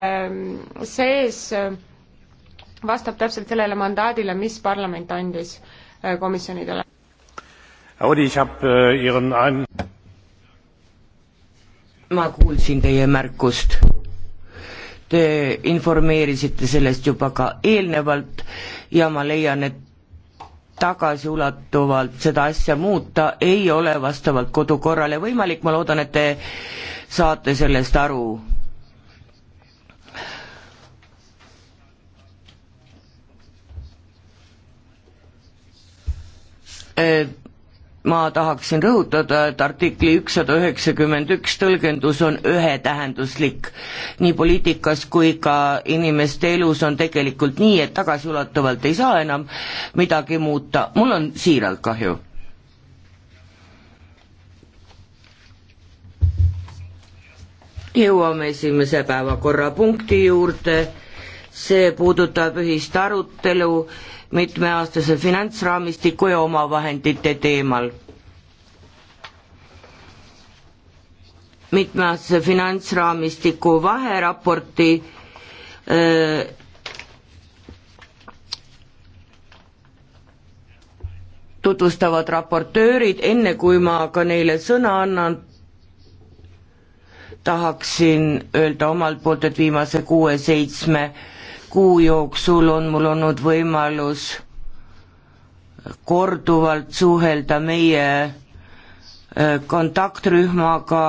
Ehm, sees eh, vastab täpselt sellele mandaadile, mis parlament andis eh, komisjonidele. Äh, ma kuulsin teie märkust. Te informeerisite sellest juba ka eelnevalt ja ma leian, et tagasiulatuvalt seda asja muuta ei ole vastavalt kodukorrale võimalik, ma loodan, et te saate sellest aru ma tahaksin rõhutada, et artikli ükssada üheksakümmend üks tõlgendus on ühetähenduslik. nii poliitikas kui ka inimeste elus on tegelikult nii, et tagasiulatuvalt ei saa enam midagi muuta, mul on siiralt kahju. jõuame esimese päevakorrapunkti juurde, see puudutab ühist arutelu äh, mitmeaastase finantsraamistiku ja omavahendite teemal. mitmeaastase finantsraamistiku vaheraporti öö, tutvustavad raportöörid, enne kui ma ka neile sõna annan, tahaksin öelda omalt poolt, et viimase kuue-seitsme kuu jooksul on mul olnud võimalus korduvalt suhelda meie äh, kontaktrühmaga,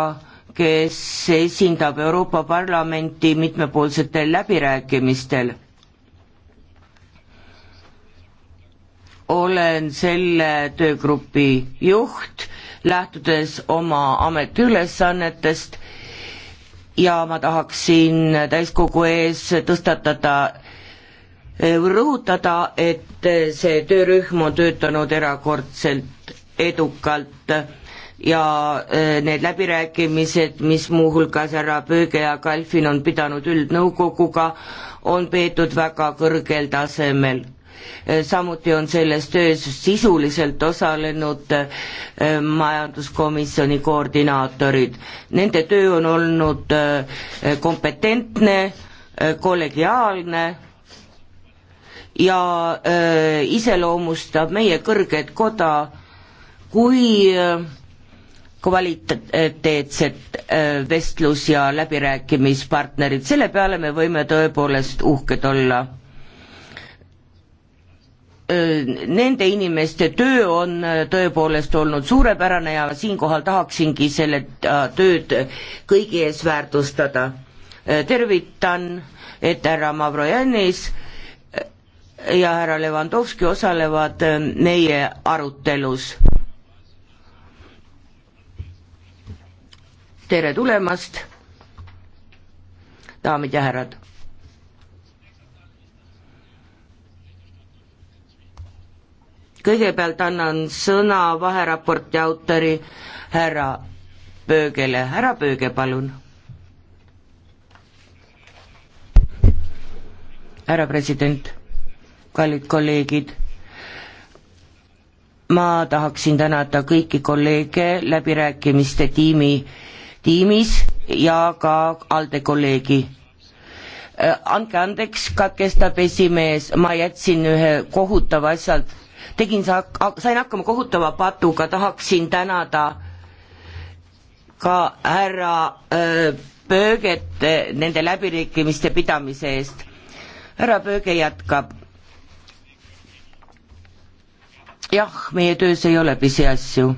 kes esindab Euroopa Parlamenti mitmepoolsetel läbirääkimistel. olen selle töögrupi juht, lähtudes oma ametiülesannetest ja ma tahaksin täiskogu ees tõstatada, eh, rõhutada, et eh, see töörühm on töötanud erakordselt edukalt ja eh, need läbirääkimised, mis muuhulgas härra Pööge ja Kalfin on pidanud üldnõukoguga, on peetud väga kõrgel tasemel samuti on selles töös sisuliselt osalenud äh, majanduskomisjoni koordinaatorid. Nende töö on olnud äh, kompetentne, äh, kollegiaalne ja iseloomustab meie kõrget koda kui kvaliteetset vestlus- ja läbirääkimispartnerid, selle peale me võime tõepoolest uhked olla nende inimeste töö on äh, tõepoolest olnud suurepärane ja siinkohal tahaksingi selle äh, tööd kõigi ees väärtustada. tervitan, et härra Mavrojanis äh, ja härra Levandovski osalevad meie arutelus. tere tulemast, daamid ja härrad kõigepealt annan sõna vaheraporti autori härra Pöögele, härra Pööge, palun. härra president, kallid kolleegid, ma tahaksin tänada kõiki kolleege läbirääkimiste tiimi, tiimis ja ka ALDE kolleegi äh, andke andeks, katkestab esimees, ma jätsin ühe kohutava asja tegin sa, sain hakkama kohutava patuga, tahaksin tänada ka härra Pööget nende läbirääkimiste pidamise eest. härra Pööge jätkab. jah, meie töös ei ole pisiasju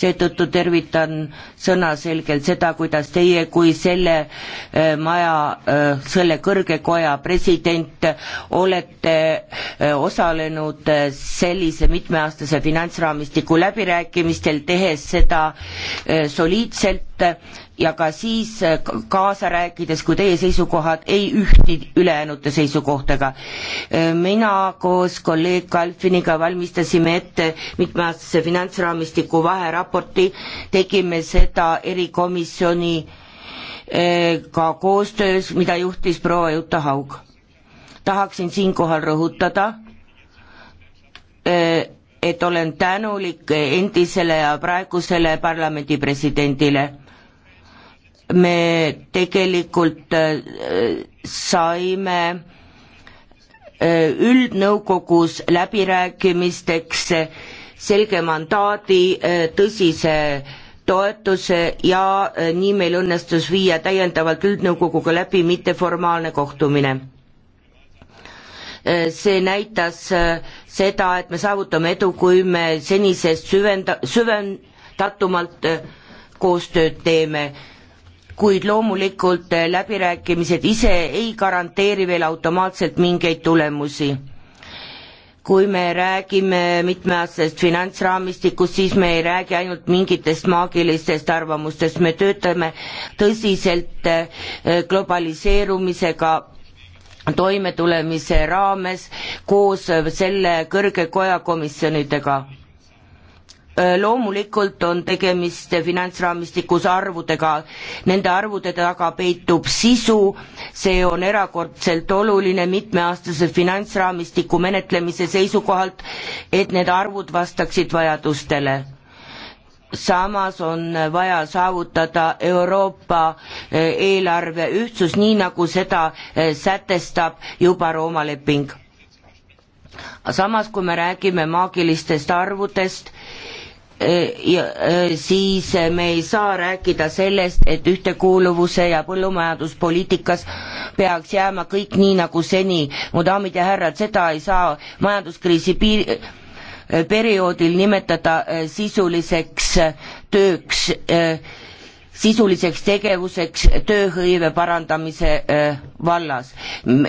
seetõttu tervitan sõnaselgelt seda, kuidas teie kui selle äh, maja, äh, selle kõrge koja president olete äh, osalenud sellise mitmeaastase finantsraamistiku läbirääkimistel, tehes seda soliidselt ja ka siis äh, kaasa rääkides, kui teie seisukohad ei ühti ülejäänute seisukohtadega. Äh, mina koos kolleeg Kalfiniga valmistasime ette mitmeaastase finantsraamistiku vaheraporti, tegime seda erikomisjoni äh, ka koostöös, mida juhtis proua Juta Haug. tahaksin siinkohal rõhutada, et olen tänulik endisele ja praegusele parlamendi presidendile me tegelikult äh, saime äh, üldnõukogus läbirääkimisteks selge mandaadi, äh, tõsise toetuse ja nii meil õnnestus viia täiendavalt üldnõukoguga läbi mitteformaalne kohtumine. see näitas seda, et me saavutame edu, kui me senisest süvenda-, süvendatumalt koostööd teeme kuid loomulikult eh, läbirääkimised ise ei garanteeri veel automaatselt mingeid tulemusi. kui me räägime mitmeaastasest finantsraamistikust, siis me ei räägi ainult mingitest maagilistest arvamustest, me töötame tõsiselt eh, globaliseerumisega toimetulemise raames koos eh, selle kõrge koja komisjonidega loomulikult on tegemist finantsraamistikus arvudega, nende arvude taga peitub sisu, see on erakordselt oluline mitmeaastase finantsraamistiku menetlemise seisukohalt, et need arvud vastaksid vajadustele samas on vaja saavutada Euroopa eelarve ühtsus, nii nagu seda sätestab juba Rooma leping. samas, kui me räägime maagilistest arvudest, Äh, ja äh, siis äh, me ei saa rääkida sellest, et ühtekuuluvuse ja põllumajanduspoliitikas peaks jääma kõik nii nagu seni. mu daamid ja härrad, seda ei saa majanduskriisi piir-, perioodil nimetada sisuliseks tööks, sisuliseks tegevuseks tööhõive parandamise vallas.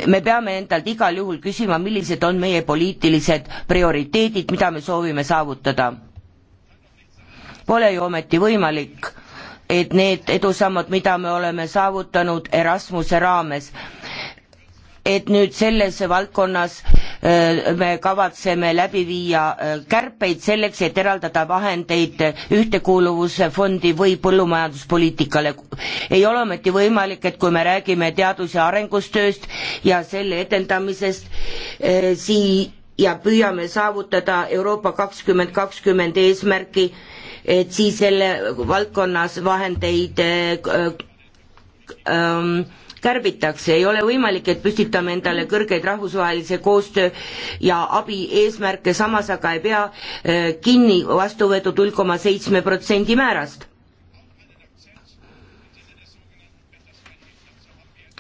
me peame endalt igal juhul küsima, millised on meie poliitilised prioriteedid, mida me soovime saavutada Pole ju ometi võimalik, et need edusammud, mida me oleme saavutanud Erasmuse raames, et nüüd selles valdkonnas äh, me kavatseme läbi viia äh, kärpeid selleks, et eraldada vahendeid ühtekuuluvusfondi või põllumajanduspoliitikale. ei ole ometi võimalik, et kui me räägime teadus- ja arengustööst ja selle edendamisest, äh, sii- ja püüame saavutada Euroopa kakskümmend kakskümmend eesmärki, et siis selle valdkonnas vahendeid äh, ähm, kärbitakse, ei ole võimalik, et püstitame endale kõrgeid rahvusvahelise koostöö ja abi eesmärke, samas aga ei pea äh, kinni vastu võetud null koma seitsme protsendi määrast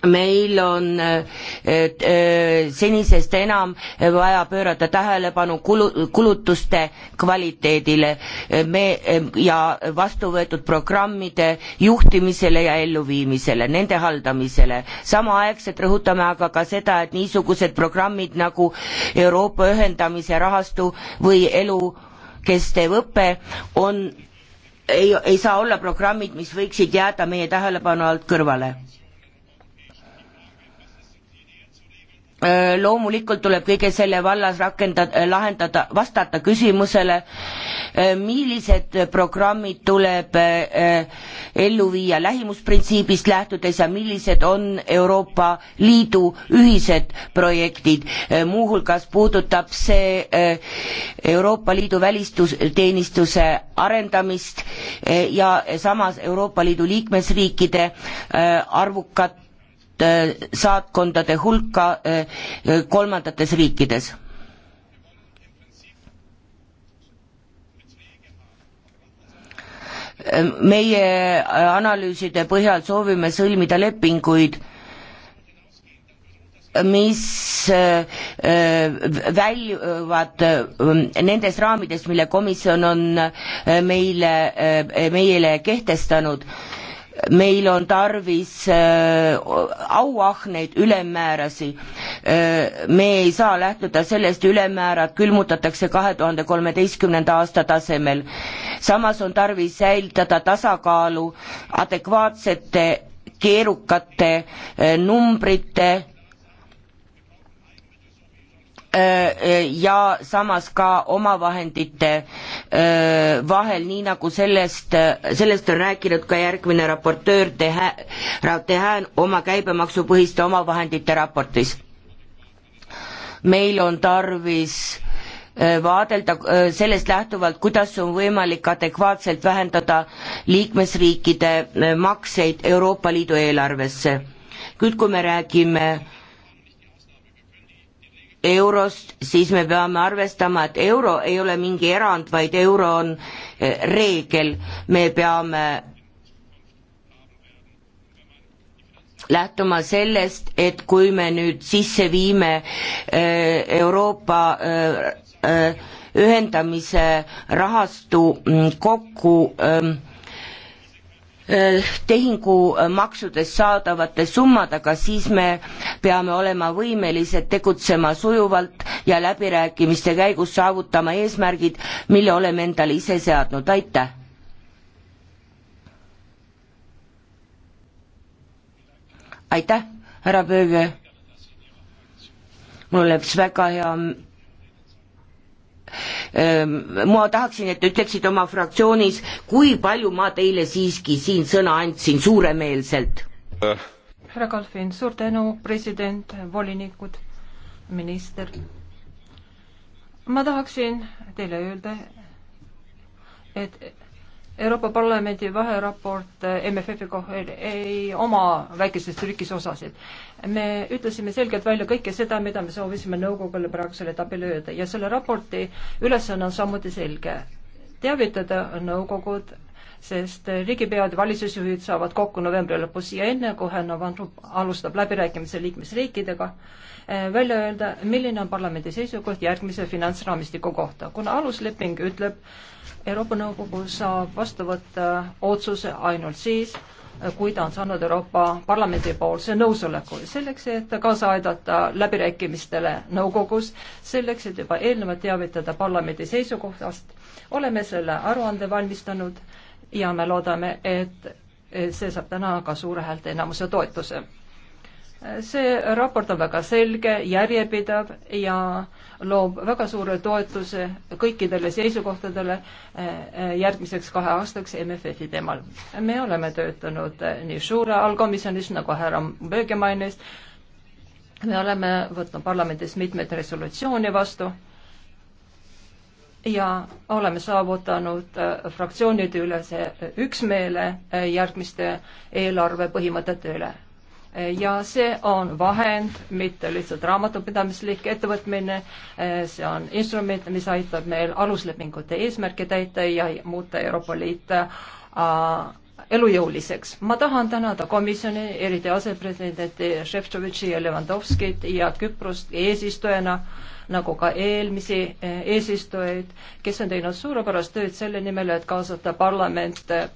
meil on äh, äh, senisest enam vaja pöörata tähelepanu kulu, kulutuste kvaliteedile äh, me ja vastu võetud programmide juhtimisele ja elluviimisele, nende haldamisele. samaaegselt rõhutame aga ka seda, et niisugused programmid nagu Euroopa ühendamise rahastu või elukestev õpe on ei, ei saa olla programmid, mis võiksid jääda meie tähelepanu alt kõrvale loomulikult tuleb kõige selle vallas rakendada, lahendada, vastata küsimusele, millised programmid tuleb ellu viia lähimusprintsiibist lähtudes ja millised on Euroopa Liidu ühised projektid. muuhulgas puudutab see Euroopa Liidu välistusteenistuse arendamist ja samas Euroopa Liidu liikmesriikide arvukat Äh, saatkondade hulka äh, äh, kolmandates riikides. meie analüüside põhjal soovime sõlmida lepinguid, mis väljuvad nendest raamidest, mille komisjon on meile, meile kehtestanud meil on tarvis äh, auahneid ülemmäärasi äh,. me ei saa lähtuda sellest, ülemmäärad külmutatakse kahe tuhande kolmeteistkümnenda aasta tasemel. samas on tarvis säilitada tasakaalu adekvaatsete keerukate äh, numbrite Äh, äh, ja samas ka omavahendite äh, vahel, nii nagu sellest, sellest on rääkinud ka järgmine raportöör Tehe, Tehään oma käibemaksupõhiste omavahendite raportis. meil on tarvis vaadelda sellest lähtuvalt, kuidas on võimalik adekvaatselt vähendada liikmesriikide makseid Euroopa Liidu eelarvesse. nüüd, kui me räägime eurost, siis me peame arvestama, et euro ei ole mingi erand, vaid euro on eh, reegel, me peame lähtuma sellest, et kui me nüüd sisse viime eh, Euroopa eh, ühendamise rahastu mm, kokku öö, ehm, Äh, tehingumaksudest äh, saadavate summadega, siis me peame olema võimelised tegutsema sujuvalt ja läbirääkimiste käigus saavutama eesmärgid, mille oleme endale ise seadnud, aitäh! aitäh, härra Pööge! mul oleks väga hea Ehm, ma tahaksin, et ütleksid oma fraktsioonis, kui palju ma teile siiski siin sõna andsin suuremeelselt. Äh. härra Kalfin, suur tänu, president, volinikud, minister. ma tahaksin teile öelda, et Euroopa Parlamendi vaheraport eh, MFF-i kohal ei oma väikeses trükis osasid me ütlesime selgelt välja kõike seda, mida me soovisime nõukogule praegusel etapil öelda ja selle raporti ülesanne on samuti selge. teavitada nõukogud, sest riigipead ja valitsusjuhid saavad kokku novembri lõpus ja enne, kui Hanno Vandrup alustab läbirääkimisi liikmesriikidega, eh, välja öelda, milline on parlamendi seisukoht järgmise finantsraamistiku kohta, kuna alusleping ütleb, Euroopa Nõukogu saab vastu võtta otsuse ainult siis, kui ta on saanud Euroopa Parlamendi poolse nõusoleku, selleks et kaasa aidata läbirääkimistele nõukogus, selleks et juba eelnevalt teavitada parlamendi seisukohast, oleme selle aruande valmistanud ja me loodame, et see saab täna ka suure häälteenamuse toetuse. see raport on väga selge, järjepidev ja äh, loob väga suure toetuse kõikidele seisukohtadele eh, eh, järgmiseks kahe aastaks MFF-i teemal. me oleme töötanud eh, nii suure allkomisjonis nagu härra Böge mainis, me oleme võtnud parlamendis mitmeid resolutsioone vastu ja oleme saavutanud fraktsioonide ülese üksmeele järgmiste eelarve põhimõtete üle ja see on vahend, mitte lihtsalt raamatupidamislik ettevõtmine, see on instrument, mis aitab meil aluslepingute eesmärke täita ja muuta Euroopa Liit äh, elujõuliseks. ma tahan tänada komisjoni, eriti asepresidenti Šefčovitši ja Levandovskit ja Küprost eesistujana, nagu ka eelmisi äh, eesistujaid, kes on teinud suurepärast tööd selle nimel, et kaasata parlament äh,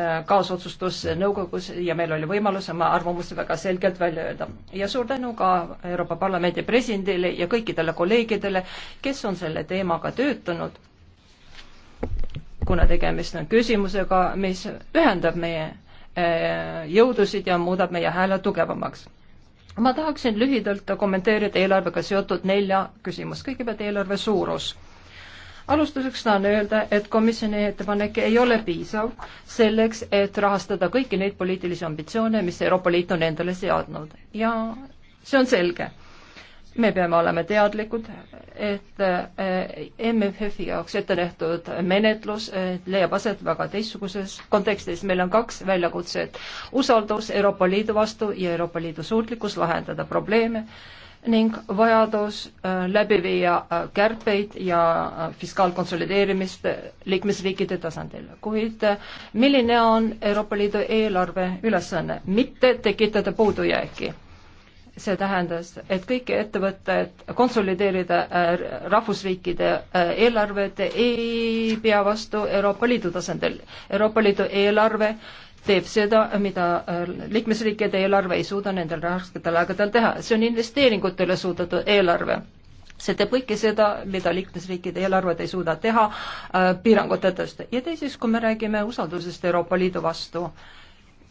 Äh, kaasotsustus nõukogus ja meil oli võimalus oma arvamust väga selgelt välja öelda. ja suur tänu ka Euroopa Parlamendi presidendile ja kõikidele kolleegidele, kes on selle teemaga töötanud, kuna tegemist on küsimusega, mis ühendab meie äh, jõudusid ja muudab meie hääle tugevamaks. ma tahaksin lühidalt kommenteerida eelarvega seotud nelja küsimust, kõigepealt eelarve suurus alustuseks tahan öelda, et komisjoni ettepanek ei ole piisav selleks, et rahastada kõiki neid poliitilisi ambitsioone, mis Euroopa Liit on endale seadnud ja see on selge. me peame olema teadlikud, et eh, MFF-i jaoks ette nähtud menetlus eh, leiab aset väga teistsuguses kontekstis. meil on kaks väljakutset, usaldus Euroopa Liidu vastu ja Euroopa Liidu suutlikkus lahendada probleeme äh, ning vajadus äh, läbi viia äh, kärpeid ja äh, fiskaalkonsolideerimist liikmesriikide tasandil. kuid milline on Euroopa Liidu eelarve ülesanne? mitte tekitada puudujääki. see tähendas, et kõiki ettevõtteid konsolideerida rahvusriikide eelarved ei pea vastu Euroopa Liidu tasandil. Euroopa Liidu eelarve teeb seda, mida äh, liikmesriikide eelarve ei suuda nendel rasketel aegadel teha, see on investeeringutele suudetud eelarve. see teeb kõike seda, mida liikmesriikide eelarved ei suuda teha äh, piirangute tõttu. ja teiseks, kui me räägime usaldusest Euroopa Liidu vastu äh,,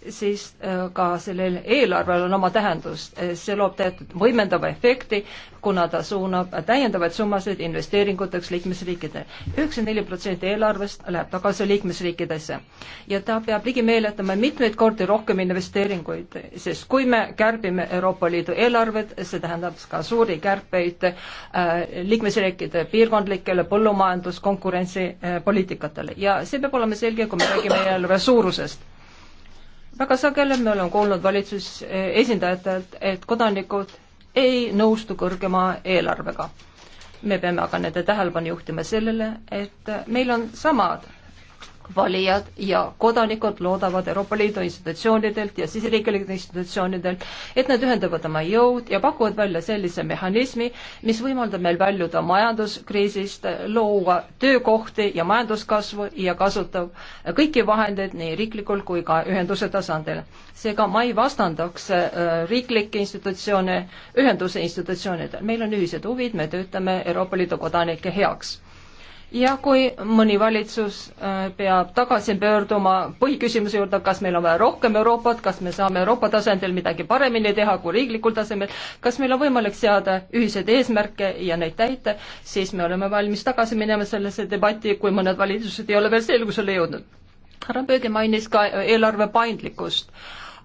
siis äh, ka sellel eelarvel on oma tähendus, äh, see loob teatud võimendava efekti, kuna ta suunab täiendavaid summasid investeeringuteks liikmesriikidele. üheksakümmend neli protsenti eelarvest läheb tagasi liikmesriikidesse ja ta peab ligi meeletama mitmeid kordi rohkem investeeringuid, sest kui me kärbime Euroopa Liidu eelarvet, see tähendab ka suuri kärpeid äh, liikmesriikide piirkondlikele põllumajandus, konkurentsipoliitikatele ja see peab olema selge, kui me räägime eelarve suurusest väga sageli me oleme kuulnud valitsus eh, esindajatelt, et kodanikud ei nõustu kõrgema eelarvega. me peame aga nende tähelepanu juhtima sellele, et meil on samad valijad ja kodanikud loodavad Euroopa Liidu institutsioonidelt ja siseriiklikelt institutsioonidelt, et nad ühendavad oma jõud ja pakuvad välja sellise mehhanismi, mis võimaldab meil väljuda majanduskriisist, luua töökohti ja majanduskasvu ja kasutab kõiki vahendeid nii riiklikul kui ka ühenduse tasandil. seega ma ei vastandaks äh, riiklikke institutsioone ühenduse institutsioonidel, meil on ühised huvid, me töötame Euroopa Liidu kodanike heaks ja kui mõni valitsus äh, peab tagasi pöörduma põhiküsimuse juurde, kas meil on vaja rohkem Euroopat, kas me saame Euroopa tasandil midagi paremini teha kui riiklikul tasemel, kas meil on võimalik seada ühiseid eesmärke ja neid täita, siis me oleme valmis tagasi minema sellesse debatti, kui mõned valitsused ei ole veel selgusele jõudnud. härra Pöögi mainis ka eelarve paindlikkust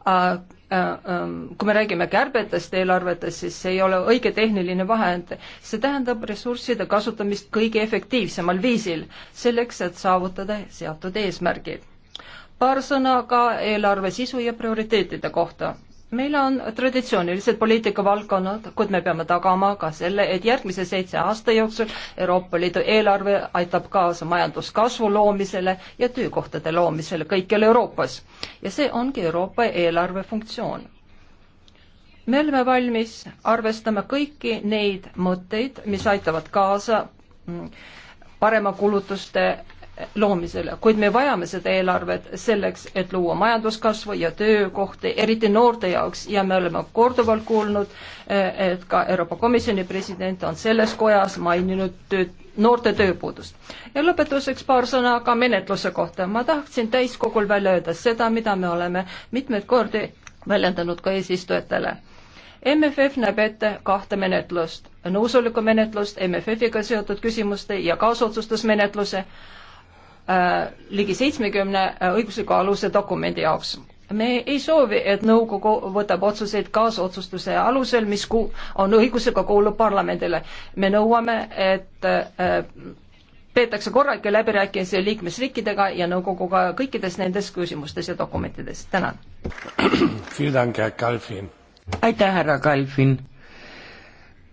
äh, Äh, ähm, kui me räägime kärbetest eelarvetest, siis see ei ole õige tehniline vahend. see tähendab ressursside kasutamist kõige efektiivsemal viisil, selleks et saavutada seatud eesmärgid. paar sõna ka eelarve sisu ja prioriteetide kohta meil on traditsioonilised poliitikavaldkonnad, kuid me peame tagama ka selle, et järgmise seitse aasta jooksul Euroopa Liidu eelarve aitab kaasa majanduskasvu loomisele ja töökohtade loomisele kõikjal Euroopas. ja see ongi Euroopa eelarve funktsioon. me oleme valmis arvestama kõiki neid mõtteid, mis aitavad kaasa mm, parema kulutuste loomisele, kuid me vajame seda eelarvet selleks, et luua majanduskasvu ja töökohti, eriti noorte jaoks ja me oleme korduvalt kuulnud, eh, et ka Euroopa Komisjoni president on selles kojas maininud tööd, noorte tööpuudust. ja lõpetuseks paar sõna ka menetluse kohta. ma tahtsin täiskogul välja öelda seda, mida me oleme mitmeid kordi väljendanud ka eesistujatele MFF näeb ette kahte menetlust, nõusoleku menetlust MFF-iga seotud küsimuste ja kaasotsustusmenetluse Äh, ligi seitsmekümne äh, õigusliku aluse dokumendi jaoks me ei soovi, et nõukogu võtab otsuseid kaasotsustuse alusel, mis ku-, on õigusega kuulub parlamendile. me nõuame, et äh, peetakse korralikke läbirääkimisi liikmesriikidega ja nõukoguga kõikides nendes küsimustes ja dokumentides, tänan. aitäh, härra Kalfin.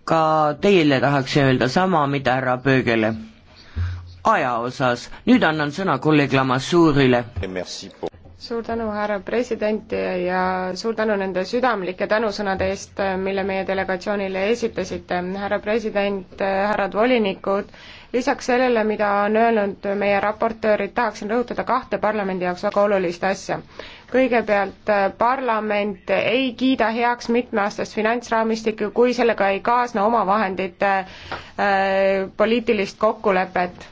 ka teile tahaks öelda sama, mida härra Pöögele aja osas. nüüd annan sõna kolleeg Lamassuurile. suur tänu, härra president ja suur tänu nende südamlike tänusõnade eest, mille meie delegatsioonile esitasite. härra president, härrad volinikud, lisaks sellele, mida on öelnud meie raportöörid, tahaksin rõhutada kahte parlamendi jaoks väga olulist asja. kõigepealt parlament ei kiida heaks mitmeaastast finantsraamistikku, kui sellega ei kaasne omavahendite äh, poliitilist kokkulepet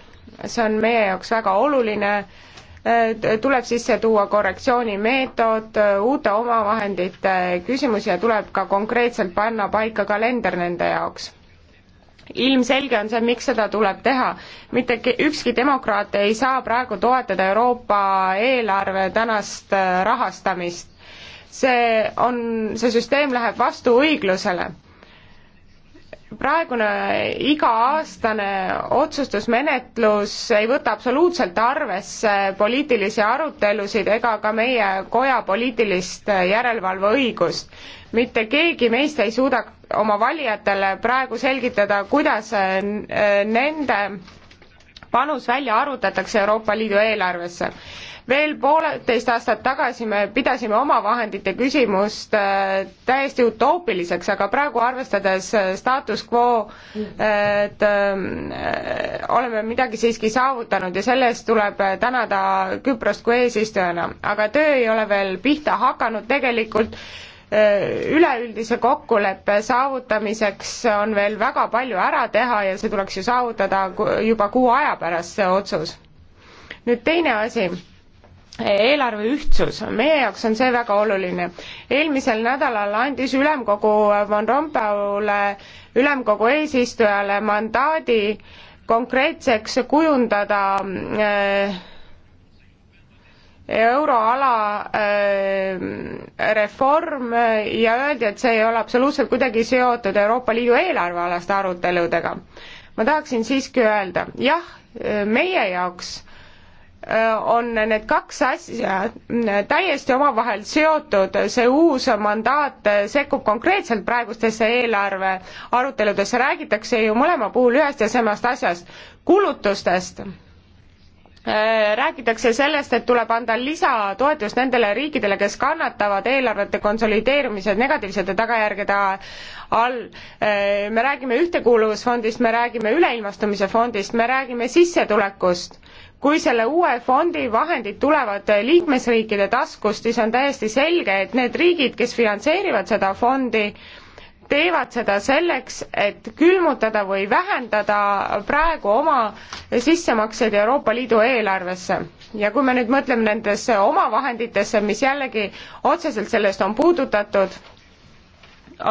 see on meie jaoks väga oluline, äh, tuleb sisse tuua korrektsioonimeetod, äh, uute omavahendite küsimus ja tuleb ka konkreetselt panna paika kalender nende jaoks. ilmselge on see, miks seda tuleb teha. mitte ükski demokraat ei saa praegu toetada Euroopa eelarve tänast äh, rahastamist. see on, see süsteem läheb vastu õiglusele praegune iga-aastane otsustusmenetlus ei võta absoluutselt arvesse poliitilisi arutelusid ega ka meie koja poliitilist järelevalveõigust. mitte keegi meist ei suuda oma valijatele praegu selgitada, kuidas eh, nende panus välja arvutatakse Euroopa Liidu eelarvesse veel pooleteist aastat tagasi me pidasime omavahendite küsimust äh, täiesti utoopiliseks, aga praegu arvestades äh, status quo, äh, et ähm, oleme midagi siiski saavutanud ja selle eest tuleb tänada Küprost kui eesistujana. aga töö ei ole veel pihta hakanud, tegelikult Äh, üleüldise kokkuleppe saavutamiseks on veel väga palju ära teha ja see tuleks ju saavutada juba kuu aja pärast, see otsus. nüüd teine asi, eelarve ühtsus, meie jaoks on see väga oluline. eelmisel nädalal andis ülemkogu Van Rompuyle, ülemkogu eesistujale mandaadi konkreetseks kujundada äh, euroala äh, reform äh, ja öeldi, et see ei ole absoluutselt kuidagi seotud Euroopa Liidu eelarvealaste aruteludega. ma tahaksin siiski öelda, jah, meie jaoks äh, on need kaks asja täiesti omavahel seotud, see uus mandaat sekkub konkreetselt praegustesse eelarve aruteludesse, räägitakse ju mõlema puhul ühest ja samast asjast, kulutustest Äh, räägitakse sellest, et tuleb anda lisatoetust nendele riikidele, kes kannatavad eelarvete konsolideerumise negatiivsete tagajärgede all. Äh, me räägime Ühtekuuluvusfondist, me räägime Üleilmastumise fondist, me räägime sissetulekust. kui selle uue fondi vahendid tulevad liikmesriikide taskust, siis on täiesti selge, et need riigid, kes finantseerivad seda fondi, teevad seda selleks, et külmutada või vähendada praegu oma sissemakseid Euroopa Liidu eelarvesse. ja kui me nüüd mõtleme nendesse omavahenditesse, mis jällegi otseselt sellest on puudutatud,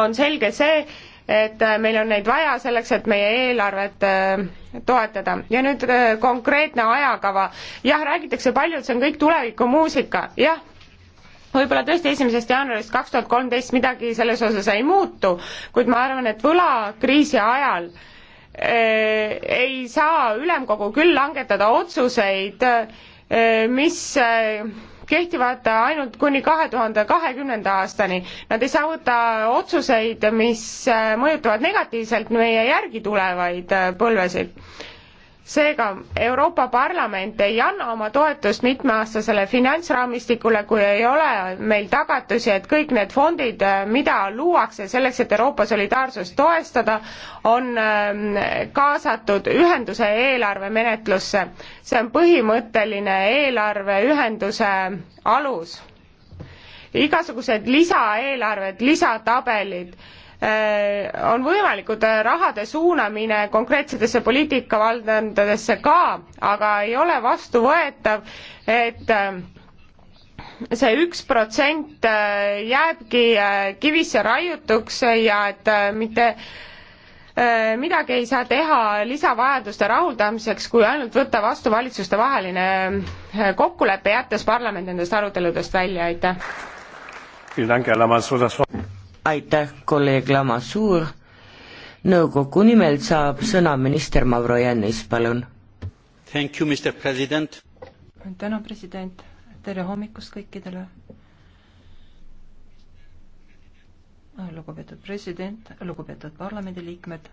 on selge see, et meil on neid vaja selleks, et meie eelarvet äh, toetada. ja nüüd äh, konkreetne ajakava. jah, räägitakse palju, et see on kõik tulevikumuusika, jah võib-olla tõesti esimesest jaanuarist kaks tuhat kolmteist midagi selles osas ei muutu, kuid ma arvan, et võlakriisi ajal äh, ei saa ülemkogu küll langetada otsuseid äh,, mis äh, kehtivad ainult kuni kahe tuhande kahekümnenda aastani. Nad ei saavuta otsuseid, mis mõjutavad negatiivselt meie järgi tulevaid põlvesid seega Euroopa Parlament ei anna oma toetust mitmeaastasele finantsraamistikule, kui ei ole meil tagatusi, et kõik need fondid, äh, mida luuakse selleks, et Euroopa solidaarsust toestada, on ähm, kaasatud ühenduse eelarvemenetlusse. see on põhimõtteline eelarveühenduse alus. igasugused lisaeelarved, lisatabelid Äh, on võimalikud äh, rahade suunamine konkreetsetesse poliitikavaldkondadesse ka, aga ei ole vastuvõetav, et äh, see üks protsent jääbki kivisse raiutuks ja et mitte midagi ei saa teha lisavajaduste rahuldamiseks, kui ainult võtta vastu valitsuste vaheline kokkulepe, jättes parlament nendest aruteludest välja, aitäh aitäh, kolleeg Lamassuur. nõukogu nimel saab sõna minister Mavrojannis, palun. tänu, president. tere hommikust kõikidele. lugupeetud president, lugupeetud parlamendiliikmed,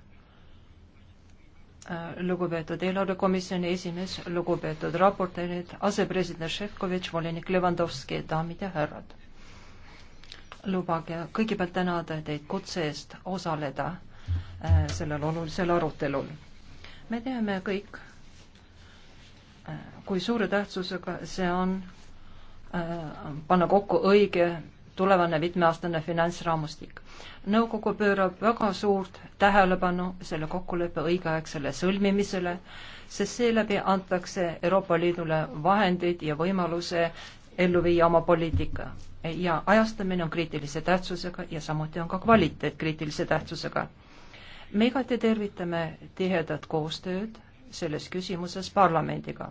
lugupeetud eelarvekomisjoni esimees, lugupeetud raportöörid, asepresident Šefkovitš, volinik Levandovski, daamid ja härrad lubage kõigepealt tänada teid kutse eest osaleda äh, sellel olulisel arutelul. me teame kõik, äh, kui suure tähtsusega see on äh, panna kokku õige tulevane mitmeaastane finantsraamistik. nõukogu pöörab väga suurt tähelepanu selle kokkuleppe õigeaegsele sõlmimisele, sest seeläbi antakse Euroopa Liidule vahendeid ja võimaluse ellu viia oma poliitika ja ajastamine on kriitilise tähtsusega ja samuti on ka kvaliteet kriitilise tähtsusega. me igati tervitame tihedat koostööd selles küsimuses parlamendiga.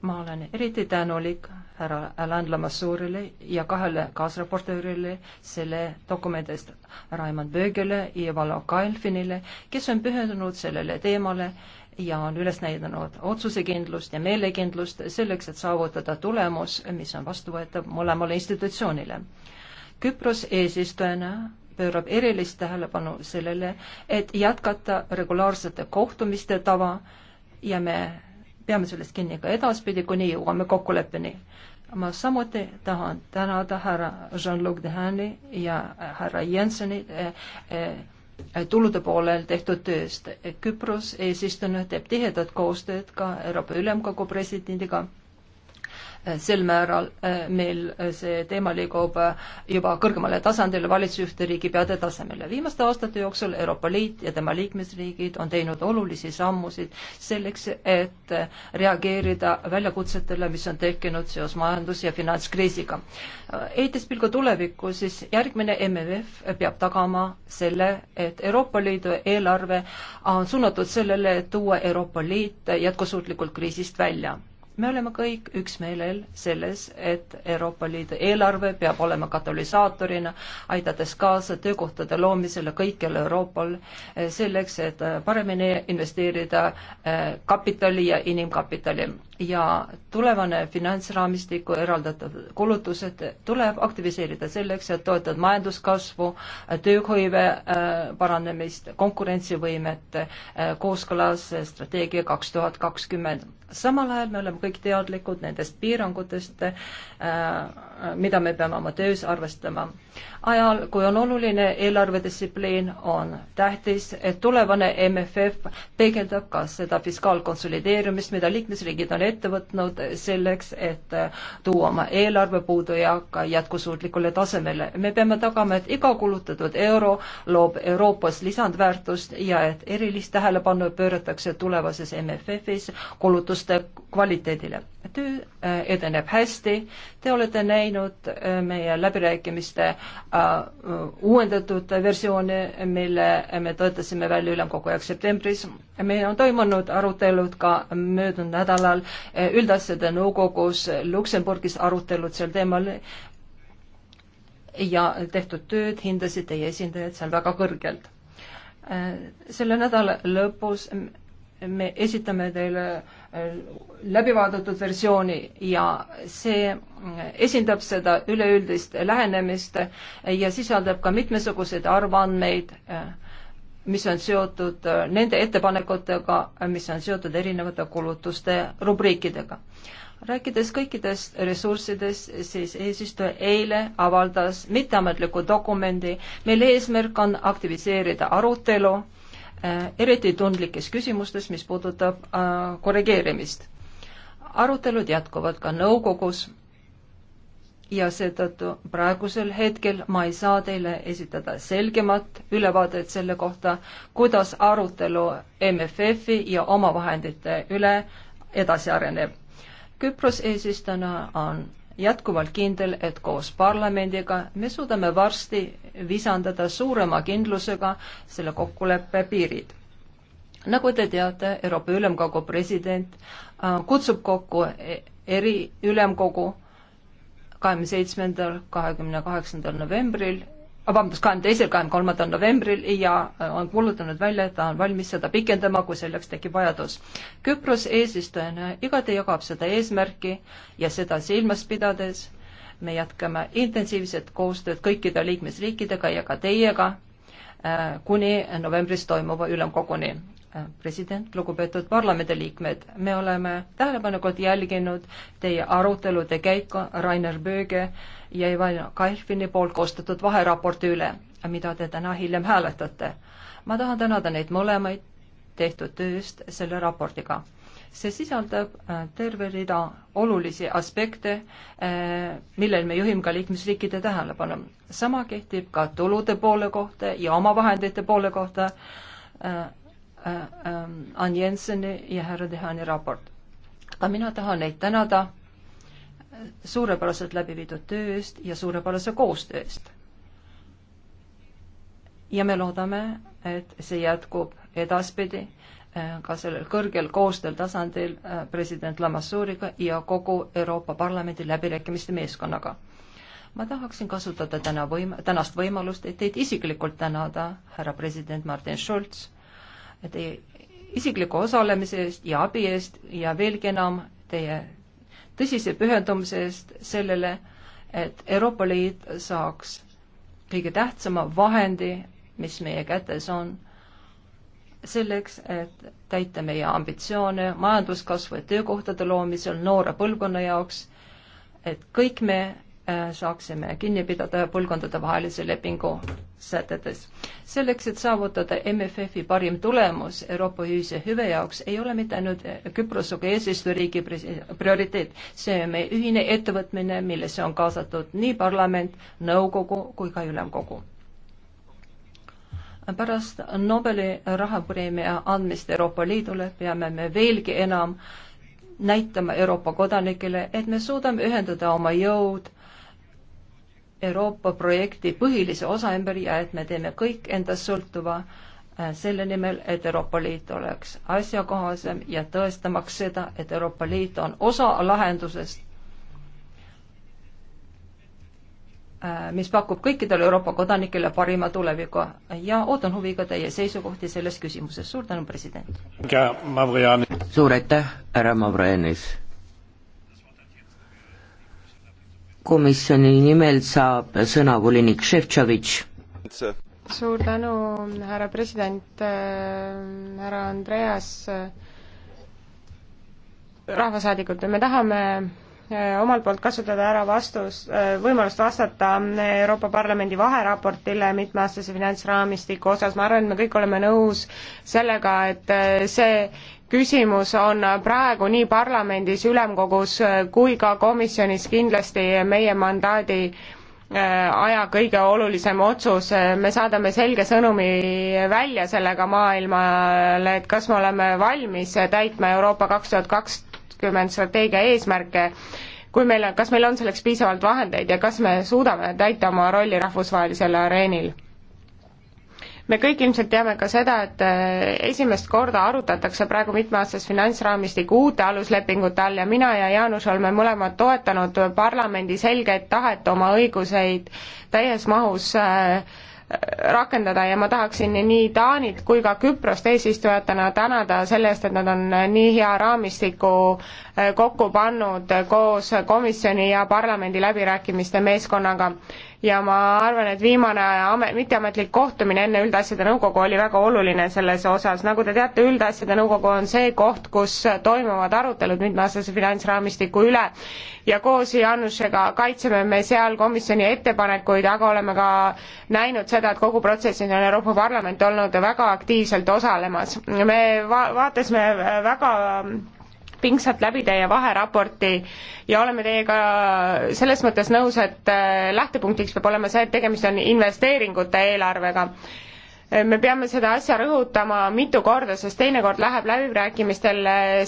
ma olen eriti tänulik härra Alain Lamassuurile ja kahele kaasraportöörile selle dokumendi eest, Raimond Böögele ja Valo Kalfinile, kes on pühendunud sellele teemale äh, ja on üles näidanud otsusekindlust ja meelekindlust selleks, et saavutada tulemus, mis on vastuvõetav mõlemale institutsioonile. Küpros eesistujana pöörab erilist tähelepanu sellele, et jätkata regulaarsete kohtumiste tava ja me peame sellest kinni ka edaspidi, kuni jõuame kokkuleppeni. ma samuti tahan tänada härra Jean-Luc Dehani ja härra Jensenit eh, eh, Äh, tulude poolel tehtud tööst. Küpros eesistujana teeb tihedat koostööd ka Euroopa Ülemkogu presidendiga Eh, sel määral eh, meil eh, see teema liigub juba kõrgemale tasandile, valitsusjuhtide riigipeade tasemele. viimaste aastate jooksul Euroopa Liit ja tema liikmesriigid on teinud olulisi sammusid selleks, et reageerida väljakutsetele, mis on tekkinud seoses majandus- ja finantskriisiga. heites pilgu tulevikku, siis järgmine MMF peab tagama selle, et Euroopa Liidu eelarve on suunatud sellele, et tuua Euroopa Liit jätkusuutlikult kriisist välja me oleme kõik üksmeelel selles, et Euroopa Liidu eelarve peab olema katalüsaatorina, aidates kaasa töökohtade loomisele kõikjal Euroopal, eh, selleks et eh, paremini investeerida eh, kapitali ja inimkapitali ja tulevane finantsraamistiku eraldatud kulutused tuleb aktiviseerida selleks, et toetada majanduskasvu, tööhõive äh, paranemist, konkurentsivõimet äh, kooskõlas strateegia kaks tuhat kakskümmend. samal ajal me oleme kõik teadlikud nendest piirangutest äh,, mida me peame oma töös arvestama. ajal, kui on oluline eelarvedistsipliin, on tähtis, et tulevane MFF peegeldab ka seda fiskaalkonsolideerimist, mida liikmesriigid on ette võtnud selleks, et äh, tuua oma eelarve puudujääk jätkusuutlikule tasemele. me peame tagama, et iga kulutatud euro loob Euroopas lisandväärtust ja et erilist tähelepanu pööratakse tulevases MFF-is kulutuste kvaliteedile töö äh, edeneb hästi. Te olete näinud äh, meie läbirääkimiste äh, uuendatud versiooni, mille me töötasime välja ülemkogu jaoks septembris. meil on toimunud arutelud ka möödunud nädalal üldasjade nõukogus Luksemburgis arutelud sel teemal ja tehtud tööd hindasid teie esindajad seal väga kõrgelt. selle nädala lõpus me esitame teile äh, läbi vaadatud versiooni ja see esindab seda üleüldist lähenemist ja sisaldab ka mitmesuguseid arvandmeid, mis on seotud nende ettepanekutega, mis on seotud erinevate kulutuste rubriikidega rääkides kõikidest ressurssidest, siis eesistuja eile avaldas mitteametliku dokumendi, mille eesmärk on aktiviseerida arutelu Äh, eriti tundlikes küsimustes, mis puudutab äh, korrigeerimist. arutelud jätkuvad ka nõukogus ja seetõttu praegusel hetkel ma ei saa teile esitada selgemat ülevaadet selle kohta, kuidas arutelu MFF-i ja omavahendite üle edasi areneb. Küpros eesistujana on jätkuvalt kindel, et koos parlamendiga me suudame varsti visandada suurema kindlusega selle kokkuleppe piirid. nagu te teate, Euroopa Ülemkogu president äh, kutsub kokku e-, eriülemkogu kahekümne seitsmendal, kahekümne kaheksandal novembril Ah, vabandust, kahekümne teisel, kahekümne kolmandal novembril ja äh, on kuulutanud välja, et ta on valmis seda pikendama, kui selleks tekib vajadus. Küpros eesistujana igati jagab seda eesmärki ja seda silmas pidades me jätkame intensiivset koostööd kõikide liikmesriikidega ja ka teiega äh, kuni novembris toimuva ülemkoguni. Äh, president, lugupeetud parlamendiliikmed, me oleme tähelepanelikult jälginud teie arutelude käiku Rainer Bööge ja Ivan Kailfini poolt koostatud vaheraporti üle, mida te täna hiljem hääletate. ma tahan tänada neid mõlemaid tehtud tööst selle raportiga. see sisaldab äh, terve rida olulisi aspekte, äh, millel me juhime ka liikmesriikide tähelepanu. sama kehtib ka tulude poole kohta ja omavahendite poole kohta Äh, ähm, Ann Jenseni ja härra Dehani raport. ka mina tahan neid tänada äh, suurepäraselt läbi viidud töö eest ja suurepärase koostöö eest. ja me loodame, et see jätkub edaspidi äh, ka sellel kõrgel koostööl tasandil president Lamassooriga ja kogu Euroopa Parlamendi läbirääkimiste meeskonnaga. ma tahaksin kasutada täna võim-, tänast võimalust, et teid isiklikult tänada, härra president Martin Schulz teie isikliku osalemise eest ja abi eest ja veelgi enam teie tõsise pühendumise eest sellele, et Euroopa Liit saaks kõige tähtsama vahendi, mis meie kätes on, selleks, et täita meie ambitsioone majanduskasvu ja töökohtade loomisel noore põlvkonna jaoks, et kõik me Äh, saaksime kinni pidada põlvkondadevahelise lepingu sätetes. selleks, et saavutada MFF-i parim tulemus Euroopa ühise hüve jaoks, ei ole mitte ainult äh, Küprose kui eesistujariigi prioriteet, see on meie ühine ettevõtmine, millesse on kaasatud nii parlament, nõukogu kui ka ülemkogu pärast Nobeli rahapreemia andmist Euroopa Liidule peame me veelgi enam näitama Euroopa kodanikele, et me suudame ühendada oma jõud Euroopa projekti põhilise osa ümber ja et me teeme kõik endast sõltuva äh, selle nimel, et Euroopa Liit oleks asjakohasem ja tõestamaks seda, et Euroopa Liit on osa lahendusest, äh, mis pakub kõikidele Euroopa kodanikele parima tuleviku ja ootan huviga teie seisukohti selles küsimuses. suur tänu, president! suur aitäh, härra Mavrojanis! komisjoni nimel saab sõna volinik Šefčovitš. suur tänu, härra president, äh, härra Andreas, äh, rahvasaadikud, me tahame äh, omalt poolt kasutada ära vastus, võimalust vastata Euroopa Parlamendi vaheraportile mitmeaastase finantsraamistiku osas, ma arvan, et me kõik oleme nõus sellega, et see küsimus on praegu nii parlamendis, ülemkogus kui ka komisjonis kindlasti meie mandaadi äh, aja kõige olulisem otsus, me saadame selge sõnumi välja sellega maailmale, et kas me oleme valmis täitma Euroopa kaks tuhat kakskümmend strateegia eesmärke, kui meil on, kas meil on selleks piisavalt vahendeid ja kas me suudame täita oma rolli rahvusvahelisel areenil me kõik ilmselt teame ka seda, et äh, esimest korda arutatakse praegu mitmeaastast finantsraamistikku uute aluslepingute all ja mina ja Jaanus oleme mõlemad toetanud parlamendi selget tahet oma õiguseid täies mahus äh, rakendada ja ma tahaksin nii Taanit kui ka Küprost eesistujatena tänada selle eest, et nad on nii hea raamistiku äh, kokku pannud koos komisjoni ja parlamendi läbirääkimiste meeskonnaga ja ma arvan, et viimane amet, mitteametlik kohtumine enne üldasjade nõukogu oli väga oluline selles osas. nagu te teate, üldasjade nõukogu on see koht, kus toimuvad arutelud mitmeaastase finantsraamistiku üle ja koos Janusega kaitseme me seal komisjoni ettepanekuid, aga oleme ka näinud seda, et kogu protsessis on Euroopa Parlament olnud väga aktiivselt osalemas. me va-, vaatasime väga pingsalt läbi teie vaheraporti ja oleme teiega selles mõttes nõus, et äh, lähtepunktiks peab olema see, et tegemist on investeeringute eelarvega me peame seda asja rõhutama mitu korda, sest teinekord läheb läbirääkimistel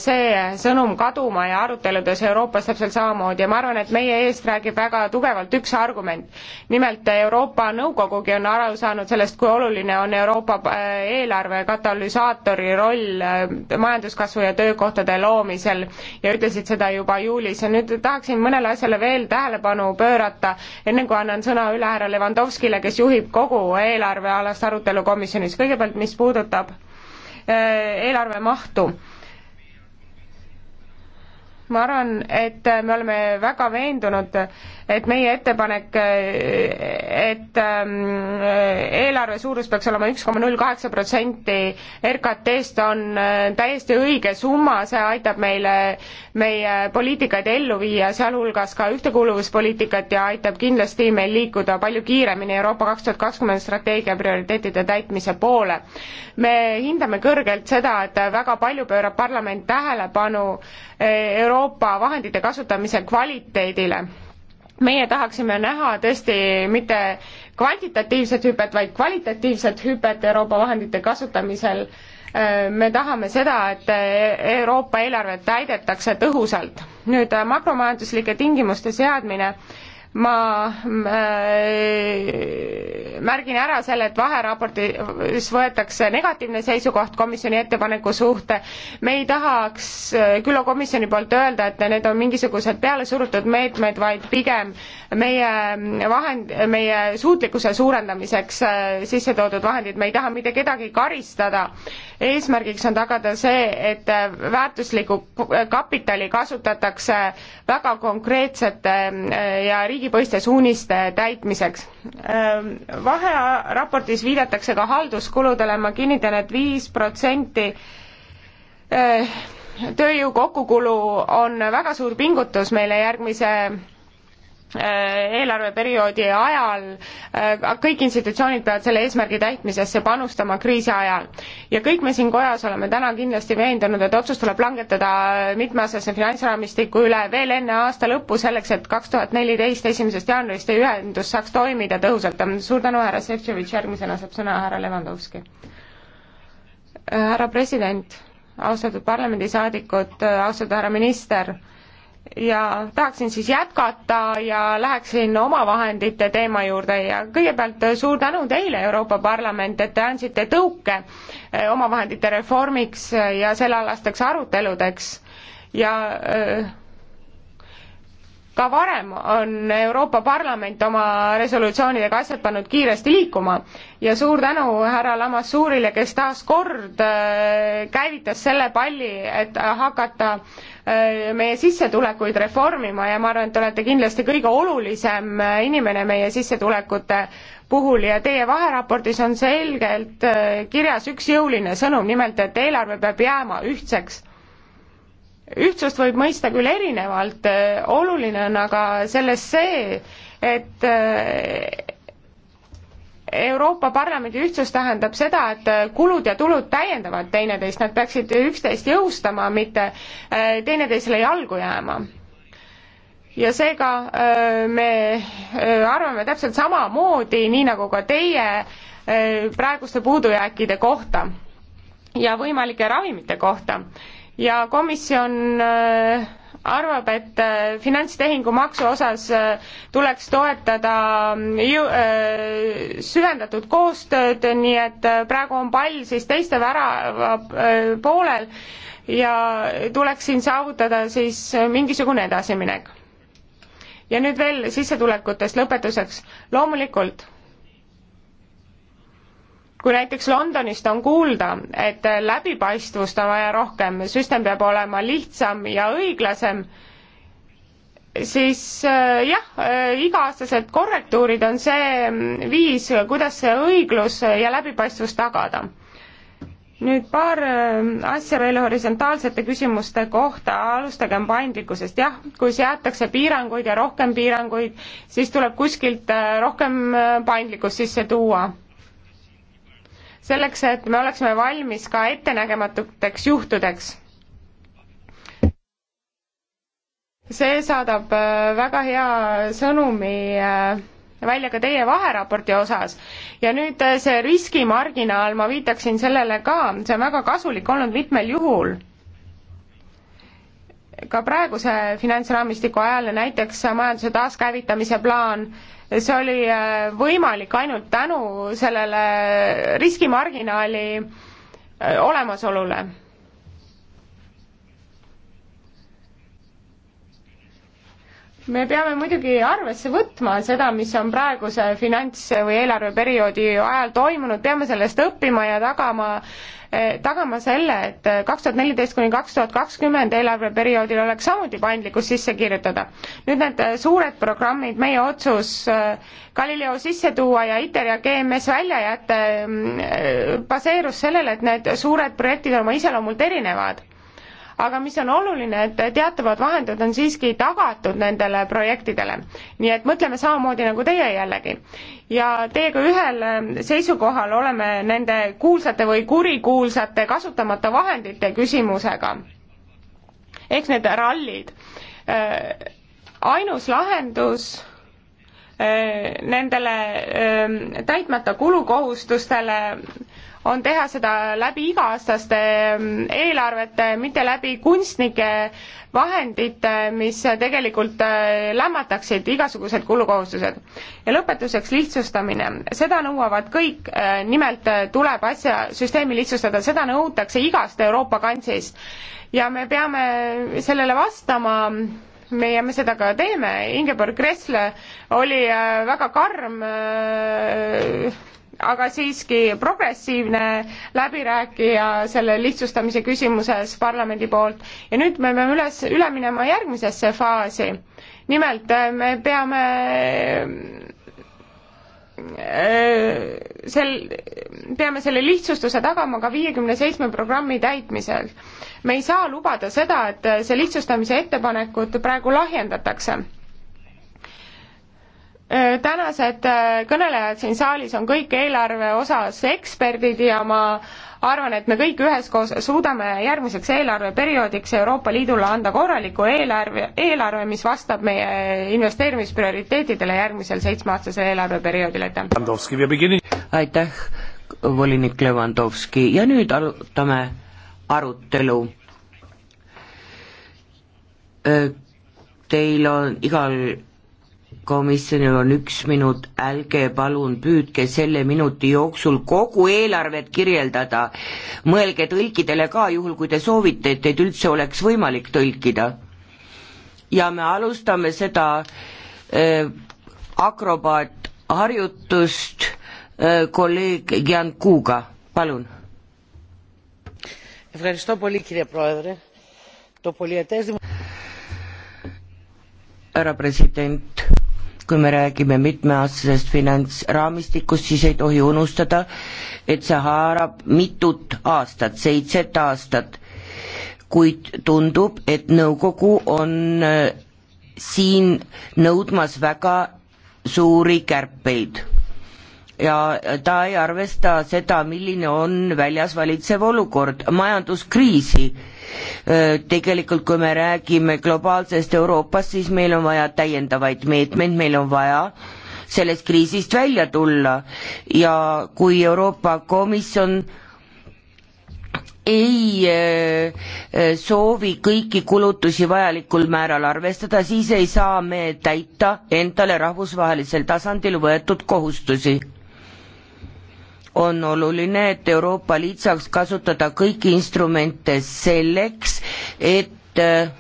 see sõnum kaduma ja aruteludes Euroopas täpselt samamoodi ja ma arvan, et meie eest räägib väga tugevalt üks argument. nimelt Euroopa Nõukogugi on aru saanud sellest, kui oluline on Euroopa äh, eelarve katalüsaatori roll äh, majanduskasvu ja töökohtade loomisel ja ütlesid seda juba juulis ja nüüd tahaksin mõnele asjale veel tähelepanu pöörata, enne kui annan sõna üle härra Levandovskile, kes juhib kogu eelarvealast arutelu komisjonis, kõigepealt mis puudutab äh, eelarve mahtu ma arvan, et me oleme väga veendunud, et meie ettepanek, et ähm, eelarve suurus peaks olema üks koma null kaheksa protsenti RKT-st, on äh, täiesti õige summa, see aitab meile meie poliitikaid ellu viia, sealhulgas ka ühtekuuluvuspoliitikat ja aitab kindlasti meil liikuda palju kiiremini Euroopa kaks tuhat kakskümmend strateegia prioriteetide täitmise poole. me hindame kõrgelt seda, et väga palju pöörab parlament tähelepanu äh, Euroopa Euroopa vahendite kasutamise kvaliteedile. meie tahaksime näha tõesti mitte kvantitatiivset hüpet, vaid kvalitatiivset hüpet Euroopa vahendite kasutamisel. me tahame seda, et Euroopa eelarvet täidetakse tõhusalt. nüüd makromajanduslike tingimuste seadmine ma äh, märgin ära selle, et vaheraportis võetakse negatiivne seisukoht komisjoni ettepaneku suhte. me ei tahaks äh, küll komisjoni poolt öelda, et need on mingisugused pealesurutud meetmed, vaid pigem meie vahend, meie suutlikkuse suurendamiseks äh, sisse toodud vahendid, me ei taha mitte kedagi karistada. eesmärgiks on tagada see, et väärtuslikku kapitali kasutatakse väga konkreetsete ja riigi riigipõhiste suuniste täitmiseks. Ehm, vaheraportis viidatakse ka halduskuludele, ma kinnitan et, et viis protsenti eh, tööjõu kokkukulu on väga suur pingutus meile järgmise Äh, eelarveperioodi ajal, äh, kõik institutsioonid peavad selle eesmärgi täitmisesse panustama kriisi ajal. ja kõik me siin kojas oleme täna kindlasti veendunud, et otsus tuleb langetada mitmeaastase finantsraamistiku üle veel enne aasta lõppu, selleks et kaks tuhat neliteist esimesest jaanuarist see ühendus saaks toimida tõhusalt. suur tänu, härra Šefčovitš, järgmisena saab sõna härra Levandovski. Äh, härra president, austatud parlamendisaadikud, austatud härra minister ja tahaksin siis jätkata ja läheksin omavahendite teema juurde ja kõigepealt suur tänu teile, Euroopa Parlament, et te andsite tõuke eh, omavahendite reformiks ja sellealasteks aruteludeks ja eh, ka varem on Euroopa Parlament oma resolutsioonidega asjad pannud kiiresti liikuma ja suur tänu härra Lamassuurile, kes taas kord eh, käivitas selle palli, et hakata äh, Äh, meie sissetulekuid reformima ja ma arvan, et te olete kindlasti kõige olulisem äh, inimene meie sissetulekute puhul ja teie vaheraportis on selgelt äh, kirjas üks jõuline sõnum, nimelt et eelarve peab jääma ühtseks. ühtsust võib mõista küll erinevalt, oluline on aga selles see, et Euroopa Parlamendi ühtsus tähendab seda, et äh, kulud ja tulud täiendavad teineteist, nad peaksid üksteist jõustama, mitte äh, teineteisele jalgu jääma. ja seega äh, me arvame täpselt samamoodi, nii nagu ka teie, praeguste puudujääkide kohta ja võimalike ravimite kohta ja komisjon äh, arvab, et äh, finantstehingu maksu osas äh, tuleks toetada mm, ju, äh, süvendatud koostööd, nii et praegu on pall siis teiste värava poolel ja tuleks siin saavutada siis mingisugune edasiminek. ja nüüd veel sissetulekutest lõpetuseks. loomulikult kui näiteks Londonist on kuulda, et läbipaistvust on vaja rohkem, süsteem peab olema lihtsam ja õiglasem, siis äh, jah, äh, iga-aastased korrektuurid on see mm, viis, kuidas see õiglus ja läbipaistvus tagada. nüüd paar äh, asja veel horisontaalsete küsimuste kohta, alustagem paindlikkusest, jah, kui seatakse piiranguid ja rohkem piiranguid, siis tuleb kuskilt rohkem paindlikkust sisse tuua selleks, et me oleksime valmis ka ettenägematuteks juhtudeks. see saadab äh, väga hea sõnumi äh, välja ka teie vaheraporti osas. ja nüüd äh, see riskimarginaal, ma viitaksin sellele ka, see on väga kasulik olnud mitmel juhul ka praeguse finantsraamistiku ajal ja näiteks majanduse taaskäivitamise plaan see oli äh, võimalik ainult tänu sellele riskimarginaali äh, olemasolule me peame muidugi arvesse võtma seda, mis on praeguse finants- või eelarveperioodi ajal toimunud, peame sellest õppima ja tagama eh, tagama selle, et kaks tuhat neliteist kuni kaks tuhat kakskümmend eelarveperioodil oleks samuti paindlikkus sisse kirjutada. nüüd need eh, suured programmid, meie otsus eh, Galileo sisse tuua ja ITER ja GMS välja jätta mm, baseerus sellele, et need suured projektid oma iseloomult erinevad aga mis on oluline, et teatavad vahendid on siiski tagatud nendele projektidele. nii et mõtleme samamoodi nagu teie jällegi. ja teiega ühel ähm, seisukohal oleme nende kuulsate või kurikuulsate kasutamata vahendite küsimusega. eks need rallid. Äh, ainus lahendus äh, nendele ähm, täitmata kulukohustustele on teha seda läbi iga-aastaste mm, eelarvete, mitte läbi kunstnike vahendite, mis tegelikult äh, lämmataksid igasugused kulukohustused. ja lõpetuseks lihtsustamine. seda nõuavad kõik, äh, nimelt äh, tuleb asja, süsteemi lihtsustada, seda nõutakse igast Euroopa kantsist. ja me peame sellele vastama meie, me seda ka teeme, Ingeborg Kressle oli väga karm aga siiski progressiivne läbirääkija selle lihtsustamise küsimuses parlamendi poolt ja nüüd me peame üles, üle minema järgmisesse faasi. nimelt äh, me peame äh, sel, peame selle lihtsustuse tagama ka viiekümne seitsme programmi täitmisel. me ei saa lubada seda, et see lihtsustamise ettepanekut praegu lahjendatakse Äh, tänased äh, kõnelejad siin saalis on kõik eelarve osas eksperdid ja ma arvan, et me kõik üheskoos suudame järgmiseks eelarveperioodiks Euroopa Liidule anda korraliku eelarve, eelarve, mis vastab meie investeerimisprioriteetidele järgmisel seitsmeaastasel eelarveperioodil, aitäh! aitäh, volinik Levandovski ja nüüd arutame arutelu äh, Teil on igal komisjonil on üks minut, ärge palun püüdke selle minuti jooksul kogu eelarvet kirjeldada. mõelge tõlkidele ka, juhul kui te soovite, et teid üldse oleks võimalik tõlkida. ja me alustame seda äh, akrobaatharjutust äh, kolleeg Giancuga, palun. härra president kui me räägime mitmeaastasest finantsraamistikust, siis ei tohi unustada, et see haarab mitut aastat, seitset aastat. kuid tundub, et nõukogu on äh, siin nõudmas väga suuri kärpeid ja ta ei arvesta seda, milline on väljas valitsev olukord, majanduskriisi Äh, tegelikult kui me räägime globaalsest Euroopast, siis meil on vaja täiendavaid meetmeid, meil on vaja sellest kriisist välja tulla ja kui Euroopa Komisjon ei äh, soovi kõiki kulutusi vajalikul määral arvestada, siis ei saa me täita endale rahvusvahelisel tasandil võetud kohustusi on oluline, et Euroopa Liit saaks kasutada kõiki instrumente selleks, et äh,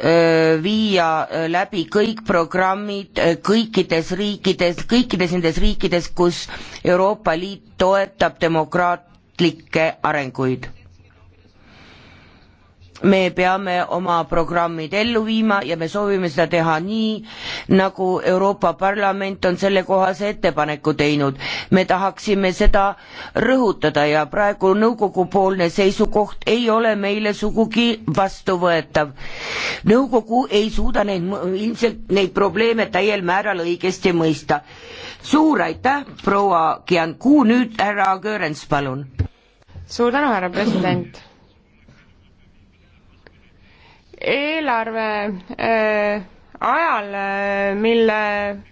äh, viia äh, läbi kõik programmid kõikides riikides, kõikides nendes riikides, kus Euroopa Liit toetab demokraatlikke arenguid me peame oma programmid ellu viima ja me soovime seda teha nii, nagu Euroopa Parlament on sellekohase ettepaneku teinud. me tahaksime seda rõhutada ja praegu nõukogupoolne seisukoht ei ole meile sugugi vastuvõetav. nõukogu ei suuda neid, ilmselt neid probleeme täiel määral õigesti mõista. suur aitäh, proua Kianku, nüüd härra Göörens, palun. suur tänu, härra president eelarve äh, ajal, äh, mille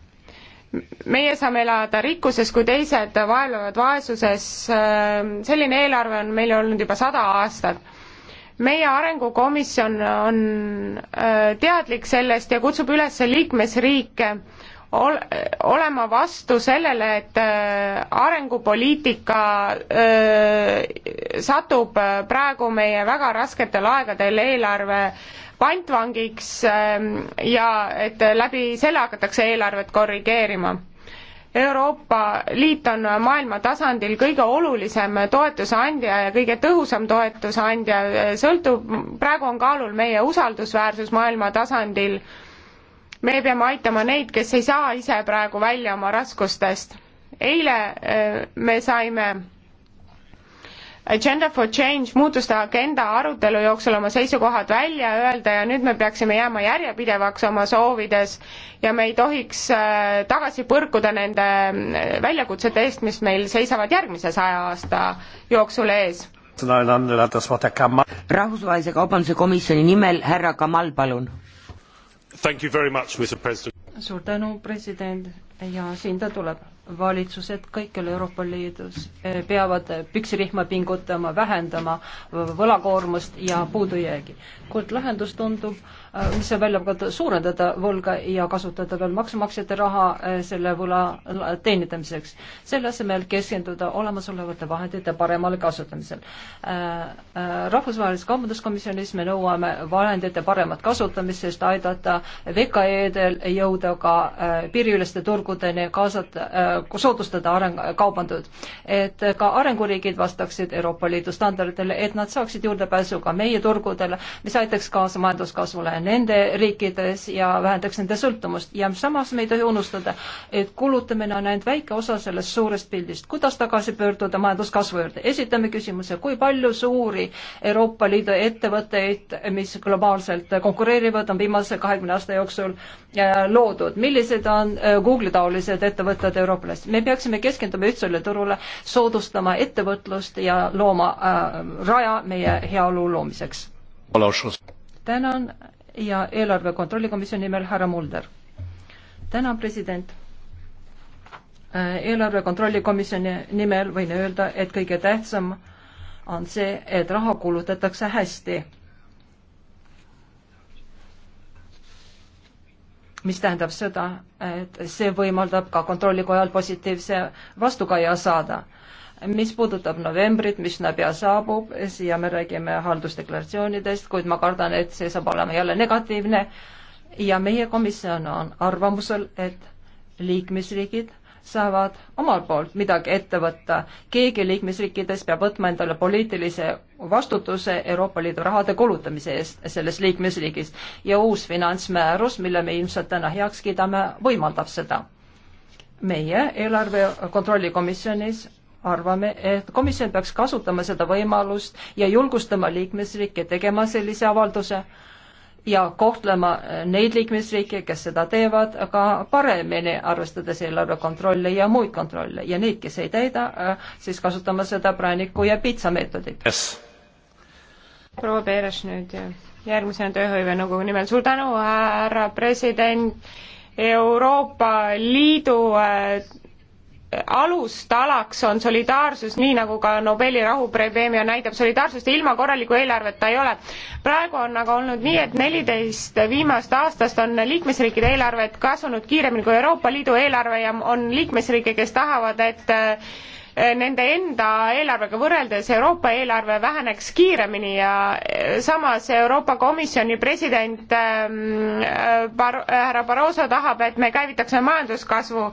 meie saame elada rikkuses, kui teised vaevlevad vaesuses, äh, selline eelarve on meil olnud juba sada aastat meie arengukomisjon on äh, teadlik sellest ja kutsub üles liikmesriike äh, ol-, olema vastu sellele, et äh, arengupoliitika öö, äh, satub äh, praegu meie väga rasketel aegadel eelarve pantvangiks öö, ähm, ja et läbi selle hakatakse eelarvet korrigeerima. Euroopa Liit on maailma tasandil kõige olulisem toetuse andja ja kõige tõhusam toetuse andja, sõltub, praegu on kaalul meie usaldusväärsus maailma tasandil äh, me peame aitama neid, kes ei saa ise praegu välja oma raskustest. eile äh, me saime Agenda for Change muutuste agenda arutelu jooksul oma seisukohad välja öelda ja nüüd me peaksime jääma järjepidevaks oma soovides ja me ei tohiks äh, tagasi põrkuda nende äh, väljakutsete eest, mis meil seisavad järgmise saja aasta jooksul ees. rahvusvahelise kaubanduse komisjoni nimel härra Kamal, palun suur tänu, president ja siin ta tuleb valitsused kõikjal Euroopa Liidus eh, peavad püksirihma pingutama, vähendama võlakoormust ja puudujäägi. kuid lahendus tundub, eh, mis on välja pakkuda, suurendada võlga ja kasutada veel maksumaksjate raha eh, selle võla teenindamiseks. selle asemel keskenduda olemasolevate vahendite paremale kasutamisel. Rahvusvahelises Kaubanduskomisjonis me nõuame vahendite paremat kasutamist, sest aidata VKE-del jõuda ka piiriüleste turgudeni, kaasata Äh, soodustada areng, kaubandust. et ka arenguriigid vastaksid Euroopa Liidu standarditele, et nad saaksid juurdepääsu ka meie turgudele, mis aitaks kaasa majanduskasvule nende riikides ja vähendaks nende sõltumust. ja samas me ei tohi unustada, et kulutamine on ainult väike osa sellest suurest pildist. kuidas tagasi pöörduda majanduskasvu juurde? esitame küsimuse, kui palju suuri Euroopa Liidu ettevõtteid, mis globaalselt konkureerivad, on viimase kahekümne aasta jooksul äh, loodud. millised on äh, Google'i taolised ettevõtted Euroopa kauplemist. me peaksime keskenduma ühtsele turule, soodustama ettevõtlust ja looma äh, raja meie heaolu loomiseks. tänan ja eelarve kontrollikomisjoni nimel härra Mulder. tänan, president äh, eelarve kontrollikomisjoni nimel võin öelda, et kõige tähtsam on see, et raha kulutatakse hästi mis tähendab seda, et see võimaldab ka kontrollikojal positiivse vastukaja saada. mis puudutab novembrit, mis sinna pea saabub, siia me räägime haldusdeklaratsioonidest, kuid ma kardan, et see saab olema jälle negatiivne ja meie komisjon on arvamusel, et liikmesriigid saavad omalt poolt midagi ette võtta. keegi liikmesriikides peab võtma endale poliitilise vastutuse Euroopa Liidu rahade kulutamise eest selles liikmesriigis ja uus finantsmäärus, mille me ilmselt täna heaks kiidame, võimaldab seda. meie eelarve kontrolli komisjonis arvame, et komisjon peaks kasutama seda võimalust ja julgustama liikmesriike tegema sellise avalduse ja kohtlema neid liikmesriike, kes seda teevad, aga paremini, arvestades eelarve kontrolle ja muid kontrolle ja neid, kes ei täida, äh, siis kasutama seda prääniku ja piitsa meetodit yes.. proua Peeres nüüd järgmisena tööhõivenõukogu nimel, suur tänu, härra president, Euroopa Liidu äh, alustalaks on solidaarsus, nii nagu ka Nobeli rahupreemia näitab, solidaarsust ja ilma korraliku eelarveta ei ole. praegu on aga olnud nii, et neliteist viimast aastast on liikmesriikide eelarved kasvanud kiiremini kui Euroopa Liidu eelarve ja on liikmesriike, kes tahavad, et Eh, nende enda eelarvega võrreldes Euroopa eelarve väheneks kiiremini ja eh, samas Euroopa Komisjoni president ehm, eh, härra Barroso tahab, et me käivitaksime majanduskasvu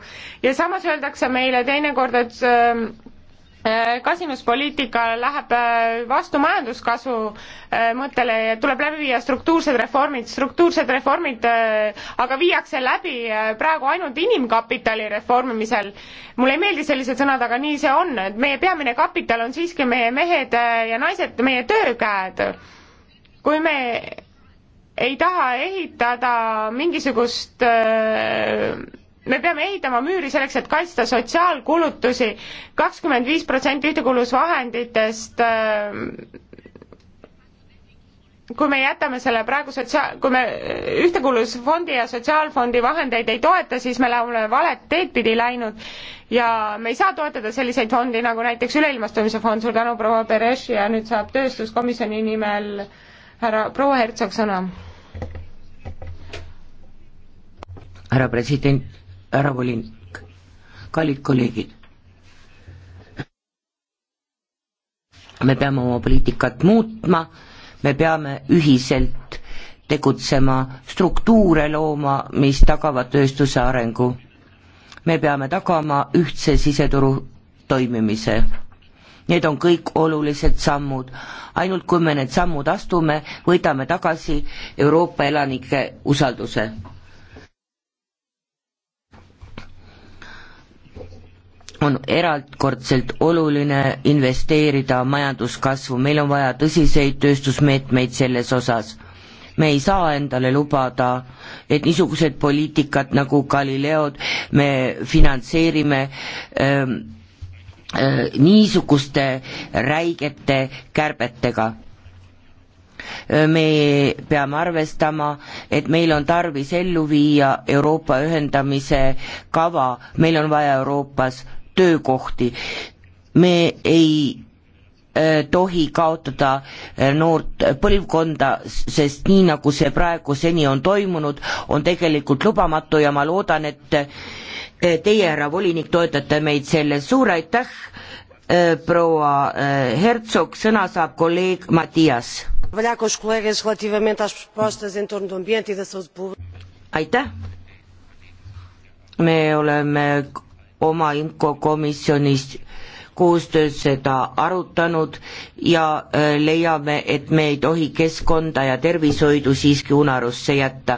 ja samas öeldakse meile teinekord, et ehm, Äh, kasinuspoliitika läheb äh, vastu majanduskasvu äh, mõttele ja tuleb läbi viia struktuursed reformid, struktuursed reformid aga viiakse läbi praegu ainult inimkapitali reformimisel. mulle ei meeldi sellised sõnad, aga nii see on, et meie peamine kapital on siiski meie mehed ja naised, meie töökäed. kui me ei taha ehitada mingisugust öö, me peame ehitama müüri selleks, et kaitsta sotsiaalkulutusi, kakskümmend viis protsenti ühtekuuluvusvahenditest äh, kui me jätame selle praegu sotsia-, kui me äh, Ühtekuuluvusfondi ja Sotsiaalfondi vahendeid ei toeta, siis me oleme valet teed pidi läinud ja me ei saa toetada selliseid fondi nagu näiteks Üleilmastumise Fond, suur tänu, proua Perez, ja nüüd saab tööstuskomisjoni nimel härra proua Hertsog sõna. härra president härra volinik, kallid kolleegid. me peame oma poliitikat muutma, me peame ühiselt tegutsema, struktuure looma, mis tagavad tööstuse arengu. me peame tagama ühtse siseturu toimimise. Need on kõik olulised sammud, ainult kui me need sammud astume, võidame tagasi Euroopa elanike usalduse on erakordselt oluline investeerida majanduskasvu, meil on vaja tõsiseid tööstusmeetmeid selles osas. me ei saa endale lubada, et niisugused poliitikad nagu Galileod me finantseerime ähm, äh, niisuguste räigete kärbetega äh, me peame arvestama, et meil on tarvis ellu viia Euroopa ühendamise kava, meil on vaja Euroopas töökohti. me ei äh, tohi kaotada äh, noort põlvkonda, sest nii, nagu see praegu seni on toimunud, on tegelikult lubamatu ja ma loodan, et äh, teie, härra volinik, toetate meid selles, suur aitäh, proua Hertsog, sõna saab kolleeg Matias. E aitäh, me oleme oma infokomisjonis koostöös seda arutanud ja äh, leiame, et me ei tohi keskkonda ja tervishoidu siiski unarusse jätta.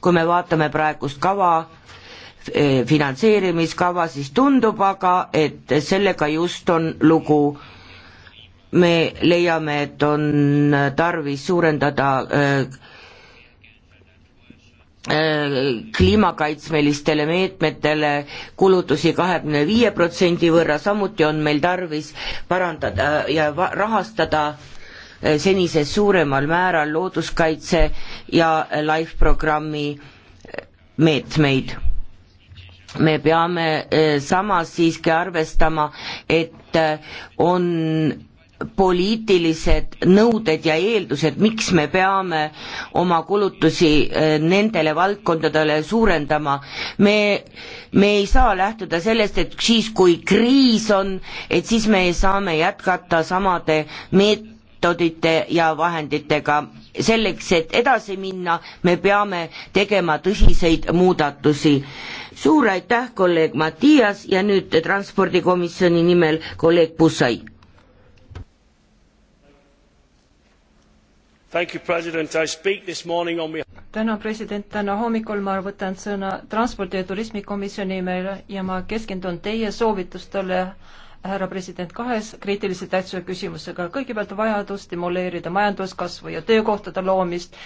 kui me vaatame praegust kava, äh, finantseerimiskava, siis tundub aga, et sellega just on lugu. me leiame, et on tarvis suurendada äh, kliimakaitsmelistele meetmetele kulutusi kahekümne viie protsendi võrra, samuti on meil tarvis parandada ja rahastada eh, senisest suuremal määral looduskaitse ja LIFE programmi eh, meetmeid me peame eh, samas siiski arvestama, et on poliitilised nõuded ja eeldused, miks me peame oma kulutusi eh, nendele valdkondadele suurendama. me, me ei saa lähtuda sellest, et siis, kui kriis on, et siis me saame jätkata samade meetodite ja vahenditega. selleks, et edasi minna, me peame tegema tõsiseid muudatusi. suur aitäh, kolleeg Mattias ja nüüd transpordikomisjoni nimel kolleeg Bussai täna president, täna hommikul ma võtan sõna transpordi ja turismikomisjoni nimel ja ma keskendun teie soovitustele härra president, kahes kriitilise tähtsuse küsimusega. kõigepealt vajadus stimuleerida majanduskasvu ja töökohtade loomist,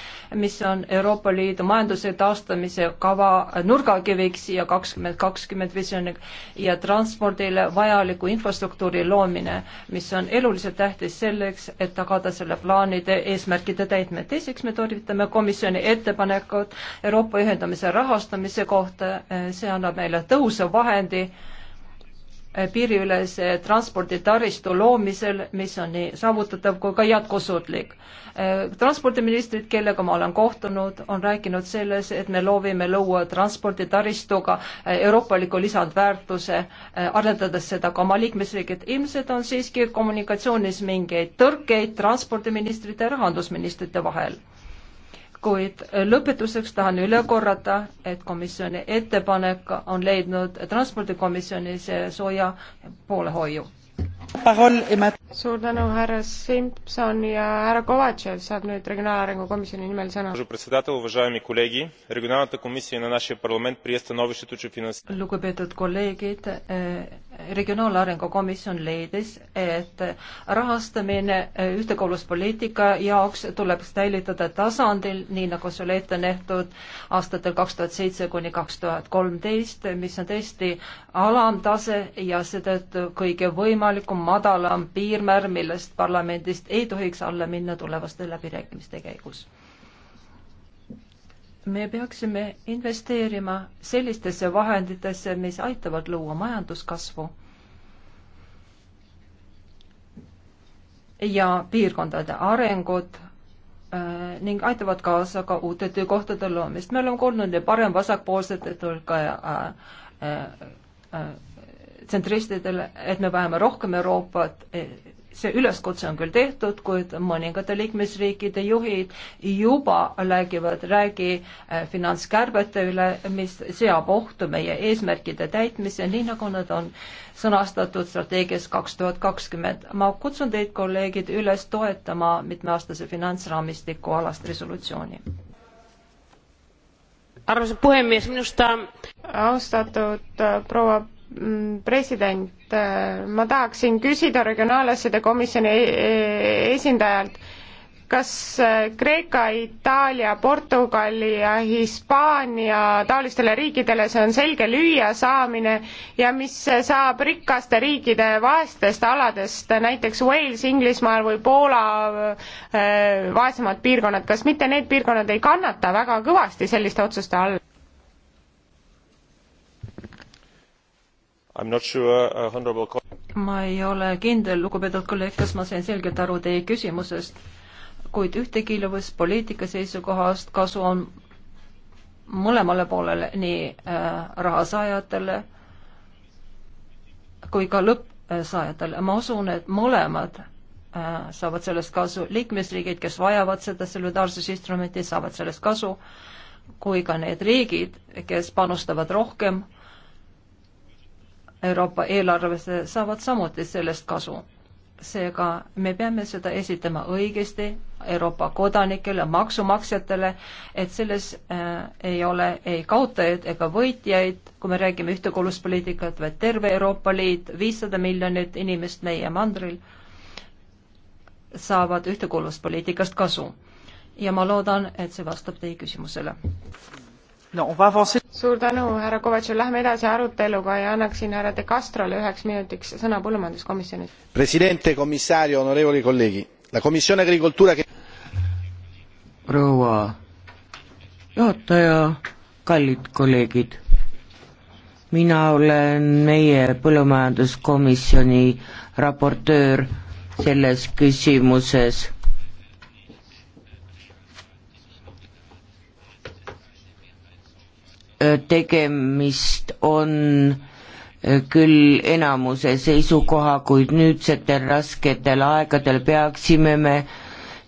mis on Euroopa Liidu majanduse taastamise kava nurgakiviks ja kakskümmend kakskümmend visiooniga ja transpordile vajaliku infrastruktuuri loomine, mis on eluliselt tähtis selleks, et tagada selle plaanide eesmärkide täitmine. teiseks me toonitame komisjoni ettepanekut Euroopa ühendamise rahastamise kohta, see annab meile tõhusa vahendi Eh, piiriülese transporditaristu loomisel, mis on nii saavutatav kui ka jätkusuutlik. Eh, transpordiministrid, kellega ma olen kohtunud, on rääkinud selles, et me loovime luua transporditaristuga eh, euroopaliku lisandväärtuse, arendades seda ka oma liikmesriigid. ilmselt on siiski kommunikatsioonis mingeid tõrkeid transpordiministrite ja rahandusministrite vahel kuid lõpetuseks tahan üle korrata, et komisjoni ettepanek on leidnud transpordikomisjonis sooja poolehoiu. suur tänu, härra Simson ja härra Kovatšev saab nüüd Regionaalarengu komisjoni nimel sõna. lugupeetud kolleegid, regionaalarengu komisjon leidis, et rahastamine äh, ühtekuuluvuspoliitika jaoks tuleb säilitada tasandil, nii nagu see oli ette nähtud aastatel kaks tuhat seitse kuni kaks tuhat kolmteist, mis on tõesti alamtase ja seetõttu kõige võimalikum madalam piirmäär, millest parlamendist ei tohiks alla minna tulevaste läbirääkimiste käigus me peaksime investeerima sellistesse vahenditesse, mis aitavad luua majanduskasvu ja piirkondade arengut äh, ning aitavad kaasa ka uute töökohtade loomist. me oleme kuulnud parem-vasakpoolsete hulka ja äh, äh, äh, tsentristidele, et me vajame rohkem Euroopat äh, see üleskutse on küll tehtud, kuid mõningate liikmesriikide juhid juba räägivad räägi äh, finantskärbete üle, mis seab ohtu meie eesmärkide täitmise, nii nagu nad on sõnastatud strateegias kaks tuhat kakskümmend. ma kutsun teid, kolleegid, üles toetama mitmeaastase finantsraamistiku alast resolutsiooni. arvoisa puhemies, minusta austatud äh, proua Mm, president, äh, ma tahaksin küsida regionaalasjade komisjoni e-, e-, esindajalt, kas äh, Kreeka, Itaalia, Portugali ja Hispaania taolistele riikidele see on selge lüüasaamine ja mis saab rikaste riikide vaestest aladest, näiteks Wales, Inglismaal või Poola äh, vaesemad piirkonnad, kas mitte need piirkonnad ei kannata väga kõvasti selliste otsuste all? Sure, uh, ma ei ole kindel, lugupeetud kolleeg, kas ma sain selgelt aru teie küsimusest, kuid ühtekilluvuspoliitika seisukohast kasu on mõlemale poolele, nii äh, rahasaajatele kui ka lõppsaajatele. ma usun, et mõlemad äh, saavad sellest kasu, liikmesriigid, kes vajavad seda solidaarsusinstrumenti, saavad sellest kasu, kui ka need riigid, kes panustavad rohkem äh, Euroopa eelarvesse saavad samuti sellest kasu. seega me peame seda esitama õigesti Euroopa kodanikele, maksumaksjatele, et selles äh, ei ole ei kaotajaid ega võitjaid, kui me räägime ühtekuuluvuspoliitikat, vaid terve Euroopa Liit, viissada miljonit inimest meie mandril saavad ühtekuuluvuspoliitikast kasu. ja ma loodan, et see vastab teie küsimusele no, suur tänu, härra Kovatšev, lähme edasi aruteluga ja annaksin härra De Castrole üheks minutiks sõna põllumajanduskomisjonis. presidente, komissario, honorevoli kolleegi, la commissione agricultura que.... proua juhataja, kallid kolleegid, mina olen meie põllumajanduskomisjoni raportöör selles küsimuses tegemist on küll enamuse seisukoha, kuid nüüdsetel rasketel aegadel peaksime me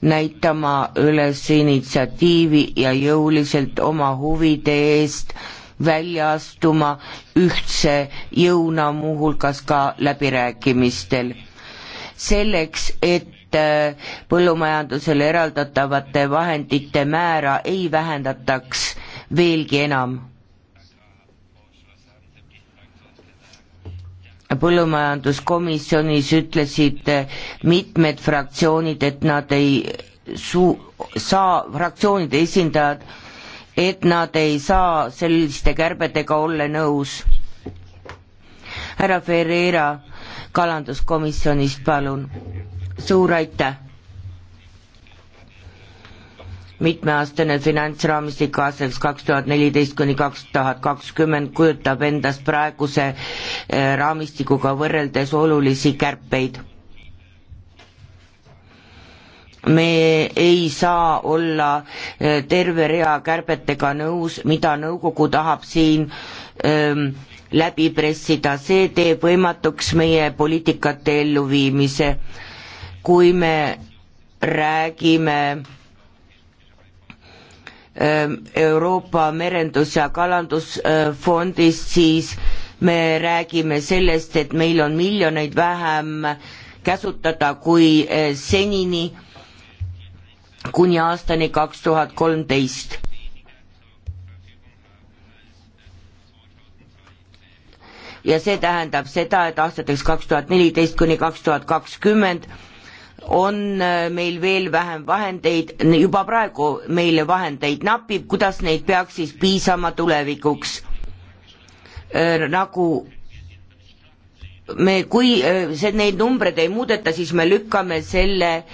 näitama üles initsiatiivi ja jõuliselt oma huvide eest välja astuma ühtse jõuna, muuhulgas ka läbirääkimistel. selleks, et põllumajandusele eraldatavate vahendite määra ei vähendataks veelgi enam põllumajanduskomisjonis ütlesid eh, mitmed fraktsioonid, et nad ei su-, saa, fraktsioonide esindajad, et nad ei saa selliste kärbetega olla nõus. härra Ferreira kalanduskomisjonist, palun. suur aitäh! mitmeaastane finantsraamistik aastaks kaks tuhat neliteist kuni kaks tuhat kakskümmend kujutab endast praeguse eh, raamistikuga võrreldes olulisi kärpeid. me ei saa olla eh, terve rea kärbetega nõus, mida nõukogu tahab siin öö, ehm, läbi pressida, see teeb võimatuks meie poliitikate elluviimise. kui me räägime Ähm, Euroopa Merendus- ja Kalandusfondist, siis me räägime sellest, et meil on miljoneid vähem käsutada kui äh, senini kuni aastani kaks tuhat kolmteist. ja see tähendab seda, et aastateks kaks tuhat neliteist kuni kaks tuhat kakskümmend on äh, meil veel vähem vahendeid, juba praegu meile vahendeid napib, kuidas neid peaks siis piisama tulevikuks? Äh, nagu me, kui äh, see, neid numbreid ei muudeta, siis me lükkame selle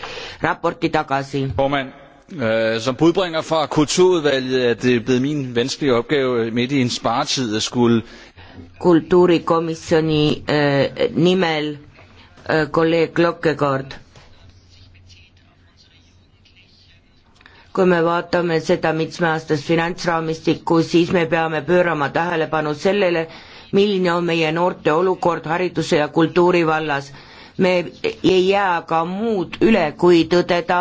raporti tagasi. Øh, som budbringer fra kulturudvalget er det blevet min vanskelige opgave midt i en sparetid at skulle kultuurikomisjoni äh, nimel äh, kolleeg Lokkekaart kui me vaatame seda mitmeaastast finantsraamistikku, siis me peame pöörama tähelepanu sellele, milline on meie noorte olukord hariduse ja kultuuri vallas. me ei jää ka muud üle, kui tõdeda,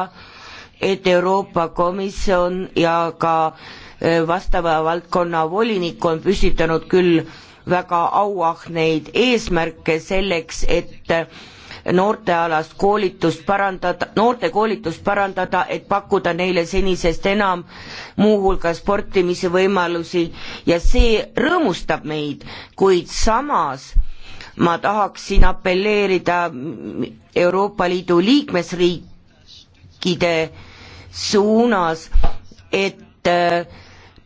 et Euroopa Komisjon ja ka e, vastava valdkonna volinik on püstitanud küll väga auahneid eesmärke selleks, et noortealast koolitust parandada, noorte koolitust parandada, et pakkuda neile senisest enam muuhulgas sportimise võimalusi ja see rõõmustab meid, kuid samas ma tahaksin apelleerida Euroopa Liidu liikmesriikide suunas, et äh,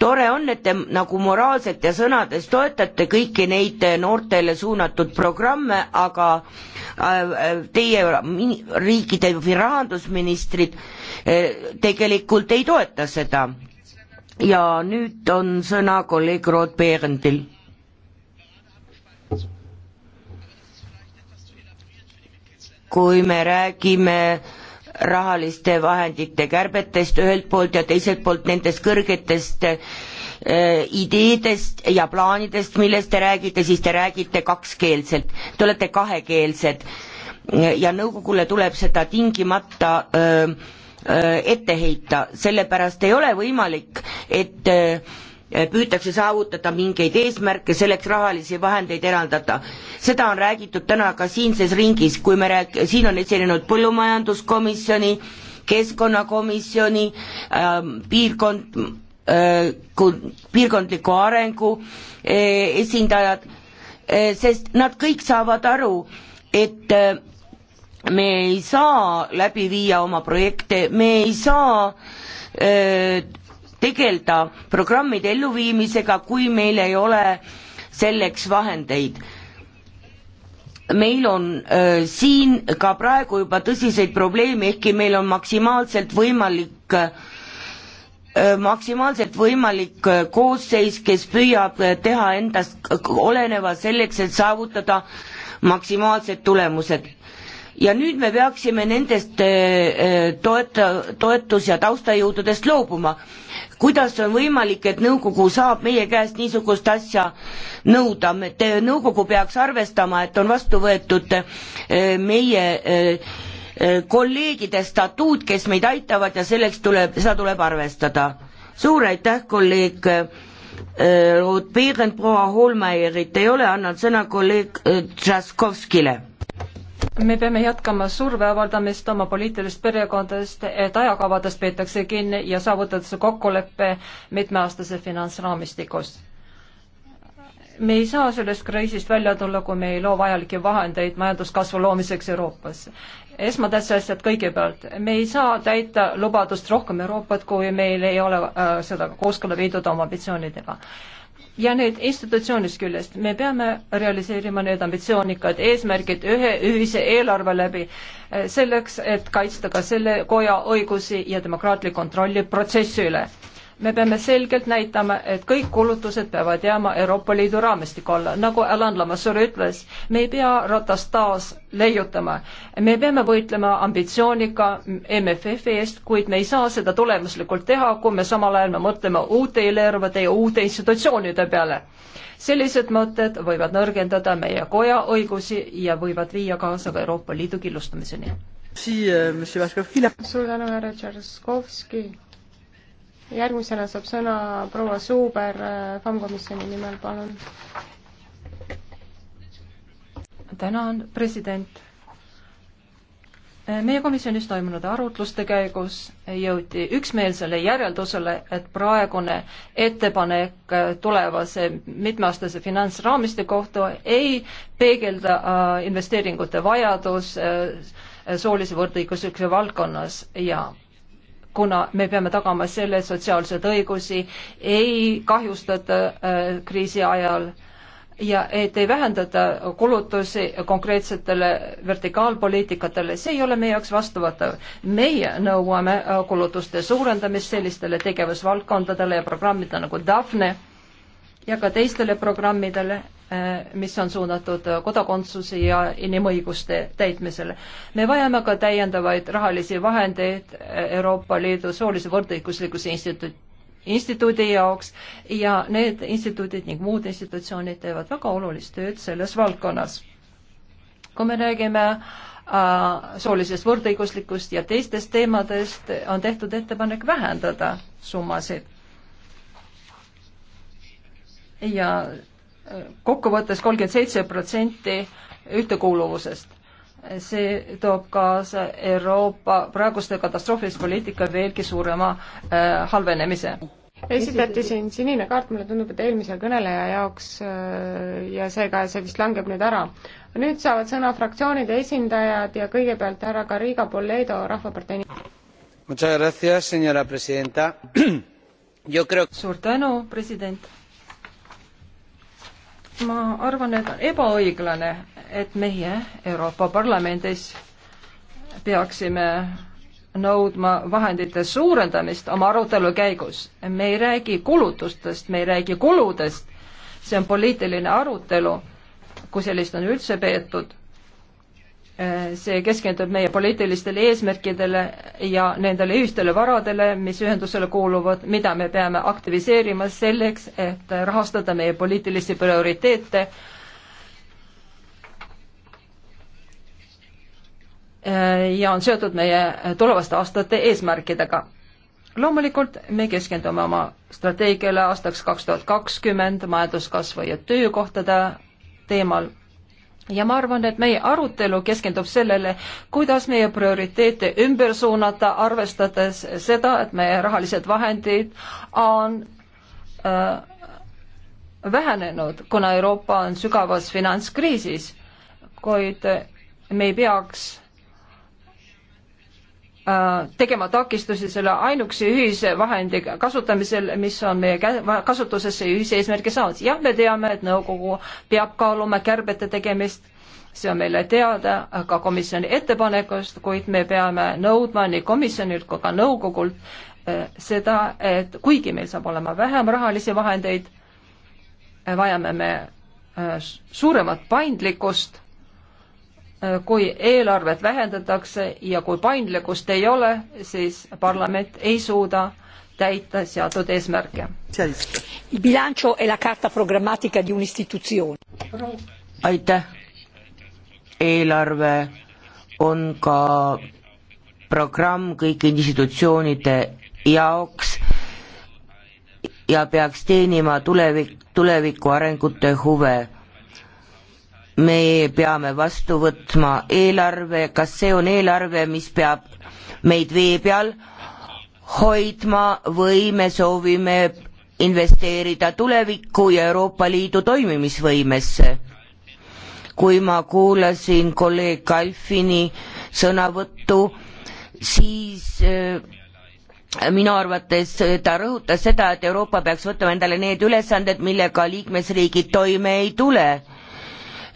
tore on, et te nagu moraalselt ja sõnades toetate kõiki neid eh, noortele suunatud programme, aga äh, äh, teie riikide või rahandusministrid eh, tegelikult ei toeta seda. ja nüüd on sõna kolleeg Rood-Berendil kui me räägime rahaliste vahendite kärbetest ühelt poolt ja teiselt poolt nendest kõrgetest eh, ideedest ja plaanidest, millest te räägite, siis te räägite kakskeelselt, te olete kahekeelsed ja nõukogule tuleb seda tingimata öö, eh, öö, eh, ette heita, sellepärast ei ole võimalik, et öö, Eh, püütakse saavutada mingeid eesmärke, selleks rahalisi vahendeid eraldada. seda on räägitud täna ka siinses ringis, kui me rääk-, siin on esinenud põllumajanduskomisjoni, keskkonnakomisjoni ähm,, piirkond äh,, piirkondliku arengu äh, esindajad äh,, sest nad kõik saavad aru, et äh, me ei saa läbi viia oma projekte, me ei saa öö, äh, tegeleda programmide elluviimisega, kui meil ei ole selleks vahendeid. meil on äh, siin ka praegu juba tõsiseid probleeme, ehkki meil on maksimaalselt võimalik äh, maksimaalselt võimalik äh, koosseis, kes püüab äh, teha endast oleneva selleks, et saavutada maksimaalsed tulemused ja nüüd me peaksime nendest toeta-, toetus- ja taustajõududest loobuma kuidas on võimalik, et nõukogu saab meie käest niisugust asja nõuda, et nõukogu peaks arvestama, et on vastu võetud eh, meie eh, eh, kolleegide statuut, kes meid aitavad ja selleks tuleb, seda tuleb arvestada. suur aitäh, kolleeg Ruth Berenbroa Holmeirit ei ole, annan sõna kolleeg Tšaskovskile me peame jätkama surve avaldamist oma poliitilist perekondadest, et ajakavadest peetakse kinni ja saavutatakse kokkulepe mitmeaastase finantsraamistikus. me ei saa sellest kriisist välja tulla, kui me ei loo vajalikke vahendeid majanduskasvu loomiseks Euroopas. esmatähtsad asjad kõigepealt, me ei saa täita lubadust rohkem Euroopat, kui meil ei ole äh, seda kooskõlla viidud oma ambitsioonidega ja nüüd institutsioonist küljest, me peame realiseerima need ambitsioonikad eesmärgid ühe ühise eelarve läbi, eh, selleks, et kaitsta ka selle koja õigusi ja demokraatlik kontrolli protsessi üle me peame selgelt näitama, et kõik kulutused peavad jääma Euroopa Liidu raamistiku alla, nagu Alan Lamassur ütles, me ei pea ratast taas leiutama. me peame võitlema ambitsiooniga MFF-i eest, kuid me ei saa seda tulemuslikult teha, kui me samal ajal me mõtleme uute eelarvete ja uute institutsioonide peale. sellised mõtted võivad nõrgendada meie koja õigusi ja võivad viia kaasa ka Euroopa Liidu killustamiseni. Euh, suur tänu, härra Tšerskovski järgmisena saab sõna proua Suuber äh, FAM-komisjoni nimel, palun. tänan, president. Äh, meie komisjonis toimunud arutluste käigus jõuti üksmeelsele järeldusele, et praegune ettepanek äh, tulevase mitmeaastase finantsraamistiku kohta ei peegelda investeeringute vajadus soolise võrdõiguslikkuse valdkonnas ja kuna me peame tagama selle, et sotsiaalseid õigusi ei kahjustata äh, kriisi ajal ja et ei vähendata kulutusi konkreetsetele vertikaalpoliitikatele, see ei ole meie jaoks vastuvõetav. meie nõuame äh, kulutuste suurendamist sellistele tegevusvaldkondadele ja programmidele nagu Daphne ja ka teistele programmidele, Äh, mis on suunatud kodakondsuse ja inimõiguste täitmisele. me vajame ka täiendavaid rahalisi vahendeid Euroopa Liidu soolise võrdõiguslikkuse instituut, instituudi jaoks ja need instituudid ning muud institutsioonid teevad väga olulist tööd selles valdkonnas. kui me räägime äh, soolisest võrdõiguslikust ja teistest teemadest, on tehtud ettepanek vähendada summasid. ja kokkuvõttes kolmkümmend seitse protsenti ühtekuuluvusest. see toob kaasa Euroopa praeguste katastroofilise poliitika veelgi suurema äh, halvenemise. esitati siin sinine kaart, mulle tundub, et eelmise kõneleja jaoks äh, ja seega see vist langeb nüüd ära. nüüd saavad sõna fraktsioonide esindajad ja kõigepealt härra Garriga Polledo Rahvapartei nimel. suur tänu, president ma arvan, et on ebaõiglane, et meie Euroopa Parlamendis peaksime nõudma vahendite suurendamist oma arutelu käigus. me ei räägi kulutustest, me ei räägi kuludest, see on poliitiline arutelu, kui sellist on üldse peetud see keskendub meie poliitilistele eesmärkidele ja nendele ühistele varadele, mis ühendusele kuuluvad, mida me peame aktiviseerima selleks, et rahastada meie poliitilisi prioriteete. ja on seotud meie tulevaste aastate eesmärkidega. loomulikult me keskendume oma strateegiale aastaks kaks tuhat kakskümmend majanduskasvu ja töökohtade teemal ja ma arvan, et meie arutelu keskendub sellele, kuidas meie prioriteete ümber suunata, arvestades seda, et meie rahalised vahendid on äh, vähenenud, kuna Euroopa on sügavas finantskriisis, kuid me ei peaks Äh, tegema takistusi selle ainuksi ühise vahendi kasutamisel, mis on meie kasutuses ühise eesmärgi saanud. jah, me teame, et nõukogu peab kaaluma kärbete tegemist, see on meile teada ka komisjoni ettepanekust, kuid me peame nõudma nii komisjonilt kui ka nõukogult äh, seda, et kuigi meil saab olema vähem rahalisi vahendeid, äh, vajame me suuremat paindlikkust Äh, kui eelarvet vähendatakse ja kui paindlikkust ei ole, siis parlament ei suuda täita seatud eesmärke. aitäh. eelarve on ka programm kõigi institutsioonide jaoks ja peaks teenima tulevik, tuleviku arengute huve me peame vastu võtma eelarve, kas see on eelarve, mis peab meid vee peal hoidma või me soovime investeerida tulevikku ja Euroopa Liidu toimimisvõimesse. kui ma kuulasin kolleeg Kalfini sõnavõttu, siis äh, minu arvates ta rõhutas seda, et Euroopa peaks võtma endale need ülesanded, millega liikmesriigid toime ei tule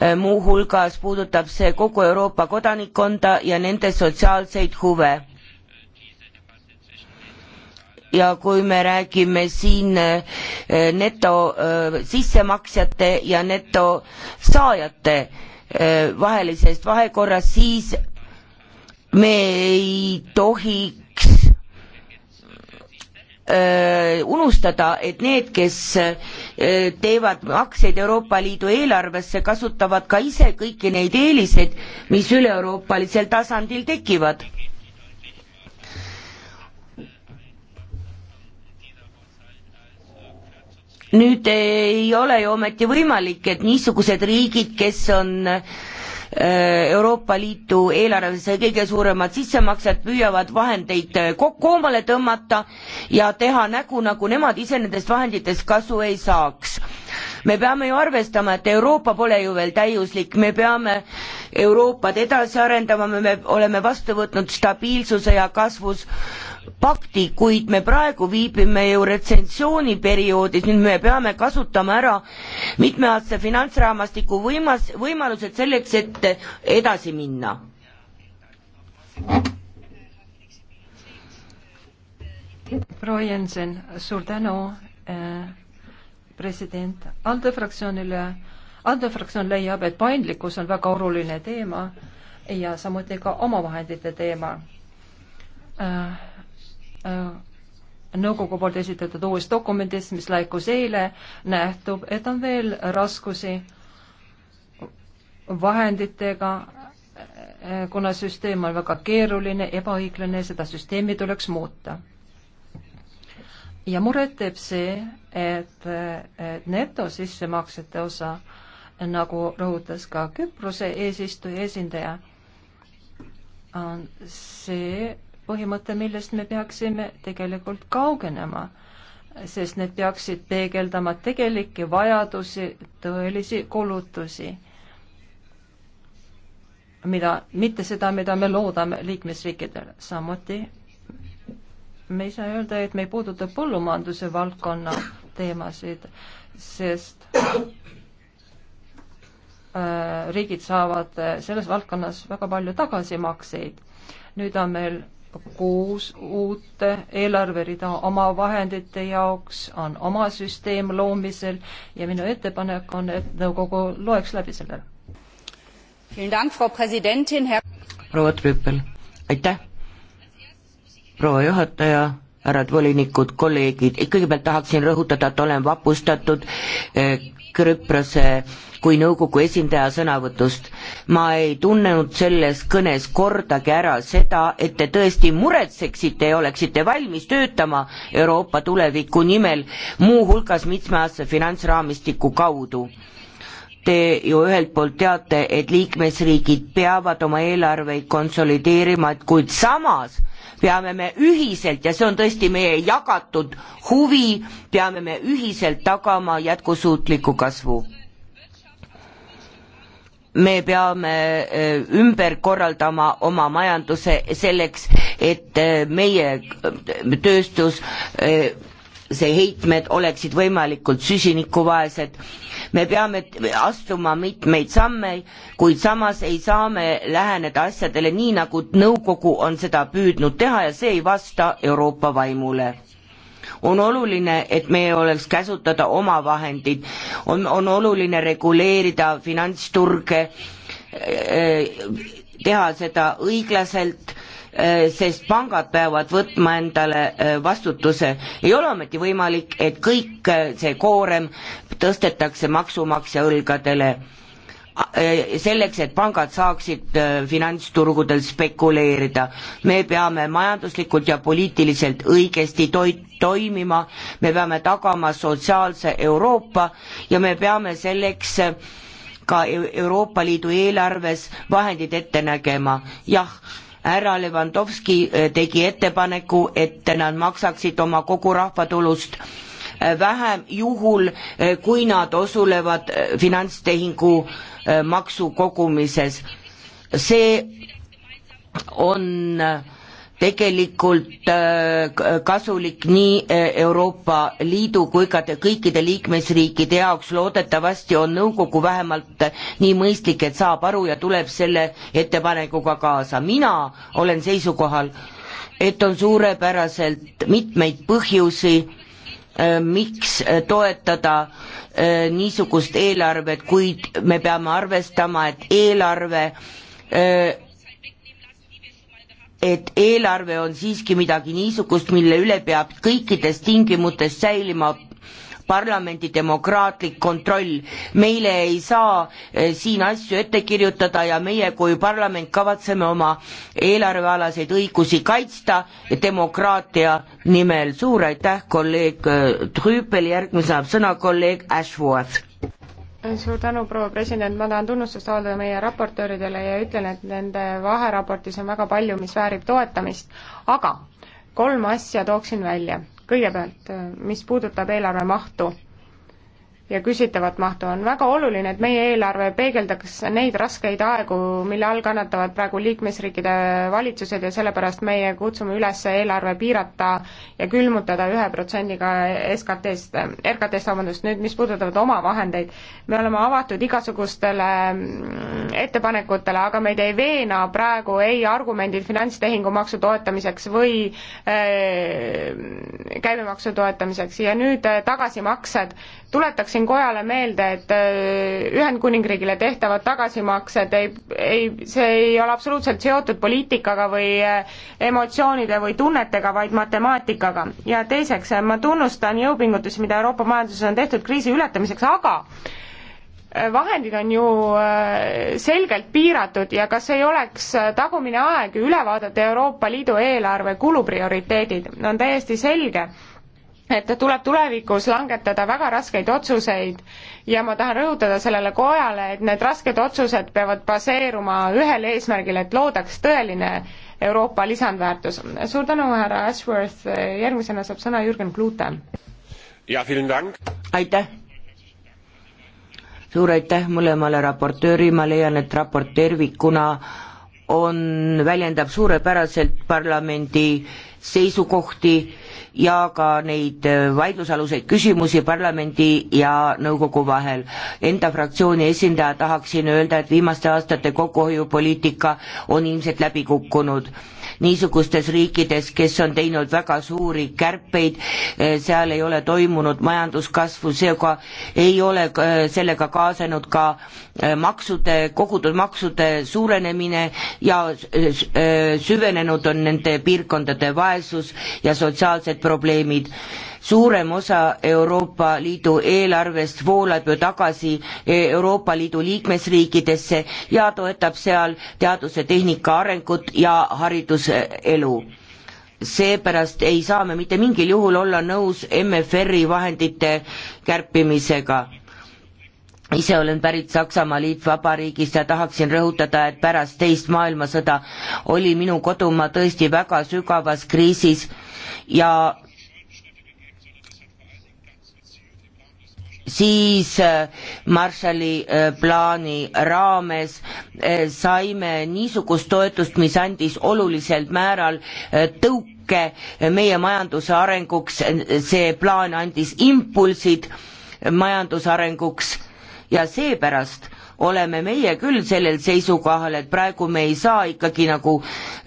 Äh, muuhulgas puudutab see kogu Euroopa kodanikkonda ja nende sotsiaalseid huve. ja kui me räägime siin äh, neto äh, sissemaksjate ja neto saajate vahelisest vahekorrast, siis me ei tohi Äh, unustada, et need, kes äh, teevad makseid Euroopa Liidu eelarvesse, kasutavad ka ise kõiki neid eeliseid, mis üle-euroopalisel tasandil tekivad. nüüd ei ole ju ometi võimalik, et niisugused riigid, kes on äh, Äh, Euroopa Liidu eelarvesse kõige suuremad sissemaksjad püüavad vahendeid äh, koomale tõmmata ja teha nägu, nagu nemad ise nendest vahenditest kasu ei saaks. me peame ju arvestama, et Euroopa pole ju veel täiuslik, me peame Euroopat edasi arendama, me oleme vastu võtnud stabiilsuse ja kasvus pakti, kuid me praegu viibime ju retsensiooniperioodis, nüüd me peame kasutama ära mitmeaastase finantsraamastiku võimas, võimalused selleks, et edasi minna. proua Jensen, suur tänu äh,, president. ALDE fraktsioonile, ALDE fraktsioon leiab, et paindlikkus on väga oluline teema ja samuti ka omavahendite teema äh, Äh, nõukogu poolt esitatud uues dokumendis, mis laekus eile, nähtub, et on veel raskusi vahenditega, äh, kuna süsteem on väga keeruline, ebaõiglane, seda süsteemi tuleks muuta. ja muret teeb see, et, äh, et netosissemaksete osa, nagu rõhutas ka Küprose eesistuja esindaja, on see, põhimõte, millest me peaksime tegelikult kaugenema, sest need peaksid peegeldama tegelikke vajadusi, tõelisi kulutusi, mida, mitte seda, mida me loodame liikmesriikidele. samuti me ei saa öelda, et me ei puuduta põllumajanduse valdkonna teemasid, sest äh, riigid saavad selles valdkonnas väga palju tagasimakseid. nüüd on meil kuus uut eelarverida oma vahendite jaoks, on oma süsteem loomisel ja minu ettepanek on, et nõukogu loeks läbi selle. proua Trüppel, aitäh! proua juhataja, härrad volinikud, kolleegid, kõigepealt tahaksin rõhutada, et olen vapustatud eh, Küprose eh, kui nõukogu esindaja sõnavõtust. ma ei tunnenud selles kõnes kordagi ära seda, et te tõesti muretseksite ja oleksite valmis töötama Euroopa tuleviku nimel, muuhulgas mitmeaastase finantsraamistiku kaudu te ju ühelt poolt teate, et liikmesriigid peavad oma eelarveid konsolideerima, et kuid samas peame me ühiselt ja see on tõesti meie jagatud huvi, peame me ühiselt tagama jätkusuutliku kasvu me peame äh, ümber korraldama oma majanduse selleks, et äh, meie äh, tööstus see heitmed oleksid võimalikult süsinikuvaesed. me peame astuma mitmeid samme, kuid samas ei saa me läheneda asjadele nii, nagu nõukogu on seda püüdnud teha ja see ei vasta Euroopa vaimule on oluline, et meil oleks käsutada omavahendid, on, on oluline reguleerida finantsturge, eh, teha seda õiglaselt, eh, sest pangad peavad võtma endale eh, vastutuse. ei ole ometi võimalik, et kõik see koorem tõstetakse maksumaksja õlgadele Äh, selleks, et pangad saaksid äh, finantsturgudel spekuleerida. me peame majanduslikult ja poliitiliselt õigesti toi-, toimima, me peame tagama sotsiaalse Euroopa ja me peame selleks äh, ka e-, Euroopa Liidu eelarves vahendid ette nägema, jah härra Levanovski tegi ettepaneku, et nad maksaksid oma kogu rahvatulust vähem juhul, eh, kui nad osulevad eh, finantstehingu eh, maksu kogumises. see on tegelikult kasulik nii Euroopa Liidu kui ka kõikide liikmesriikide jaoks, loodetavasti on nõukogu vähemalt nii mõistlik, et saab aru ja tuleb selle ettepanekuga kaasa. mina olen seisukohal, et on suurepäraselt mitmeid põhjusi Äh, miks äh, toetada äh, niisugust eelarvet, kuid me peame arvestama, et eelarve et eelarve on siiski midagi niisugust, mille üle peab kõikides tingimustes säilima parlamendi demokraatlik kontroll. meile ei saa eh, siin asju ette kirjutada ja meie kui parlament kavatseme oma eelarvealaseid õigusi kaitsta demokraatia nimel. suur aitäh, kolleeg eh, Trüüpel, järgmisena saab sõna kolleeg Ashworth suur tänu, proua president, ma tahan tunnustust avaldada meie raportööridele ja ütlen, et nende vaheraportis on väga palju, mis väärib toetamist, aga kolm asja tooksin välja kõigepealt, mis puudutab eelarve mahtu ja küsitavat mahtu. on väga oluline, et meie eelarve peegeldaks neid raskeid aegu, mille all kannatavad praegu liikmesriikide valitsused ja sellepärast meie kutsume üles eelarve piirata ja külmutada ühe protsendiga SKT-st, RKT-st, vabandust, nüüd mis puudutavad omavahendeid, me oleme avatud igasugustele mm, ettepanekutele, aga meid ei veena praegu ei argumendid finantstehingumaksu toetamiseks või äh, käibemaksu toetamiseks ja nüüd äh, tagasimaksed, tuletaks tuletaksin kojale meelde, et äh, Ühendkuningriigile tehtavad tagasimaksed ei, ei, see ei ole absoluutselt seotud poliitikaga või äh, emotsioonide või tunnetega, vaid matemaatikaga. ja teiseks, äh, ma tunnustan jõupingutusi, mida Euroopa majanduses on tehtud kriisi ületamiseks, aga vahendid on ju selgelt piiratud ja kas ei oleks tagumine aeg üle vaadata Euroopa Liidu eelarve kuluprioriteedid, on täiesti selge et tuleb tulevikus langetada väga raskeid otsuseid ja ma tahan rõhutada sellele kojale, et need rasked otsused peavad baseeruma ühel eesmärgil, et loodaks tõeline Euroopa lisandväärtus. suur tänu, härra Ashworth, järgmisena saab sõna Jürgen Klute. aitäh! suur aitäh mõlemale raportööri, ma leian, et raport tervikuna on, väljendab suurepäraselt parlamendi seisukohti ja ka neid äh, vaidlusaluseid küsimusi parlamendi ja nõukogu vahel. Enda fraktsiooni esindaja tahaksin öelda, et viimaste aastate kokkuhoiupoliitika on ilmselt läbi kukkunud niisugustes riikides, kes on teinud väga suuri kärpeid, eh, seal ei ole toimunud majanduskasvu, seega ei ole eh, sellega kaasanud ka eh, maksude, kogutud maksude suurenemine ja süvenenud on nende piirkondade vaesus ja sotsiaalsed probleemid suurem osa Euroopa Liidu eelarvest voolab ju tagasi Euroopa Liidu liikmesriikidesse ja toetab seal teaduse, tehnika arengut ja hariduselu. seepärast ei saa me mitte mingil juhul olla nõus MFR-i vahendite kärpimisega ise olen pärit Saksamaa Liitvabariigist ja tahaksin rõhutada, et pärast teist maailmasõda oli minu kodumaa tõesti väga sügavas kriisis ja siis äh, Marshalli äh, plaani raames äh, saime niisugust toetust, mis andis olulisel määral tõuke meie majanduse arenguks, see plaan andis impulsid majandusarenguks ja seepärast oleme meie küll sellel seisukohal, et praegu me ei saa ikkagi nagu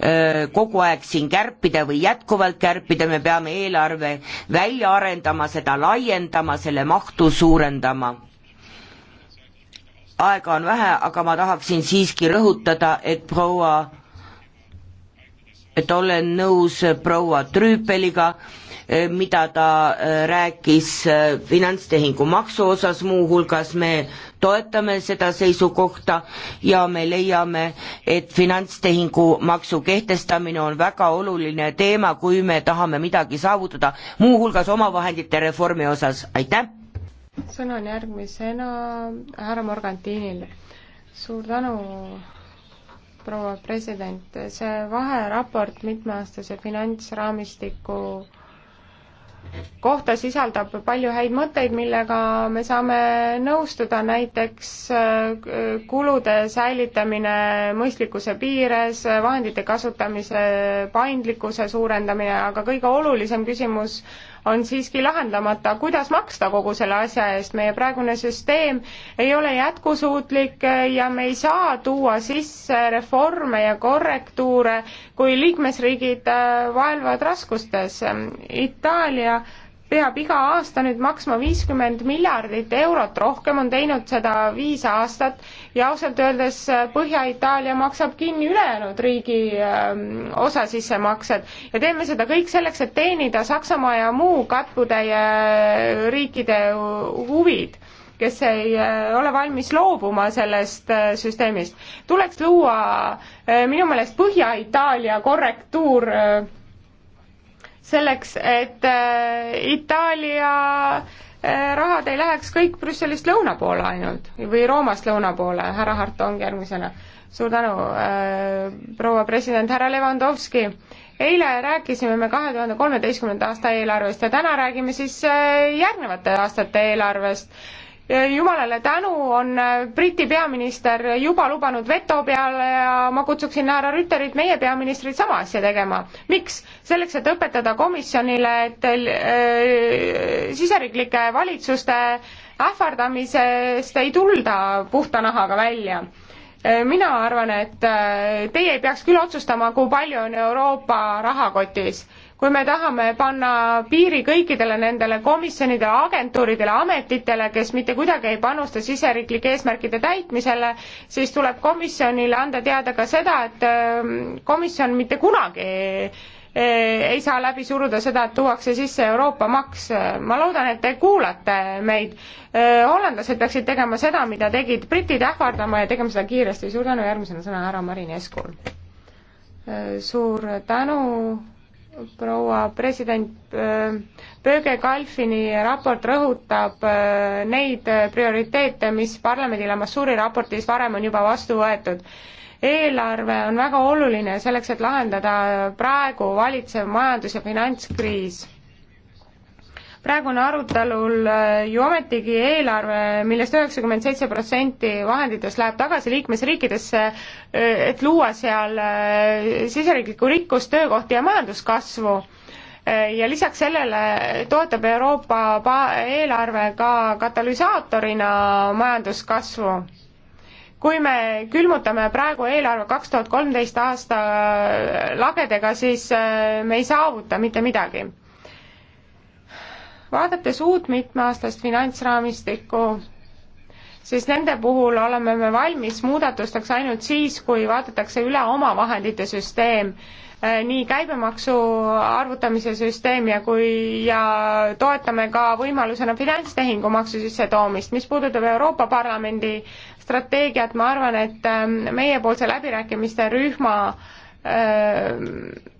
öö, kogu aeg siin kärpida või jätkuvalt kärpida, me peame eelarve välja arendama, seda laiendama, selle mahtu suurendama. aega on vähe, aga ma tahaksin siiski rõhutada, et proua, et olen nõus proua Trüüpeliga, Äh, mida ta äh, rääkis äh, finantstehingu maksu osas, muuhulgas me toetame seda seisukohta ja me leiame, et finantstehingu maksu kehtestamine on väga oluline teema, kui me tahame midagi saavutada, muuhulgas omavahendite reformi osas, aitäh! sõna on järgmisena härra Morgantinil. suur tänu proua president, see vaheraport mitmeaastase finantsraamistiku kohta sisaldab palju häid mõtteid, millega me saame nõustuda, näiteks äh, kulude säilitamine mõistlikkuse piires, vahendite kasutamise paindlikkuse suurendamine, aga kõige olulisem küsimus on siiski lahendamata, kuidas maksta kogu selle asja eest, meie praegune süsteem ei ole jätkusuutlik eh, ja me ei saa tuua sisse reforme ja korrektuure, kui liikmesriigid eh, vaevlevad raskustes. Itaalia peab iga aasta nüüd maksma viiskümmend miljardit eurot, rohkem on teinud seda viis aastat ja ausalt öeldes äh, Põhja-Itaalia maksab kinni ülejäänud riigi ähm, osa sissemaksed ja teeme seda kõik selleks, et teenida Saksamaa ja muu katkutäie äh, riikide huvid kes ei äh, ole valmis loobuma sellest süsteemist. tuleks luua minu meelest Põhja-Itaalia korrektuur selleks, et äh, Itaalia äh, rahad ei läheks kõik Brüsselist lõuna poole ainult või Roomast lõuna poole, härra Hartong järgmisena. suur tänu äh,, proua president, härra Levandovski. eile rääkisime me kahe tuhande kolmeteistkümnenda aasta eelarvest ja täna räägime siis äh, järgnevate aastate eelarvest jumalale tänu, on äh, Briti peaminister juba lubanud veto peale ja ma kutsuksin härra Rüterit, meie peaministrit, sama asja tegema. miks? selleks, et õpetada komisjonile, et äh, siseriiklike valitsuste ähvardamisest ei tulda puhta nahaga välja äh, mina arvan, et äh, teie ei peaks küll otsustama, kui palju on Euroopa rahakotis kui me tahame panna piiri kõikidele nendele komisjonidele, agentuuridele, ametitele, kes mitte kuidagi ei panusta siseriiklike eesmärkide täitmisele, siis tuleb komisjonile anda teada ka seda, et äh, komisjon mitte kunagi äh, ei saa läbi suruda seda, et tuuakse sisse Euroopa maks. ma loodan, et te kuulate meid. Äh, hollandlased peaksid tegema seda, mida tegid britid, ähvardama ja tegema seda kiiresti. suur tänu, järgmisena sõna härra Marin Eskul. suur tänu proua president, äh, Böge Kalfini raport rõhutab äh, neid äh, prioriteete, mis parlamendi Lamassuuri raportis varem on juba vastu võetud. eelarve on väga oluline selleks, et lahendada praegu valitsev majandus- ja finantskriis praegu on arutelul äh, ju ometigi eelarve, millest üheksakümmend seitse protsenti vahenditest läheb tagasi liikmesriikidesse, äh, et luua seal äh, siseriiklikku rikkust, töökohti ja majanduskasvu ja lisaks sellele toetab Euroopa eelarve ka katalüsaatorina majanduskasvu. kui me külmutame praegu eelarve kaks tuhat kolmteist aasta lagedega, siis me ei saavuta mitte midagi vaadates uut mitmeaastast finantsraamistikku, siis nende puhul oleme me valmis muudatusteks ainult siis, kui vaadatakse üle omavahendite süsteem, eh, nii käibemaksu arvutamise süsteem ja kui, ja toetame ka võimalusena finantstehingumaksu sissetoomist. mis puudutab Euroopa Parlamendi strateegiat, ma arvan, et eh, meiepoolse läbirääkimiste rühma öö, eh,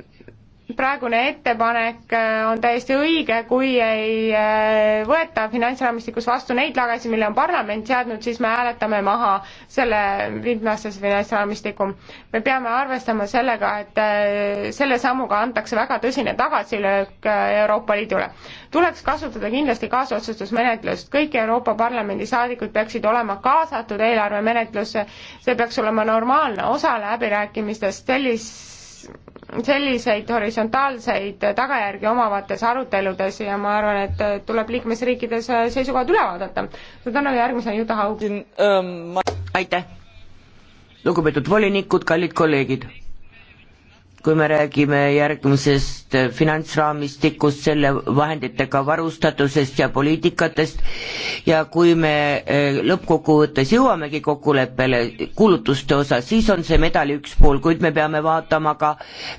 praegune ettepanek äh, on täiesti õige, kui ei äh, võeta finantsraamistikus vastu neid lagasid, mille on parlament seadnud, siis me hääletame maha selle viimastase finantsraamistiku. me peame arvestama sellega, et äh, selle sammuga antakse väga tõsine tagasilöök Euroopa Liidule. tuleks kasutada kindlasti kaasotsustusmenetlust, kõik Euroopa Parlamendi saadikud peaksid olema kaasatud eelarvemenetlusse, see peaks olema normaalne osa läbirääkimistest, sellist selliseid horisontaalseid tagajärgi omavates aruteludes ja ma arvan, et tuleb liikmesriikides seisukohad üle vaadata. suur tänu, järgmisena Juta Haug. Ähm, aitäh! lugupeetud volinikud, kallid kolleegid! kui me räägime järgmisest finantsraamistikust, selle vahenditega varustatusest ja poliitikatest ja kui me eh, lõppkokkuvõttes jõuamegi kokkuleppele kulutuste osas, siis on see medali üks pool, kuid me peame vaatama ka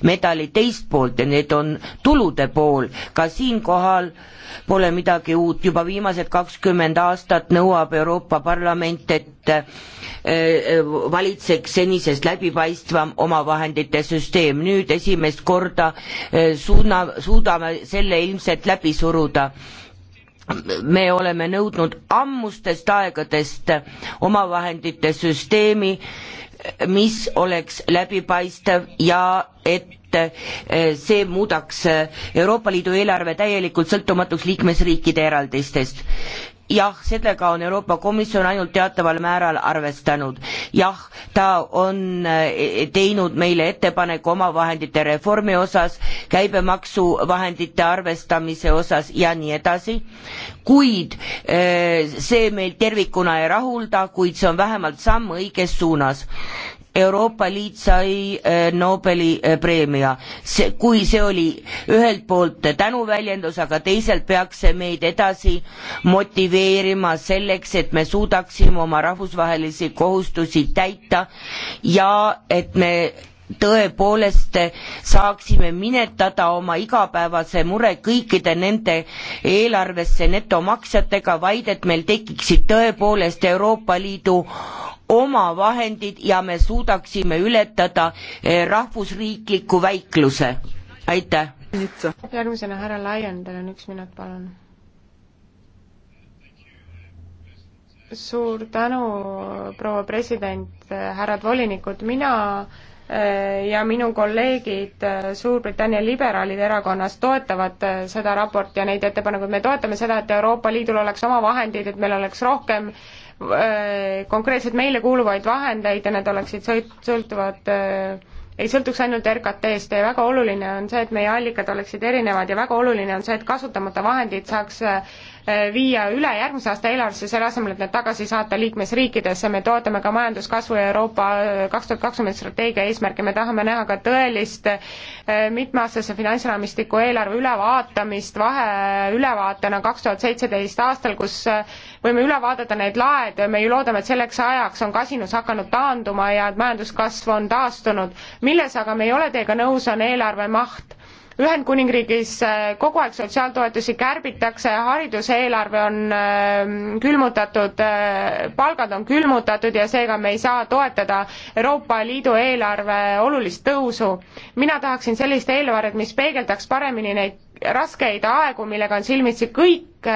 medali teist poolt ja need on tulude pool. ka siinkohal pole midagi uut, juba viimased kakskümmend aastat nõuab Euroopa Parlament, et Äh, äh, valitseks senisest läbipaistvam omavahendite süsteem. nüüd esimest korda äh, suuna, suudame selle ilmselt läbi suruda me oleme nõudnud ammustest aegadest omavahendite süsteemi, mis oleks läbipaistev ja et see muudaks Euroopa Liidu eelarve täielikult sõltumatuks liikmesriikide eraldistest jah, sellega on Euroopa Komisjon ainult teataval määral arvestanud. jah, ta on eh, teinud meile ettepaneku omavahendite reformi osas, käibemaksuvahendite arvestamise osas ja nii edasi, kuid eh, see meid tervikuna ei rahulda, kuid see on vähemalt samm õiges suunas. Euroopa Liit sai eh, Nobeli eh, preemia. see, kui see oli ühelt poolt tänuväljendus, aga teisalt peaks see meid edasi motiveerima selleks, et me suudaksime oma rahvusvahelisi kohustusi täita ja et me tõepoolest saaksime minetada oma igapäevase mure kõikide nende eelarvesse netomaksjatega, vaid et meil tekiksid tõepoolest Euroopa Liidu oma vahendid ja me suudaksime ületada eh, rahvusriikliku väikluse. aitäh! järgmisena härra Laian, teil on üks minut, palun. suur tänu, proua president, eh, härrad volinikud, mina eh, ja minu kolleegid Suurbritannia liberaalide erakonnas toetavad seda raporti ja neid ettepanekuid, me toetame seda, et Euroopa Liidul oleks oma vahendid, et meil oleks rohkem äh, Äh, konkreetselt meile kuuluvaid vahendeid ja need oleksid sõlt-, sõltuvad äh, ei sõltuks ainult RKT-st ja väga oluline on see, et meie allikad oleksid erinevad ja väga oluline on see, et kasutamata vahendid saaks äh, Äh, viia üle järgmise aasta eelarvesse, selle asemel, et need tagasi saata liikmesriikidesse, me toetame ka majanduskasvu ja Euroopa äh, kaks tuhat kakskümmend strateegia eesmärke, me tahame näha ka tõelist äh, mitmeaastase finantsraamistiku eelarve ülevaatamist vaheülevaatena kaks tuhat seitseteist aastal, kus võime üle vaadata need laed, me ju loodame, et selleks ajaks on kasinus hakanud taanduma ja et majanduskasv on taastunud. milles aga me ei ole teiega nõus, on eelarve maht Ühendkuningriigis äh, kogu aeg sotsiaaltoetusi kärbitakse, hariduse eelarve on äh, külmutatud, äh, palgad on külmutatud ja seega me ei saa toetada Euroopa Liidu eelarve olulist tõusu. mina tahaksin sellist eelarvet, mis peegeldaks paremini neid raskeid aegu, millega on silmitsi kõik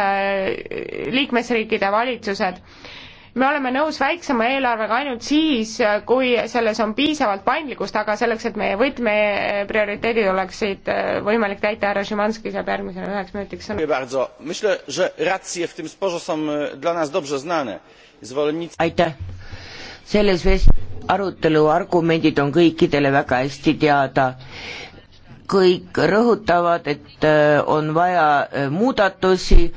liikmesriikide valitsused me oleme nõus väiksema eelarvega ainult siis, kui selles on piisavalt paindlikkust, aga selleks, et meie võtmeprioriteedid oleksid äh, võimalik täita, härra Šimanski saab järgmisena üheks minutiks sõna. E, aitäh, selles vest-, arutelu argumendid on kõikidele väga hästi teada kõik rõhutavad, et e, on vaja e, muudatusi,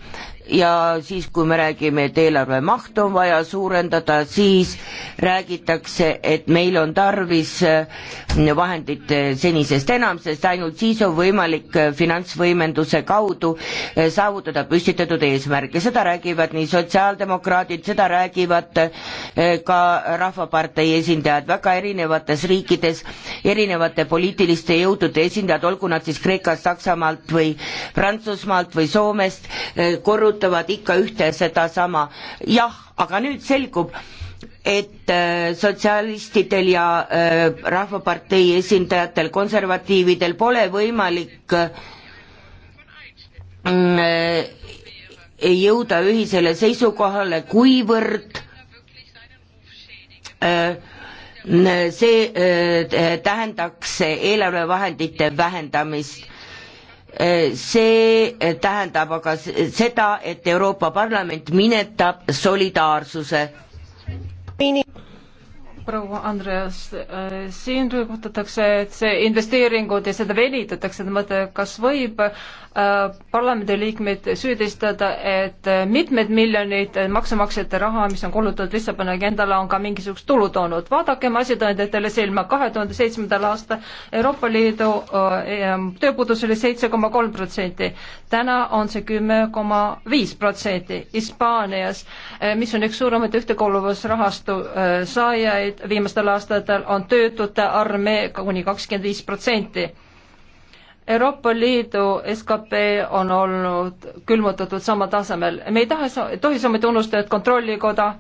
ja siis, kui me räägime, et eelarve maht on vaja suurendada, siis räägitakse, et meil on tarvis äh, vahendit senisest enam, sest ainult siis on võimalik äh, finantsvõimenduse kaudu äh, saavutada püstitatud eesmärke, seda räägivad nii sotsiaaldemokraadid, seda räägivad ka Rahvapartei esindajad väga erinevates riikides, erinevate poliitiliste jõudude esindajad, olgu nad siis Kreekast, Saksamaalt või Prantsusmaalt või Soomest, korrut-, rõhutavad ikka ühte sedasama. jah, aga nüüd selgub, et äh, sotsialistidel ja äh, Rahvapartei esindajatel, konservatiividel pole võimalik äh, mm, jõuda ühisele seisukohale, kuivõrd see tähendaks eelarvevahendite vähendamist see tähendab aga seda, et Euroopa Parlament minetab solidaarsuse proua Andreas, äh, siin rõhutatakse, et see investeeringud ja seda venitatakse, ma mõtlen, kas võib äh, parlamendiliikmeid süüdistada, et äh, mitmed miljonid maksumaksjate raha, mis on kulutatud Lissaboni agendale, on ka mingisugust tulu toonud. vaadakem asjatõendajatele silma, kahe tuhande seitsmendal aastal Euroopa Liidu äh, tööpuudus oli seitse koma kolm protsenti, täna on see kümme koma viis protsenti. Hispaanias, äh, mis on üks suuremaid ühtekuuluvusrahastu äh, saajaid, et viimastel aastatel on töötute armee kuni kakskümmend viis protsenti. Euroopa Liidu skp on olnud külmutatud sama tasemel. me ei taha, tohi samuti unustada, et Kontrollikoda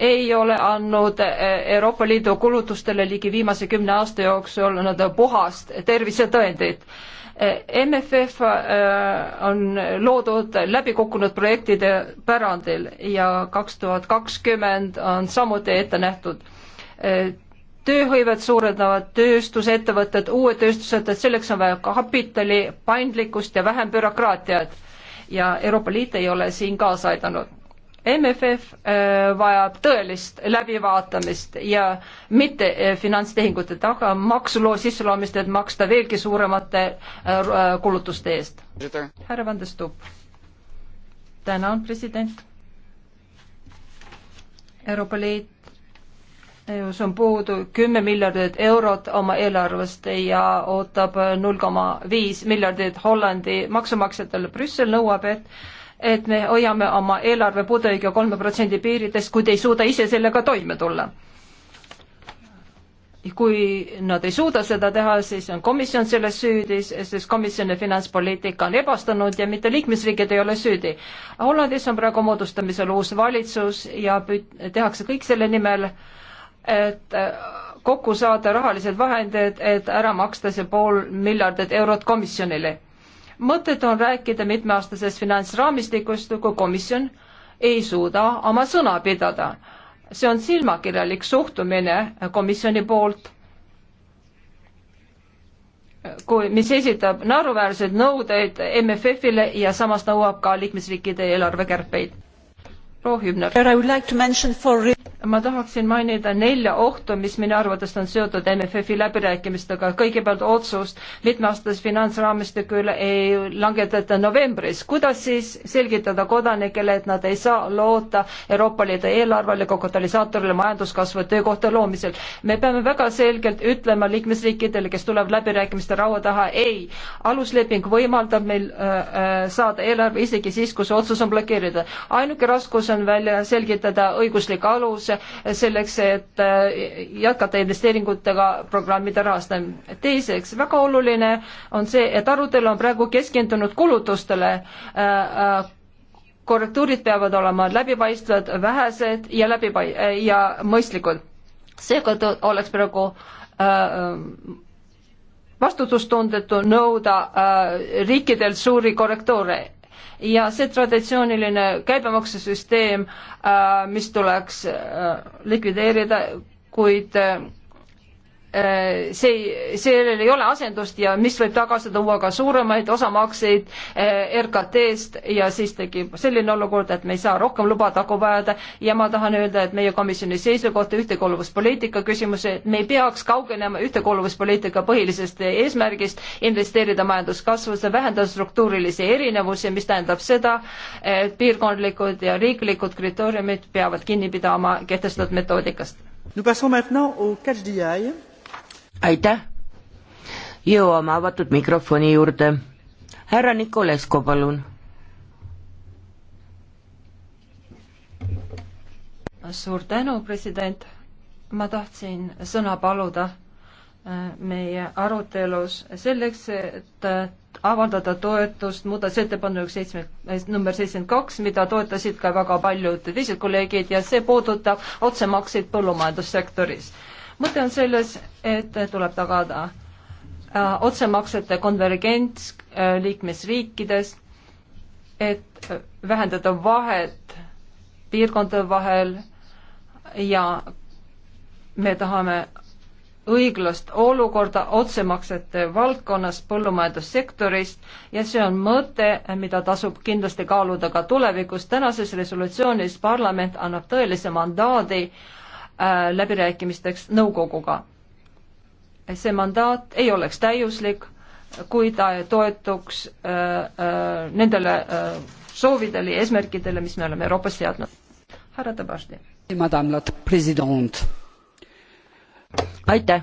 ei ole andnud eh, Euroopa Liidu kulutustele ligi viimase kümne aasta jooksul nii-öelda puhast tervisetõendit eh, MFF eh, on loodud läbikukkunud projektide pärandil ja kaks tuhat kakskümmend on samuti ette nähtud tööhõivet suurendavad tööstusettevõtted, uued tööstusettevõtted, selleks on vaja kapitali, paindlikkust ja vähem bürokraatiat. ja Euroopa Liit ei ole siin kaasa aidanud. MFF äh, vajab tõelist läbivaatamist ja mitte äh, finantstehingute taga maksuloo sisseloomist, et maksta veelgi suuremate äh, kulutuste eest. härra Vandestup. tänan, president. Euroopa Liit see on puudu kümme miljardit eurot oma eelarvest ja ootab null koma viis miljardit Hollandi maksumaksjatele. Brüssel nõuab, et et me hoiame oma eelarve pudeliga kolme protsendi piirides, kuid ei suuda ise sellega toime tulla. kui nad ei suuda seda teha, siis on komisjon selles süüdi, sest komisjoni finantspoliitika on ebastunud ja mitte liikmesriigid ei ole süüdi. Hollandis on praegu moodustamisel uus valitsus ja tehakse kõik selle nimel äh, et äh, kokku saada rahalised vahendid, et ära maksta see pool miljardit eurot komisjonile. mõttetu on rääkida mitmeaastasest finantsraamistikust, kui komisjon ei suuda oma sõna pidada. see on silmakirjalik suhtumine komisjoni poolt, kui, mis esitab naeruväärseid nõudeid MFF-ile ja samas nõuab ka liikmesriikide eelarvekärpeid. proua Hübner ma tahaksin mainida nelja ohtu, mis minu arvates on seotud MFF-i läbirääkimistega. kõigepealt otsust mitmeaastase finantsraamistiku üle ei langetata novembris. kuidas siis selgitada kodanikele, et nad ei saa loota Euroopa Liidu eelarvele, katalysaatorile majanduskasvu töökohta loomisel? me peame väga selgelt ütlema liikmesriikidele, kes tulevad läbirääkimiste laua taha, ei, alusleping võimaldab meil äh, äh, saada eelarve isegi siis, kui see otsus on blokeeritud. ainuke raskus on välja selgitada õiguslik alus, toetus selleks, et äh, jätkata investeeringutega programmide rahastamine. teiseks, väga oluline on see, et arutelu on praegu keskendunud kulutustele äh, äh, korrektuurid peavad olema läbipaistvad, vähesed ja läbipai- ja mõistlikud. seega oleks praegu äh, vastutustundetu nõuda äh, riikidelt suuri korrektuure ja see traditsiooniline käibemaksusüsteem, äh, mis tuleks äh, likvideerida, kuid äh, Äh, see, sellel ei ole asendust ja mis võib tagasi tuua ka suuremaid osamakseid äh, RKT-st ja siis tekib selline olukord, et me ei saa rohkem luba tagu vajada ja ma tahan öelda, et meie komisjoni seisukoht ühtekuuluvuspoliitika küsimuse, et me ei peaks kaugenema ühtekuuluvuspoliitika põhilisest eesmärgist investeerida majanduskasvusse, vähendada struktuurilisi erinevusi, mis tähendab seda, et piirkondlikud ja riiklikud kriteeriumid peavad kinni pidama kehtestatud metoodikast. Nous passons maintenant au catch the eye aitäh. jõuame avatud mikrofoni juurde. härra Nikolesko, palun. suur tänu, president. ma tahtsin sõna paluda äh, meie arutelus selleks, et äh, avaldada toetust muudatusettepanekuks seitsme, äh, number seitsekümmend kaks, mida toetasid ka väga paljud teised kolleegid ja see puudutab otsemakseid põllumajandussektoris mõte on selles, et tuleb tagada äh, otsemaksete konvergents äh, liikmesriikides, et äh, vähendada vahet piirkondade vahel ja me tahame õiglast olukorda otsemaksete valdkonnas põllumajandussektorist ja see on mõte, mida tasub kindlasti kaaluda ka tulevikus. tänases resolutsioonis parlament annab tõelise mandaadi äh, Äh, läbirääkimisteks nõukoguga. see mandaat ei oleks täiuslik, kui ta toetuks äh, äh, nendele soovidele ja eesmärkidele, mis me oleme Euroopas seadnud. härra Tabasti. aitäh.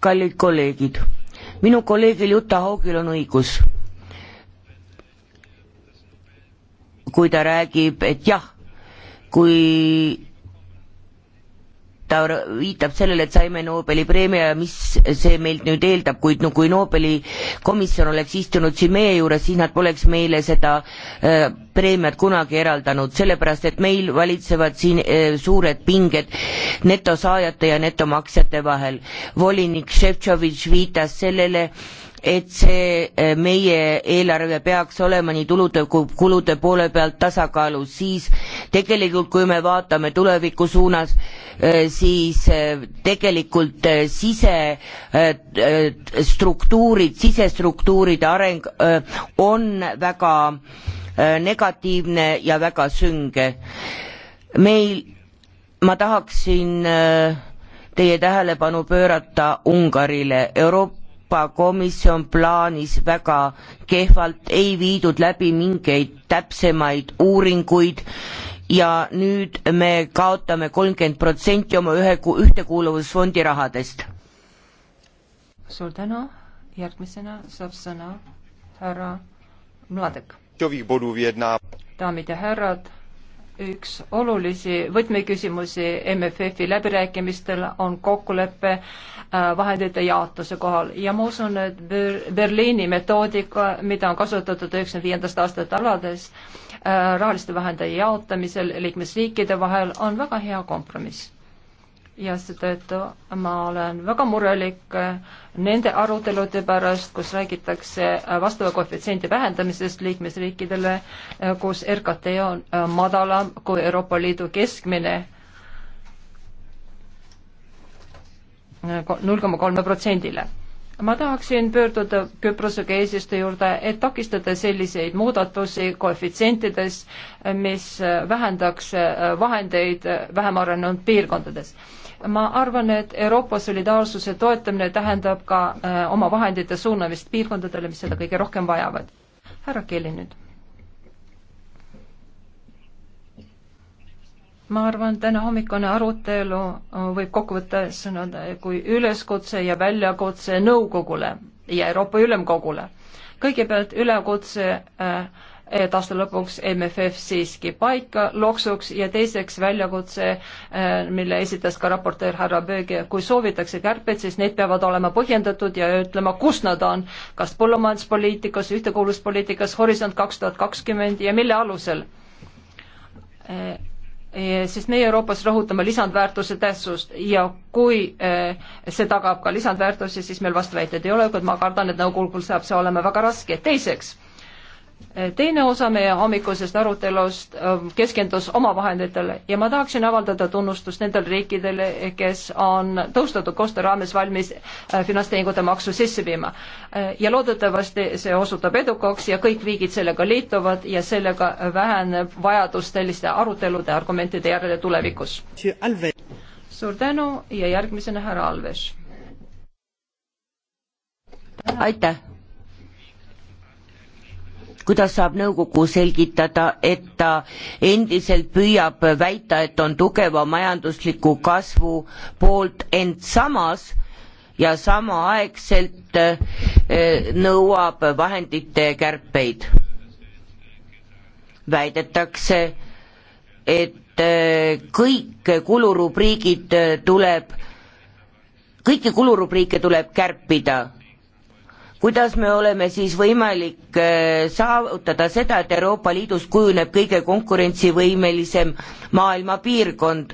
kallid kolleegid, minu kolleegil Juta Haugil on õigus, kui ta räägib, et jah kui ta viitab sellele, et saime Nobeli preemia ja mis see meilt nüüd eeldab, kuid no kui Nobeli komisjon oleks istunud siin meie juures, siis nad poleks meile seda äh, preemiat kunagi eraldanud, sellepärast et meil valitsevad siin äh, suured pinged netosaajate ja netomaksjate vahel. volinik Šefčovič viitas sellele, et see eh, meie eelarve peaks olema nii tulude kui kulude poole pealt tasakaalus, siis tegelikult kui me vaatame tuleviku suunas, eh, siis eh, tegelikult sisestruktuurid, sisestruktuuride areng on väga negatiivne ja väga sünge. meil, ma tahaksin teie tähelepanu pöörata Ungarile, Euroopa Euroopa Komisjon plaanis väga kehvalt, ei viidud läbi mingeid täpsemaid uuringuid ja nüüd me kaotame kolmkümmend protsenti oma ühe, ühtekuuluvusfondi rahadest. suur tänu, järgmisena saab sõna härra Mladek. daamid ja härrad üks olulisi võtmeküsimusi MFF-i läbirääkimistel on kokkulepe äh, vahendite jaotuse kohal ja ma usun, et Berliini metoodika, mida on kasutatud üheksakümne viiendast aastast alates äh, rahaliste vahendite jaotamisel liikmesriikide vahel, on väga hea kompromiss ja seetõttu ma olen väga murelik nende arutelude pärast, kus räägitakse vastava koefitsiendi vähendamisest liikmesriikidele, kus RKT on madalam kui Euroopa Liidu keskmine null koma kolme protsendile ma tahaksin pöörduda Küprosega eesistuja juurde, et takistada selliseid muudatusi koefitsientides, mis vähendaks vahendeid vähem arenenud piirkondades ma arvan, et Euroopa solidaarsuse toetamine tähendab ka äh, oma vahendite suunamist piirkondadele, mis seda kõige rohkem vajavad. härra Kelly nüüd. ma arvan, täna hommikune arutelu võib kokkuvõttes sõnada kui üleskutse ja väljakutse nõukogule ja Euroopa Ülemkogule. kõigepealt ülekutse äh, et aasta lõpuks MFF siiski paika loksuks ja teiseks väljakutse, äh, mille esitas ka raportöör härra Böge, kui soovitakse kärpeid, siis need peavad olema põhjendatud ja ütlema, kus nad on, kas põllumajanduspoliitikas, ühtekuuluvuspoliitikas, Horisont kaks tuhat kakskümmend ja mille alusel äh, Ja sest meie Euroopas rõhutame lisandväärtuse tähtsust ja kui äh, see tagab ka lisandväärtuse, siis meil vastuväiteid ei ole, kuid ma kardan, et nõukogul saab see olema väga raske. teiseks teine osa meie hommikusest arutelust äh, keskendus omavahenditele ja ma tahaksin avaldada tunnustust nendele riikidele, kes on tõustatud koostöö raames valmis äh, finantstehingute maksu sisse viima. Äh, ja loodetavasti see osutub edukaks ja kõik riigid sellega liituvad ja sellega väheneb vajadus selliste arutelude, argumentide järele tulevikus. suur tänu ja järgmisena härra Alves. aitäh kuidas saab nõukogu selgitada, et ta endiselt püüab väita, et on tugeva majandusliku kasvu poolt, ent samas ja samaaegselt eh, nõuab vahendite kärpeid. väidetakse, et eh, kõik kulurubriigid eh, tuleb, kõiki kulurubriike tuleb kärpida kuidas me oleme siis võimalik äh, saavutada seda, et Euroopa Liidus kujuneb kõige konkurentsivõimelisem maailma piirkond,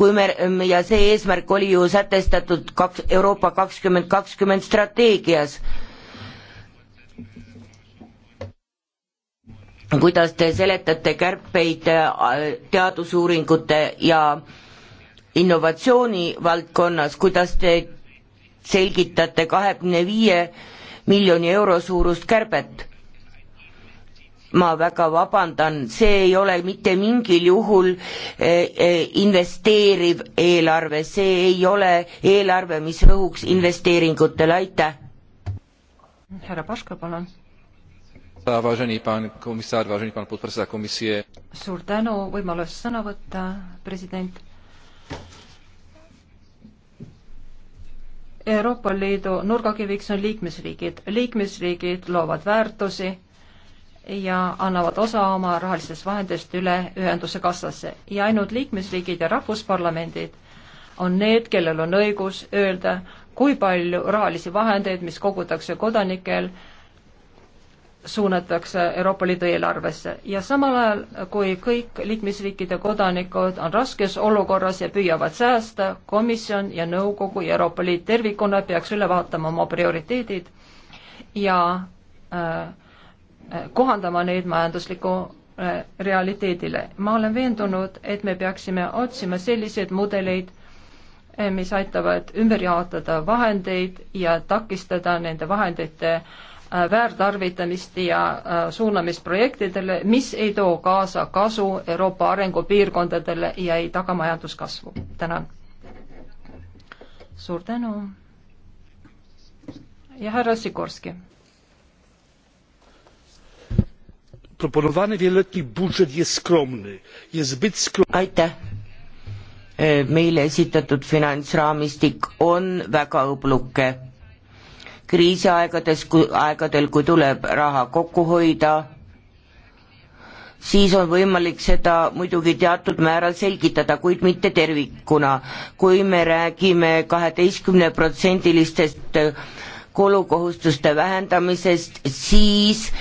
kui me, mm, ja see eesmärk oli ju sätestatud kaks, Euroopa kakskümmend kakskümmend strateegias. kuidas te seletate kärpeid äh, teadusuuringute ja innovatsiooni valdkonnas, kuidas te selgitate kahekümne viie miljoni euro suurust kärbet. ma väga vabandan, see ei ole mitte mingil juhul eh, eh, investeeriv eelarve, see ei ole eelarve, mis rõhuks investeeringutele, aitäh. härra Paška, palun vážený pán komisár, vážený pán podpredseda komisie. Suur tänu võimalust sõna võtta, president. Euroopa Liidu nurgakiviks on liikmesriigid. liikmesriigid loovad väärtusi ja annavad osa oma rahalistest vahenditest üle ühenduse kassasse ja ainult liikmesriigid ja rahvusparlamendid on need, kellel on õigus öelda, kui palju rahalisi vahendeid, mis kogutakse kodanikel äh, suunatakse Euroopa Liidu eelarvesse ja samal ajal, kui kõik liikmesriikide kodanikud on raskes olukorras ja püüavad säästa, komisjon ja nõukogu ja Euroopa Liit tervikuna peaks üle vaatama oma prioriteedid ja äh, kohandama neid majandusliku äh, realiteedile. ma olen veendunud, et me peaksime otsima selliseid mudeleid, äh, mis aitavad ümber jaotada vahendeid ja takistada nende vahendite äh, Äh, väärtarvitamist ja äh, suunamist projektidele, mis ei too kaasa kasu Euroopa arengupiirkondadele ja ei taga majanduskasvu. tänan. suur tänu. ja härra Sikorski. proponowany wieloletni budżet jest skromny, jest zbyt skromny. aitäh e, meile esitatud finantsraamistik on väga õbluke kriisiaegades, aegadel, kui tuleb raha kokku hoida, siis on võimalik seda muidugi teatud määral selgitada, kuid mitte tervikuna. kui me räägime kaheteistkümneprotsendilistest äh, kulukohustuste vähendamisest, siis äh,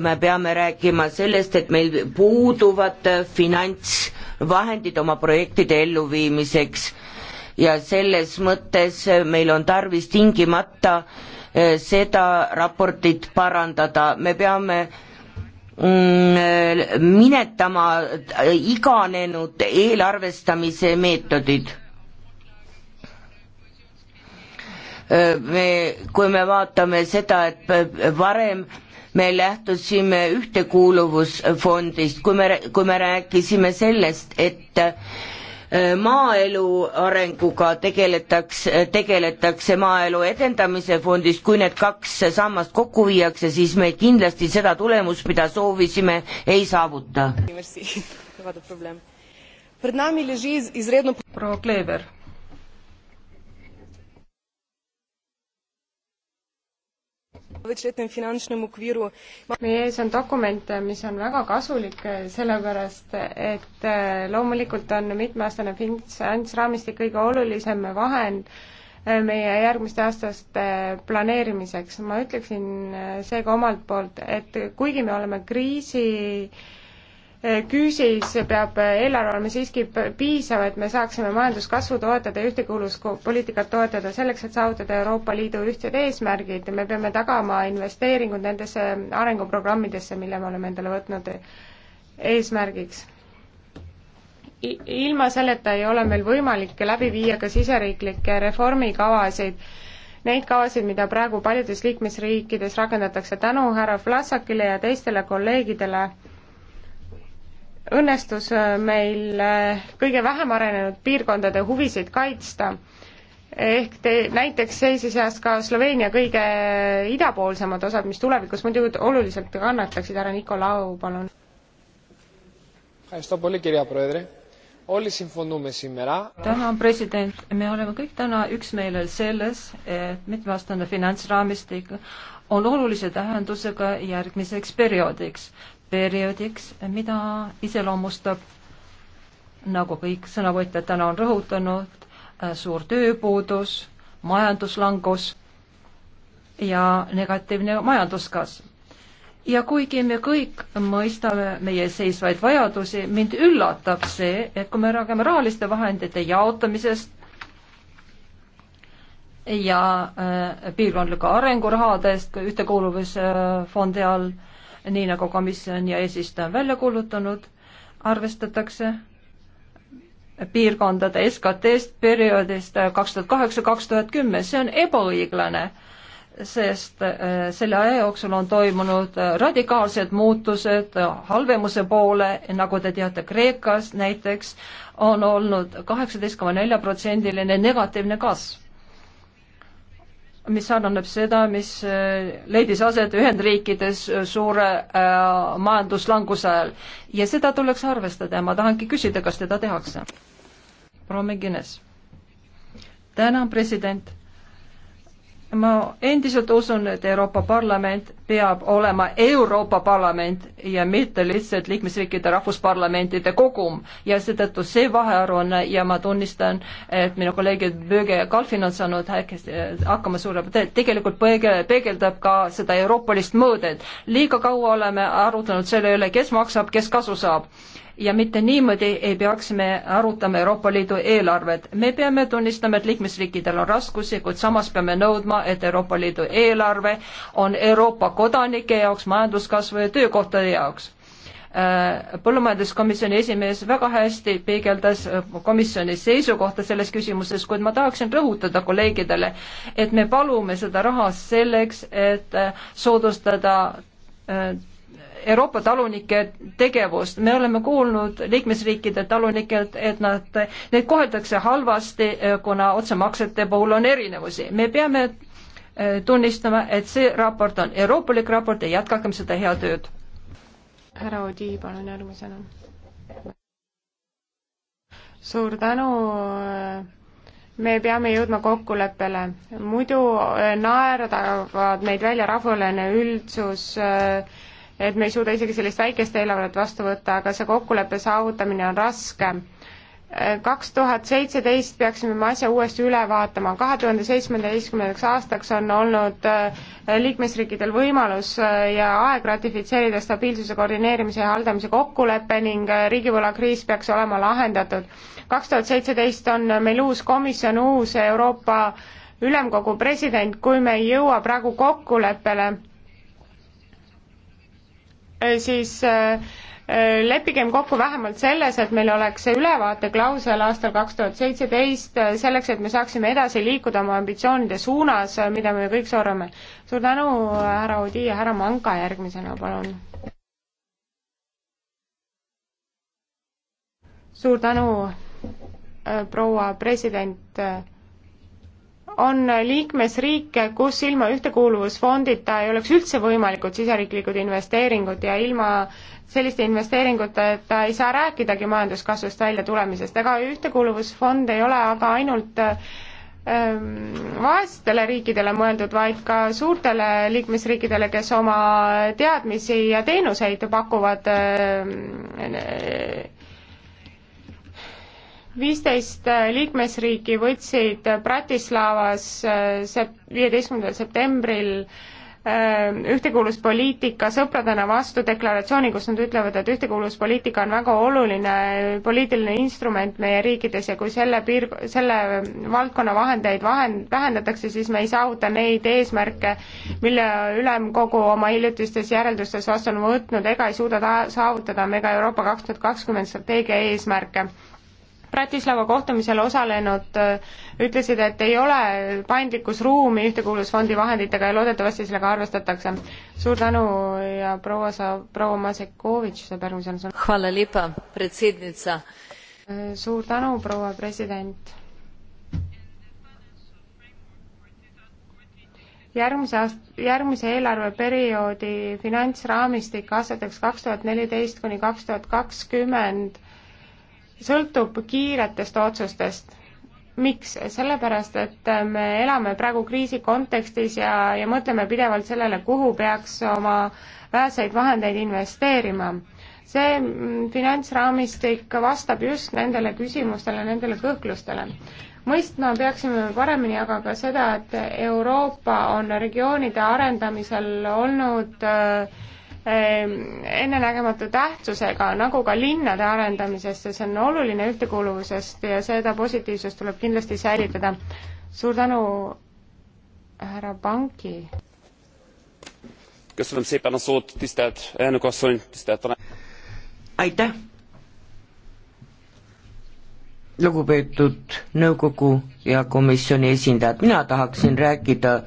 me peame rääkima sellest, et meil puuduvad äh, finantsvahendid oma projektide elluviimiseks ja selles mõttes meil on tarvis tingimata äh, Eh, seda raportit parandada, me peame mm, eh, minetama eh, iganenud eelarvestamise meetodid me, kui me vaatame seda, et varem me lähtusime ühtekuuluvusfondist, kui me, kui me rääkisime sellest, et Äh, maaelu arenguga tegeletakse, äh, tegeletakse Maaelu Edendamise Fondist, kui need kaks sammast kokku viiakse, siis me kindlasti seda tulemust, mida soovisime, ei saavuta. proua Kleever meie ees on dokument, mis on väga kasulik, sellepärast et äh, loomulikult on mitmeaastane finantsraamistik kõige olulisem vahend äh, meie järgmiste aastaste planeerimiseks. ma ütleksin äh, seega omalt poolt, et kuigi me oleme kriisi küüsis peab eelarve olema siiski piisav, et me saaksime majanduskasvu toetada ja ühtekuuluvuspoliitikat toetada selleks, et saavutada Euroopa Liidu ühtsed eesmärgid. me peame tagama investeeringud nendesse arenguprogrammidesse, mille me oleme endale võtnud eesmärgiks. ilma selleta ei ole meil võimalik läbi viia ka siseriiklikke reformikavasid neid kavasid, mida praegu paljudes liikmesriikides rakendatakse tänu härra Vlasakile ja teistele kolleegidele õnnestus äh, meil äh, kõige vähem arenenud piirkondade huvisid kaitsta. ehk te, näiteks seisis seas ka Sloveenia kõige äh, idapoolsemad osad, mis tulevikus muidu oluliselt kannataksid, härra Nikolau, palun. tänan, president, me oleme kõik täna üksmeelel selles, et mitmeaastane finantsraamistik on olulise tähendusega järgmiseks perioodiks perioodiks, mida iseloomustab, nagu kõik sõnavõtjad täna on rõhutanud, äh, suur tööpuudus, majanduslangus ja negatiivne majanduskasv. ja kuigi me kõik mõistame meie seisvaid vajadusi, mind üllatab see, et kui me räägime rahaliste vahendite jaotamisest ja äh, piirkondliku arengurahadest ühtekuuluvusfondi äh, all äh,, nii nagu komisjon ja eesistuja on välja kuulutanud, arvestatakse piirkondade SKT-st perioodist kaks tuhat kaheksa, kaks tuhat kümme, see on ebaõiglane, sest äh, selle aja jooksul on toimunud radikaalsed muutused halvemuse poole, nagu te teate, Kreekas näiteks on olnud kaheksateist koma nelja protsendiline negatiivne kasv mis sarnaneb seda, mis äh, leidis aset Ühendriikides äh, suure äh, majanduslanguse ajal ja seda tuleks arvestada ja ma tahangi küsida, kas teda tehakse. proua Megines. tänan, president ma endiselt usun, et Euroopa Parlament peab olema Euroopa Parlament ja mitte lihtsalt liikmesriikide rahvusparlamentide kogum ja seetõttu see vahearuanne ja ma tunnistan, et minu kolleegid Böge ja Kalfin on saanud hästi äh, hakkama suurema te, tegelikult peegel, peegeldab ka seda euroopalist mõõdet. liiga kaua oleme arutlenud selle üle, kes maksab, kes kasu saab ja mitte niimoodi ei peaks me arutama Euroopa Liidu eelarvet. me peame tunnistama, et liikmesriikidel on raskusi, kuid samas peame nõudma, et Euroopa Liidu eelarve on Euroopa kodanike jaoks, majanduskasvu ja töökohtade jaoks. Äh, põllumajanduskomisjoni esimees väga hästi peegeldas äh, komisjoni seisukohta selles küsimuses, kuid ma tahaksin rõhutada kolleegidele, et me palume seda raha selleks, et äh, soodustada Euroopa talunike tegevust. me oleme kuulnud liikmesriikide talunikelt, et nad, neid koheldakse halvasti, kuna otsemaksete puhul on erinevusi. me peame eh, tunnistama, et see raport on euroopalik raport ja jätkakem seda head tööd. härra Odi, palun järgmisena. suur tänu me peame jõudma kokkuleppele, muidu eh, naerdavad meid välja rahvusvaheline üldsus äh,, et me ei suuda isegi sellist väikest eelarvet vastu võtta, aga see kokkuleppe saavutamine on raske. kaks tuhat seitseteist peaksime me asja uuesti üle vaatama, kahe tuhande seitsmeteistkümnendaks aastaks on olnud äh, liikmesriikidel võimalus äh, ja aeg ratifitseerida stabiilsuse koordineerimise ja haldamise kokkulepe ning äh, riigivõlakriis peaks olema lahendatud. kaks tuhat seitseteist on meil uus komisjon, uus Euroopa ülemkogu president, kui me ei jõua praegu kokkuleppele, Äh, siis äh, äh, leppigem kokku vähemalt selles, et meil oleks ülevaateklausel aastal kaks tuhat seitseteist, selleks et me saaksime edasi liikuda oma ambitsioonide suunas, mida me kõik soovime. suur tänu, härra Odi ja härra Manka järgmisena, palun. suur tänu, proua president on liikmesriike, kus ilma ühtekuuluvusfondita ei oleks üldse võimalikud siseriiklikud investeeringud ja ilma selliste investeeringuteta ei saa rääkidagi majanduskasvust välja tulemisest, ega ühtekuuluvusfond ei ole aga ainult ähm, vaestele riikidele mõeldud, vaid ka suurtele liikmesriikidele, kes oma teadmisi ja teenuseid pakuvad ähm, viisteist äh, liikmesriiki võtsid Bratislavas äh, viieteistkümnendal septembril äh, ühtekuuluvuspoliitika sõpradena vastu deklaratsiooni, kus nad ütlevad, et ühtekuuluvuspoliitika on väga oluline poliitiline instrument meie riikides ja kui selle piir, selle valdkonna vahendeid vahend, vähendatakse, siis me ei saavuta neid eesmärke, mille Ülemkogu oma hiljutistes järeldustes vastu on võtnud ega ei suuda ta saavutada me ka Euroopa kaks tuhat kakskümmend strateegia eesmärke Bratislava kohtumisel osalenud äh, ütlesid, et ei ole paindlikkusruumi Ühtekuuluvusfondi vahenditega ja loodetavasti sellega arvestatakse. suur tänu ja proua sa-, proua Masekovitš saab järgmisena sõna. Äh, suur tänu, proua president. järgmise aast-, järgmise eelarveperioodi finantsraamistik aastateks kaks tuhat neliteist kuni kaks tuhat kakskümmend sõltub kiiretest otsustest. miks? sellepärast, et me elame praegu kriisi kontekstis ja, ja mõtleme pidevalt sellele, kuhu peaks oma väheseid vahendeid investeerima see finantsraamistik vastab just nendele küsimustele, nendele kõhklustele. mõistma peaksime paremini aga ka seda, et Euroopa on regioonide arendamisel olnud äh, Ehm, ennenägematu tähtsusega, nagu ka linnade arendamisesse, see on oluline ühtekuuluvusest ja seda positiivsust tuleb kindlasti säilitada. suur tänu, härra Panki! aitäh! lugupeetud nõukogu ja komisjoni esindajad, mina tahaksin rääkida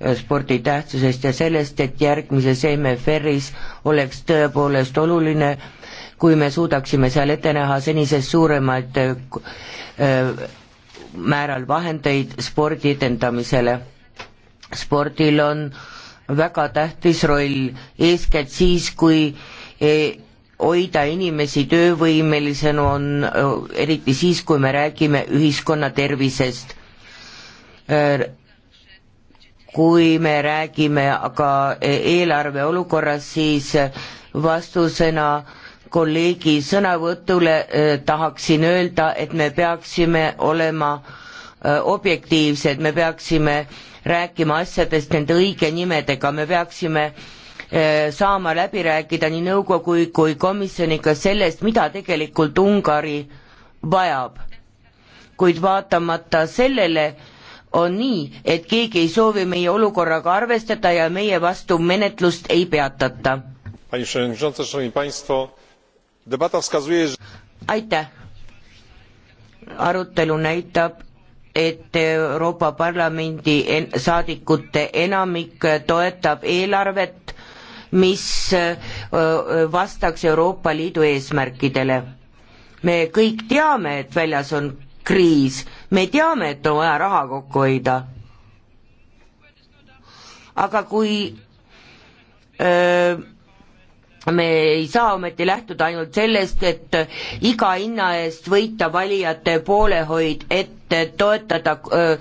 Äh, spordi tähtsusest ja sellest, et järgmises MFR-is oleks tõepoolest oluline, kui me suudaksime seal ette näha senisest suuremaid äh, määral vahendeid spordi edendamisele. spordil on väga tähtis roll, eeskätt siis, kui e, hoida inimesi töövõimelisena on äh, eriti siis, kui me räägime ühiskonna tervisest kui me räägime aga eelarve olukorrast, siis vastusena kolleegi sõnavõtule eh, tahaksin öelda, et me peaksime olema eh, objektiivsed, me peaksime rääkima asjadest nende õige nimedega, me peaksime eh, saama läbi rääkida nii nõukogu kui komisjoniga sellest, mida tegelikult Ungari vajab. kuid vaatamata sellele, on nii, et keegi ei soovi meie olukorraga arvestada ja meie vastu menetlust ei peatata. aitäh. arutelu näitab, et Euroopa Parlamendi en saadikute enamik toetab eelarvet, mis vastaks Euroopa Liidu eesmärkidele. me kõik teame, et väljas on kriis, me teame, et on vaja raha kokku hoida. aga kui öö, me ei saa ometi lähtuda ainult sellest, et iga hinna eest võita valijate poolehoid, et toetada öö,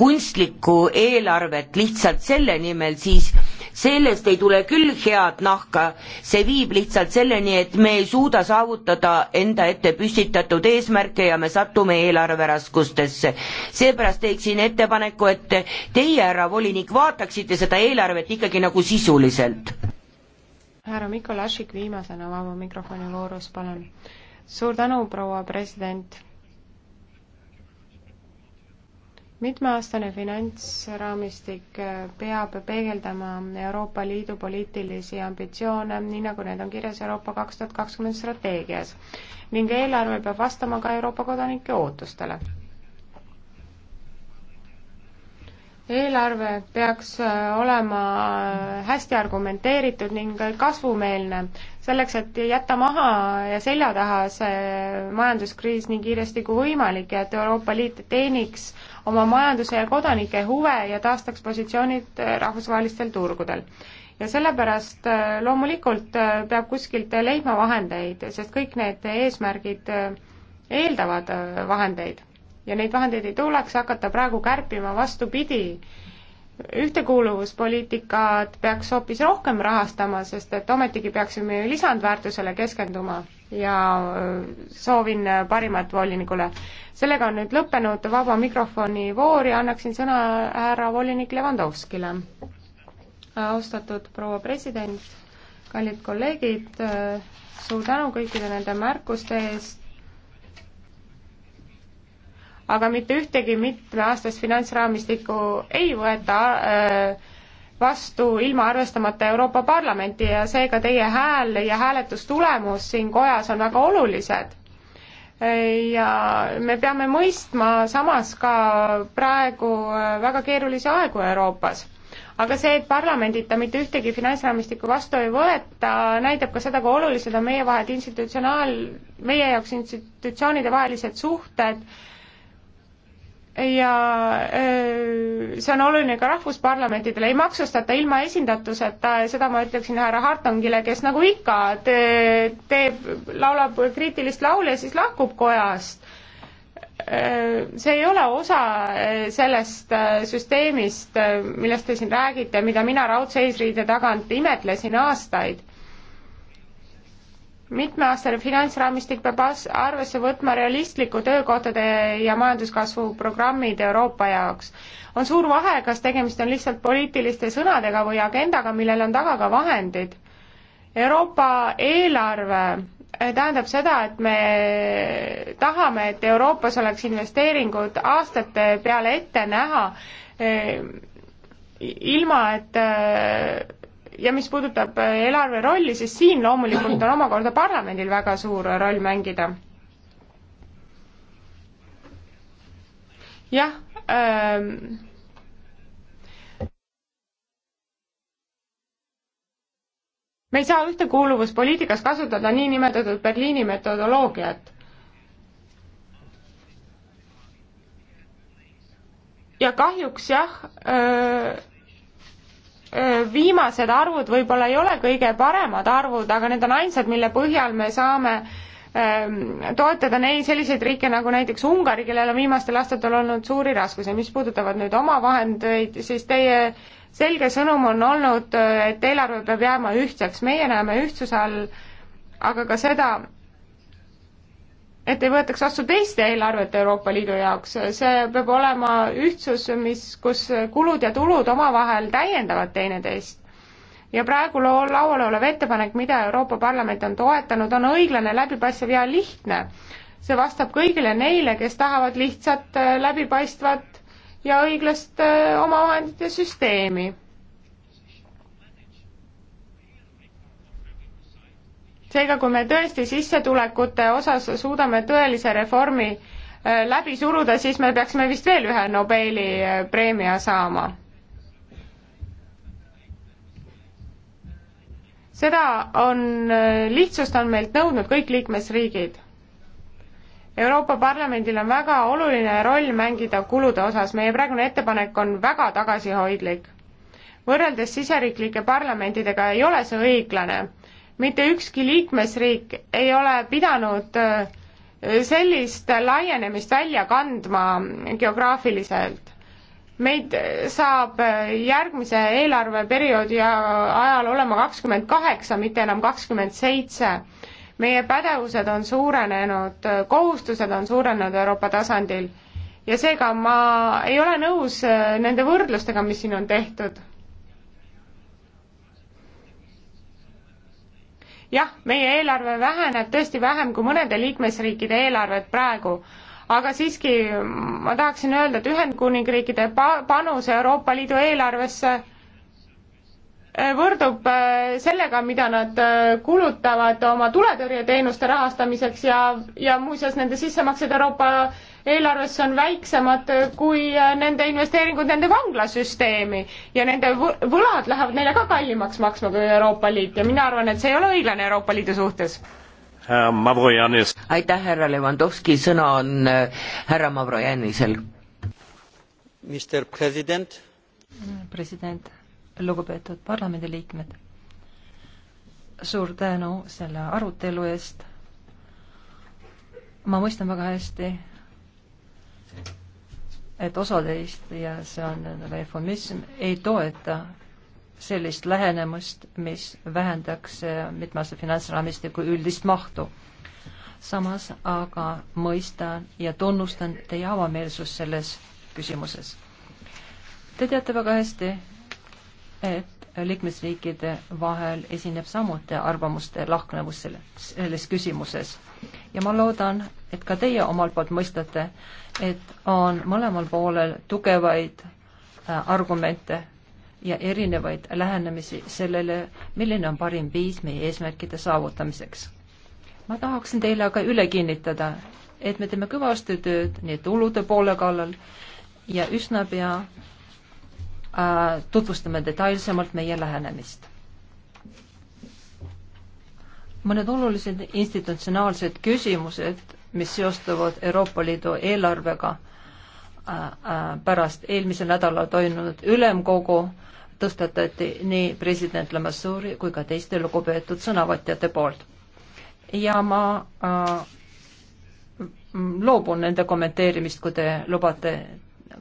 kunstlikku eelarvet lihtsalt selle nimel, siis öö, sellest ei tule küll head nahka, see viib lihtsalt selleni, et me ei suuda saavutada enda ette püstitatud eesmärke ja me satume eelarveraskustesse. seepärast teeksin ettepaneku, et teie, härra volinik, vaataksite seda eelarvet ikkagi nagu sisuliselt. härra Mikolašik viimasena vaba mikrofoni voorus, palun. suur tänu, proua president mitmeaastane finantsraamistik peab peegeldama Euroopa Liidu poliitilisi ambitsioone, nii nagu need on kirjas Euroopa kaks tuhat kakskümmend strateegias ning eelarve peab vastama ka Euroopa kodanike ootustele. eelarve peaks olema hästi argumenteeritud ning kasvumeelne, selleks, et jätta maha ja selja taha see majanduskriis nii kiiresti kui võimalik ja et Euroopa Liit teeniks oma majanduse ja kodanike huve ja taastaks positsioonid äh, rahvusvahelistel turgudel. ja sellepärast äh, loomulikult äh, peab kuskilt leidma vahendeid, sest kõik need eesmärgid eeldavad vahendeid. ja neid vahendeid ei tuleks hakata praegu kärpima, vastupidi, ühtekuuluvuspoliitikat peaks hoopis rohkem rahastama, sest et ometigi peaksime ju lisandväärtusele keskenduma ja äh, soovin äh, parimat volinikule. sellega on nüüd lõppenud vaba mikrofoni voor ja annaksin sõna härra volinik Levandovskile. austatud proua president, kallid kolleegid, äh, suur tänu kõikide nende märkuste eest, aga mitte ühtegi mitmeaastast finantsraamistikku ei võeta äh, vastu ilma arvestamata Euroopa Parlamenti ja seega teie hääl ja hääletustulemus siin kojas on väga olulised. ja me peame mõistma samas ka praegu äh, väga keerulisi aegu Euroopas aga see, et parlamendita mitte ühtegi finantsraamistikku vastu ei võeta, näitab ka seda, kui olulised on meie vahel institutsionaal, meie jaoks institutsioonide vahelised suhted ja äh, see on oluline ka rahvusparlamentidele, ei maksustata ilma esindatuseta ja seda ma ütleksin härra Hartongile, kes nagu ikka te, teeb, laulab kriitilist laulu ja siis lahkub kojast. Äh, see ei ole osa äh, sellest süsteemist, millest te siin räägite, mida mina raudse eesriide tagant imetlesin aastaid mitmeaastane finantsraamistik peab arvesse võtma realistliku töökohtade ja majanduskasvu programmid Euroopa jaoks. on suur vahe, kas tegemist on lihtsalt poliitiliste sõnadega või agendaga, millel on taga ka vahendid. Euroopa eelarve eh, tähendab seda, et me tahame, et Euroopas oleks investeeringud aastate peale ette näha, eh, ilma et eh, ja mis puudutab äh, eelarve rolli, siis siin loomulikult on omakorda parlamendil väga suur roll mängida. jah ähm,. me ei saa ühtekuuluvuspoliitikas kasutada niinimetatud Berliini metodoloogiat ja kahjuks jah, äh, Äh, viimased arvud võib-olla ei ole kõige paremad arvud, aga need on ainsad, mille põhjal me saame ähm, toetada neid selliseid riike nagu näiteks Ungari, kellel on viimastel aastatel olnud suuri raskusi, mis puudutavad nüüd omavahendeid, siis teie selge sõnum on olnud, äh, et eelarve peab jääma ühtseks, meie näeme ühtsuse all aga ka seda, et ei võetaks vastu teiste eelarvet Euroopa Liidu jaoks, see peab olema ühtsus, mis, kus kulud ja tulud omavahel täiendavad teineteist. ja praegu loo-, laual olev ettepanek, mida Euroopa Parlament on toetanud, on õiglane, läbipaistev ja lihtne. see vastab kõigile neile, kes tahavad lihtsat, läbipaistvat ja õiglast eh, omavahendite süsteemi seega, kui me tõesti sissetulekute osas suudame tõelise reformi äh, läbi suruda, siis me peaksime vist veel ühe Nobeli äh, preemia saama. seda on, äh, lihtsust on meilt nõudnud kõik liikmesriigid. Euroopa Parlamendil on väga oluline roll mängida kulude osas, meie praegune ettepanek on väga tagasihoidlik. võrreldes siseriiklike parlamentidega ei ole see õiglane mitte ükski liikmesriik ei ole pidanud äh, sellist laienemist välja kandma geograafiliselt. meid äh, saab äh, järgmise eelarveperioodi ajal olema kakskümmend kaheksa, mitte enam kakskümmend seitse. meie pädevused on suurenenud, kohustused on suurenenud Euroopa tasandil ja seega ma ei ole nõus nende võrdlustega, mis siin on tehtud jah, meie eelarve väheneb tõesti vähem kui mõnede liikmesriikide eelarved praegu, aga siiski ma tahaksin öelda, et Ühendkuningriikide pa-, panus Euroopa Liidu eelarvesse äh, võrdub äh, sellega, mida nad äh, kulutavad oma tuletõrjeteenuste rahastamiseks ja, ja muuseas nende sissemaksed Euroopa eelarves on väiksemad kui nende investeeringud nende vanglasüsteemi ja nende võlad lähevad neile ka kallimaks maksma kui Euroopa Liit ja mina arvan, et see ei ole õiglane Euroopa Liidu suhtes. aitäh, härra Levanovski, sõna on äh, härra Mavrojanisel. president, president, lugupeetud parlamendiliikmed, suur tänu selle arutelu eest ma mõistan väga hästi et osa teist ja see on reformism, ei toeta sellist lähenemist, mis vähendaks mitmeaastase finantsraamistiku üldist mahtu. samas aga mõistan ja tunnustan teie avameelsust selles küsimuses. Te teate väga hästi, et liikmesriikide vahel esineb samuti arvamuste lahknevus selles, selles küsimuses ja ma loodan, et ka teie omalt poolt mõistate, et on mõlemal poolel tugevaid äh, argumente ja erinevaid lähenemisi sellele, milline on parim viis meie eesmärkide saavutamiseks. ma tahaksin teile aga üle kinnitada, et me teeme kõvasti tööd nii tulude poole kallal ja üsna pea äh, tutvustame detailsemalt meie lähenemist. mõned olulised institutsionaalsed küsimused mis seostuvad Euroopa Liidu eelarvega äh, äh, pärast eelmisel nädalal toimunud ülemkogu tõstatati nii president Lamassouri kui ka teiste lugupeetud sõnavõtjate poolt. ja ma äh, loobun nende kommenteerimist, kui te lubate,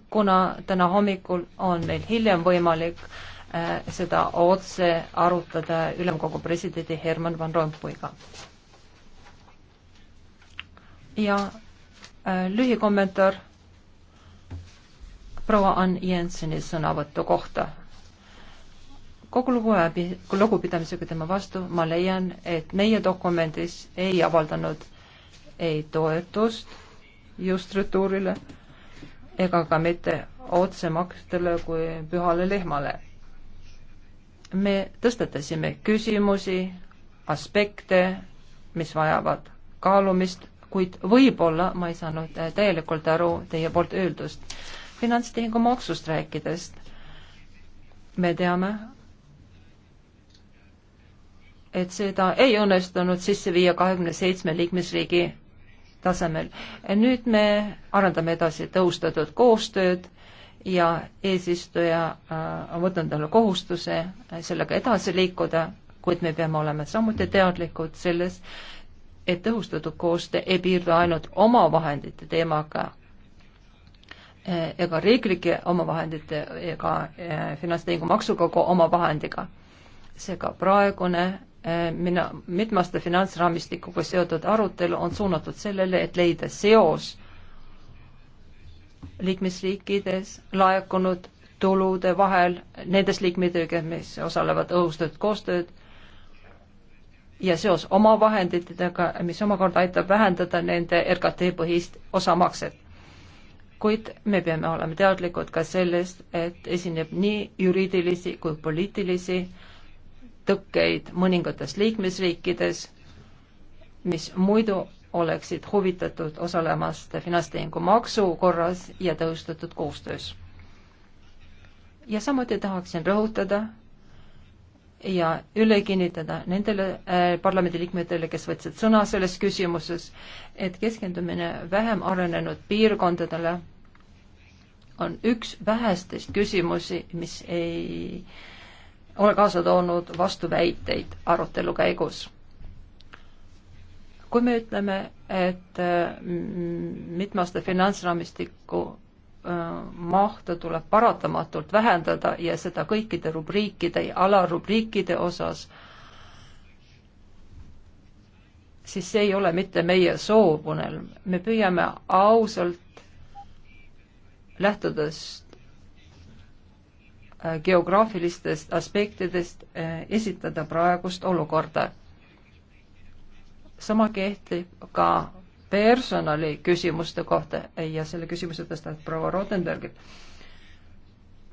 kuna täna hommikul on meil hiljem võimalik äh, seda otse arutada ülemkogu presidendi Herman Van Rompuyga ja äh, lühikommentaar proua Ann Jenseni sõnavõtu kohta. kogu lugu läbi, lugupidamisega tema vastu ma leian, et meie dokumendis ei avaldanud ei toetust just rituurile ega ka mitte otsemaksetele kui pühale lehmale. me tõstatasime küsimusi, aspekte, mis vajavad kaalumist kuid võib-olla ma ei saanud äh, täielikult aru teie poolt öeldust. finantstehingu maksust rääkides me teame, et seda ei õnnestunud sisse viia kahekümne seitsme liikmesriigi tasemel. nüüd me arendame edasi tõhustatud koostööd ja eesistuja äh, on võtnud endale kohustuse sellega edasi liikuda, kuid me peame olema samuti teadlikud selles, et tõhustatud koostöö ei piirdu ainult omavahendite teemaga eh, ega riiklike omavahendite ega eh, finantstehingu maksukogu omavahendiga. seega praegune eh, mina, mitmeste finantsraamistikuga seotud arutelu on suunatud sellele, et leida seos liikmesriikides laekunud tulude vahel nendes liikmetega, mis osalevad õhustatud koostööd ja seos omavahenditega, mis omakorda aitab vähendada nende RKT põhist osamakset. kuid me peame olema teadlikud ka sellest, et esineb nii juriidilisi kui poliitilisi tõkkeid mõningates liikmesriikides, mis muidu oleksid huvitatud osalemast finantstehingu maksu korras ja tõhustatud koostöös. ja samuti tahaksin rõhutada, ja üle kinnitada nendele äh, parlamendiliikmetele, kes võtsid sõna selles küsimuses, et keskendumine vähem arenenud piirkondadele on üks vähestest küsimusi, mis ei ole kaasa toonud vastuväiteid arutelu käigus kui me ütleme, et äh, mitmeaasta finantsraamistiku Äh, mahte tuleb paratamatult vähendada ja seda kõikide rubriikide ja alarubriikide osas, siis see ei ole mitte meie soovunelm. me püüame ausalt lähtudes äh, geograafilistest aspektidest äh, esitada praegust olukorda. sama kehtib ka personaliküsimuste kohta ja selle küsimuse tõstab proua Rotenberg.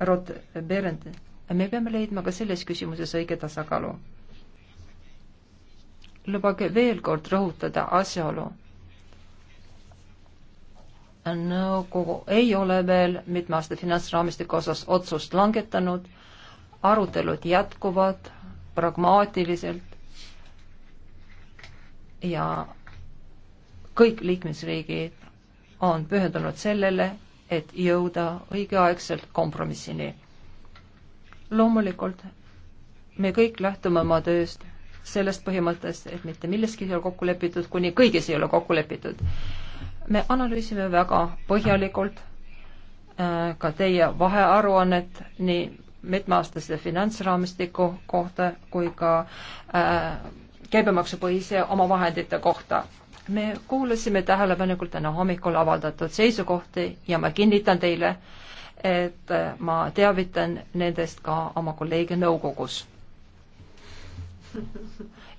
Rot-, Berend, me peame leidma ka selles küsimuses õige tasakaalu. lubage veel kord rõhutada asjaolu. nõukogu ei ole veel mitme aasta finantsraamistiku osas otsust langetanud, arutelud jätkuvad pragmaatiliselt ja kõik liikmesriigid on pühendunud sellele, et jõuda õigeaegselt kompromissini. loomulikult me kõik lähtume oma tööst sellest põhimõttest, et mitte milleski ei ole kokku lepitud, kuni kõiges ei ole kokku lepitud. me analüüsime väga põhjalikult äh, ka teie vahearuannet nii mitmeaastase finantsraamistiku kohta kui ka äh, käibemaksupõhise omavahendite kohta me kuulasime tähelepanelikult täna hommikul avaldatud seisukohti ja ma kinnitan teile, et äh, ma teavitan nendest ka oma kolleege nõukogus.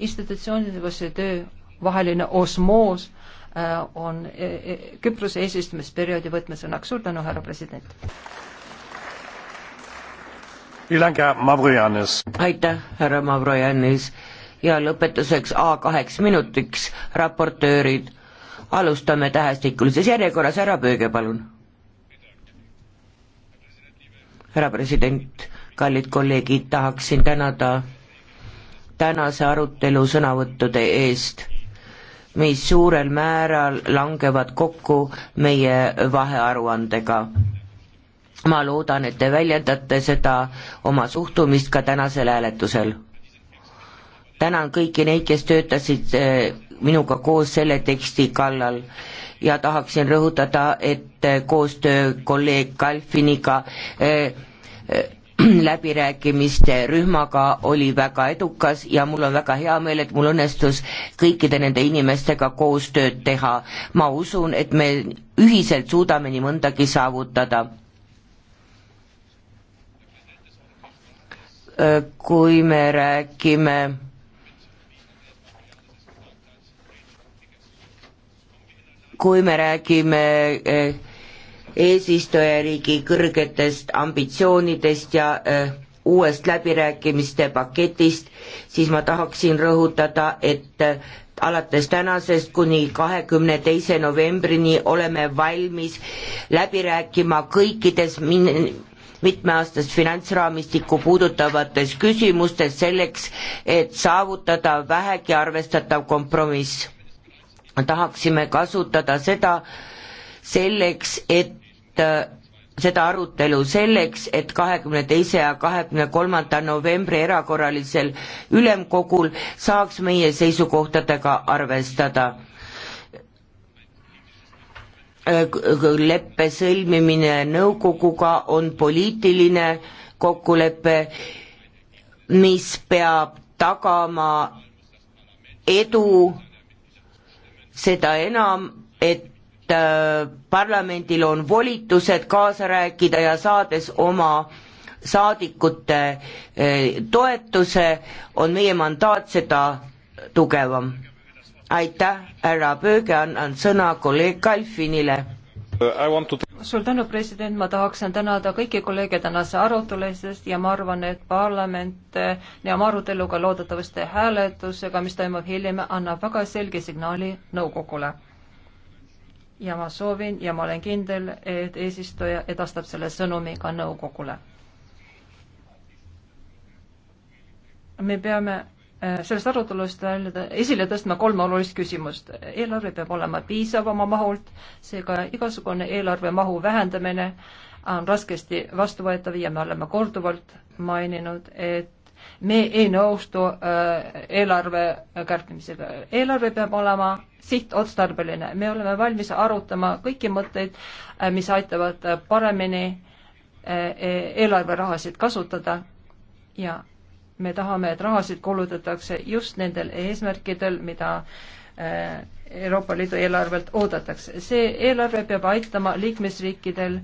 institutsioonide töö vaheline osmoos äh, on e, e, Küprose eesistumisperioodi võtmesõnaks. suur tänu, härra president! aitäh, härra Mavrojanis! ja lõpetuseks A kaheks minutiks raportöörid. alustame tähestikulises järjekorras, härra Pööge, palun. härra president, kallid kolleegid, tahaksin tänada tänase arutelu sõnavõttude eest, mis suurel määral langevad kokku meie vahearuandega ma loodan, et te väljendate seda oma suhtumist ka tänasel hääletusel tänan kõiki neid, kes töötasid eh, minuga koos selle teksti kallal ja tahaksin rõhutada, et eh, koostöö kolleeg Kalfiniga eh, läbirääkimiste rühmaga oli väga edukas ja mul on väga hea meel, et mul õnnestus kõikide nende inimestega koostööd teha. ma usun, et me ühiselt suudame nii mõndagi saavutada. kui me räägime kui me räägime eh, eesistujariigi kõrgetest ambitsioonidest ja eh, uuest läbirääkimiste paketist, siis ma tahaksin rõhutada, et eh, alates tänasest kuni kahekümne teise novembrini oleme valmis läbi rääkima kõikides min-, mitmeaastast finantsraamistikku puudutavates küsimustes selleks, et saavutada vähegi arvestatav kompromiss tahaksime kasutada seda selleks, et seda arutelu selleks, et kahekümne teise ja kahekümne kolmanda novembri erakorralisel ülemkogul saaks meie seisukohtadega arvestada. leppe sõlmimine nõukoguga on poliitiline kokkulepe, mis peab tagama edu seda enam, et äh, parlamendil on volitused kaasa rääkida ja saades oma saadikute äh, toetuse, on meie mandaat seda tugevam. aitäh, härra Pööge, annan sõna kolleeg Kalfinile Uh, to... suur tänu, president, ma tahaksin tänada kõiki kolleege tänase arutelu eest ja ma arvan, et parlament eh, ja aruteluga loodetavasti hääletusega, mis toimub hiljem, annab väga selge signaali nõukogule. ja ma soovin ja ma olen kindel, et eesistuja edastab selle sõnumi ka nõukogule. me peame Äh, sellest arutelust esile tõstma kolme olulist küsimust. eelarve peab olema piisav oma mahult, seega igasugune eelarve mahu vähendamine on raskesti vastuvõetav ja me oleme korduvalt maininud, et me ei nõustu äh, eelarve kärpimisega. eelarve peab olema sihtotstarbeline, me oleme valmis arutama kõiki mõtteid, äh, mis aitavad paremini e-, eelarverahasid kasutada ja me tahame, et rahasid kulutatakse just nendel eesmärkidel, mida äh, Euroopa Liidu eelarvelt oodatakse. see eelarve peab aitama liikmesriikidel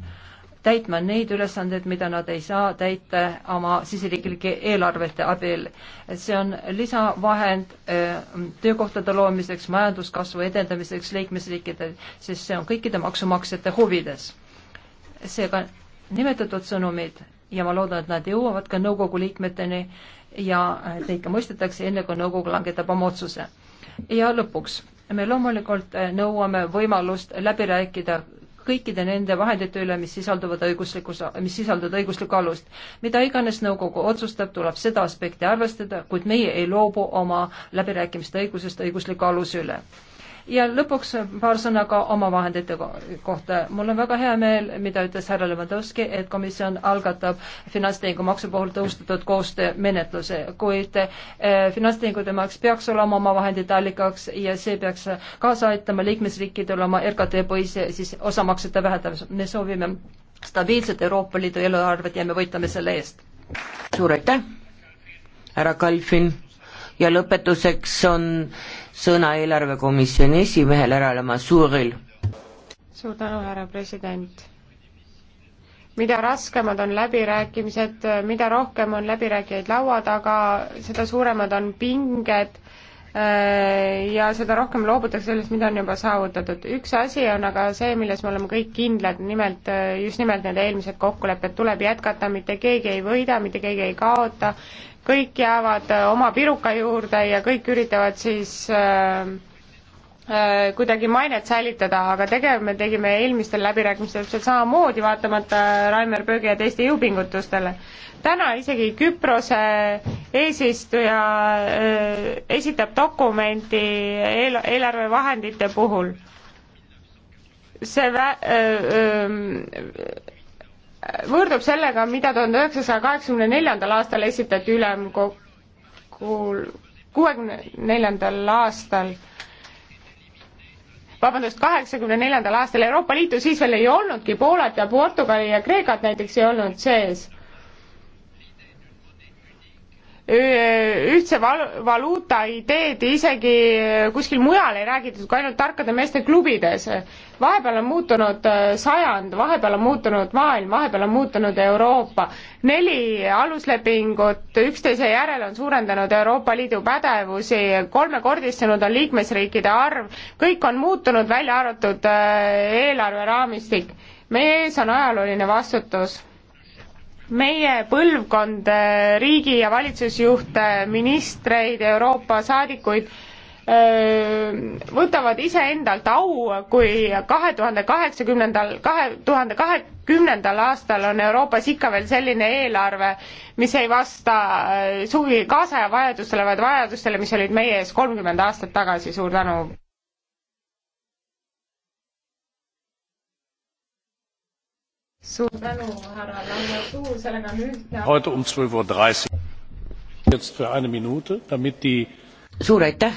täitma neid ülesandeid, mida nad ei saa täita oma siseriiklike eelarvete abil. see on lisavahend äh, töökohtade loomiseks, majanduskasvu edendamiseks liikmesriikidel, sest see on kõikide maksumaksjate huvides. seega nimetatud sõnumid ja ma loodan, et nad jõuavad ka nõukogu liikmeteni, ja et äh, neid ka mõistetakse, enne kui nõukogu langetab oma otsuse. ja lõpuks, me loomulikult äh, nõuame võimalust läbi rääkida kõikide nende vahendite üle, mis sisalduvad õiguslikus, mis sisaldavad õiguslikku alust. mida iganes nõukogu otsustab, tuleb seda aspekti arvestada, kuid meie ei loobu oma läbirääkimiste õigusest õigusliku aluse üle ja lõpuks paar sõna ka omavahendite kohta. mul on väga hea meel, mida ütles härra Levadovski, et komisjon algatab finantstehingu maksu puhul tõustatud koostöömenetluse, kuid eh, finantstehingute maks peaks olema omavahendite allikaks ja see peaks kaasa aitama liikmesriikidel oma RKT põhise siis osamaksete vähendamisel. me soovime stabiilset Euroopa Liidu eluarvet ja me võitleme selle eest. suur aitäh, härra Kalfin ja lõpetuseks on sõna eelarvekomisjoni esimehele, härra Lamasuril. suur tänu, härra president mida raskemad on läbirääkimised, mida rohkem on läbirääkijaid laua taga, seda suuremad on pinged äh, ja seda rohkem loobutakse sellest, mida on juba saavutatud. üks asi on aga see, milles me oleme kõik kindlad, nimelt äh, just nimelt need eelmised kokkulepped tuleb jätkata, mitte keegi ei võida, mitte keegi ei kaota, kõik jäävad äh, oma piruka juurde ja kõik üritavad siis äh, äh kuidagi mainet säilitada, aga tegelikult me tegime eelmistel läbirääkimistel täpselt samamoodi, vaatamata Raimar Pöögi ja teiste jõupingutustele. täna isegi Küprose eesistuja äh, esitab dokumenti eel-, eelarvevahendite puhul. see vä-, võrdub sellega, mida tuhande üheksasaja kaheksakümne neljandal aastal esitati ülemkogul, kuuekümne neljandal aastal vabandust, kaheksakümne neljandal aastal Euroopa Liitu, siis veel ei olnudki Poolat ja Portugali ja Kreekat näiteks ei olnud sees ühtse val-, valuuta ideed isegi kuskil mujal ei räägitud kui ainult tarkade meeste klubides. vahepeal on muutunud äh, sajand, vahepeal on muutunud maailm, vahepeal on muutunud Euroopa. neli aluslepingut üksteise järel on suurendanud Euroopa Liidu pädevusi, kolmekordistunud on liikmesriikide arv, kõik on muutunud, välja arvatud äh, eelarveraamistik. meie ees on ajalooline vastutus meie põlvkond riigi- ja valitsusjuhte, ministreid, Euroopa saadikuid võtavad iseendalt au, kui kahe tuhande kaheksakümnendal, kahe tuhande kahekümnendal aastal on Euroopas ikka veel selline eelarve, mis ei vasta sugugi kaasaja vajadustele, vaid vajadustele, mis olid meie ees kolmkümmend aastat tagasi, suur tänu! suur tänu, härra Lammatu, sellega nüüd um suur aitäh,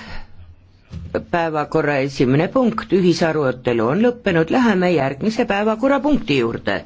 päevakorra esimene punkt, ühisarutelu on lõppenud, läheme järgmise päevakorrapunkti juurde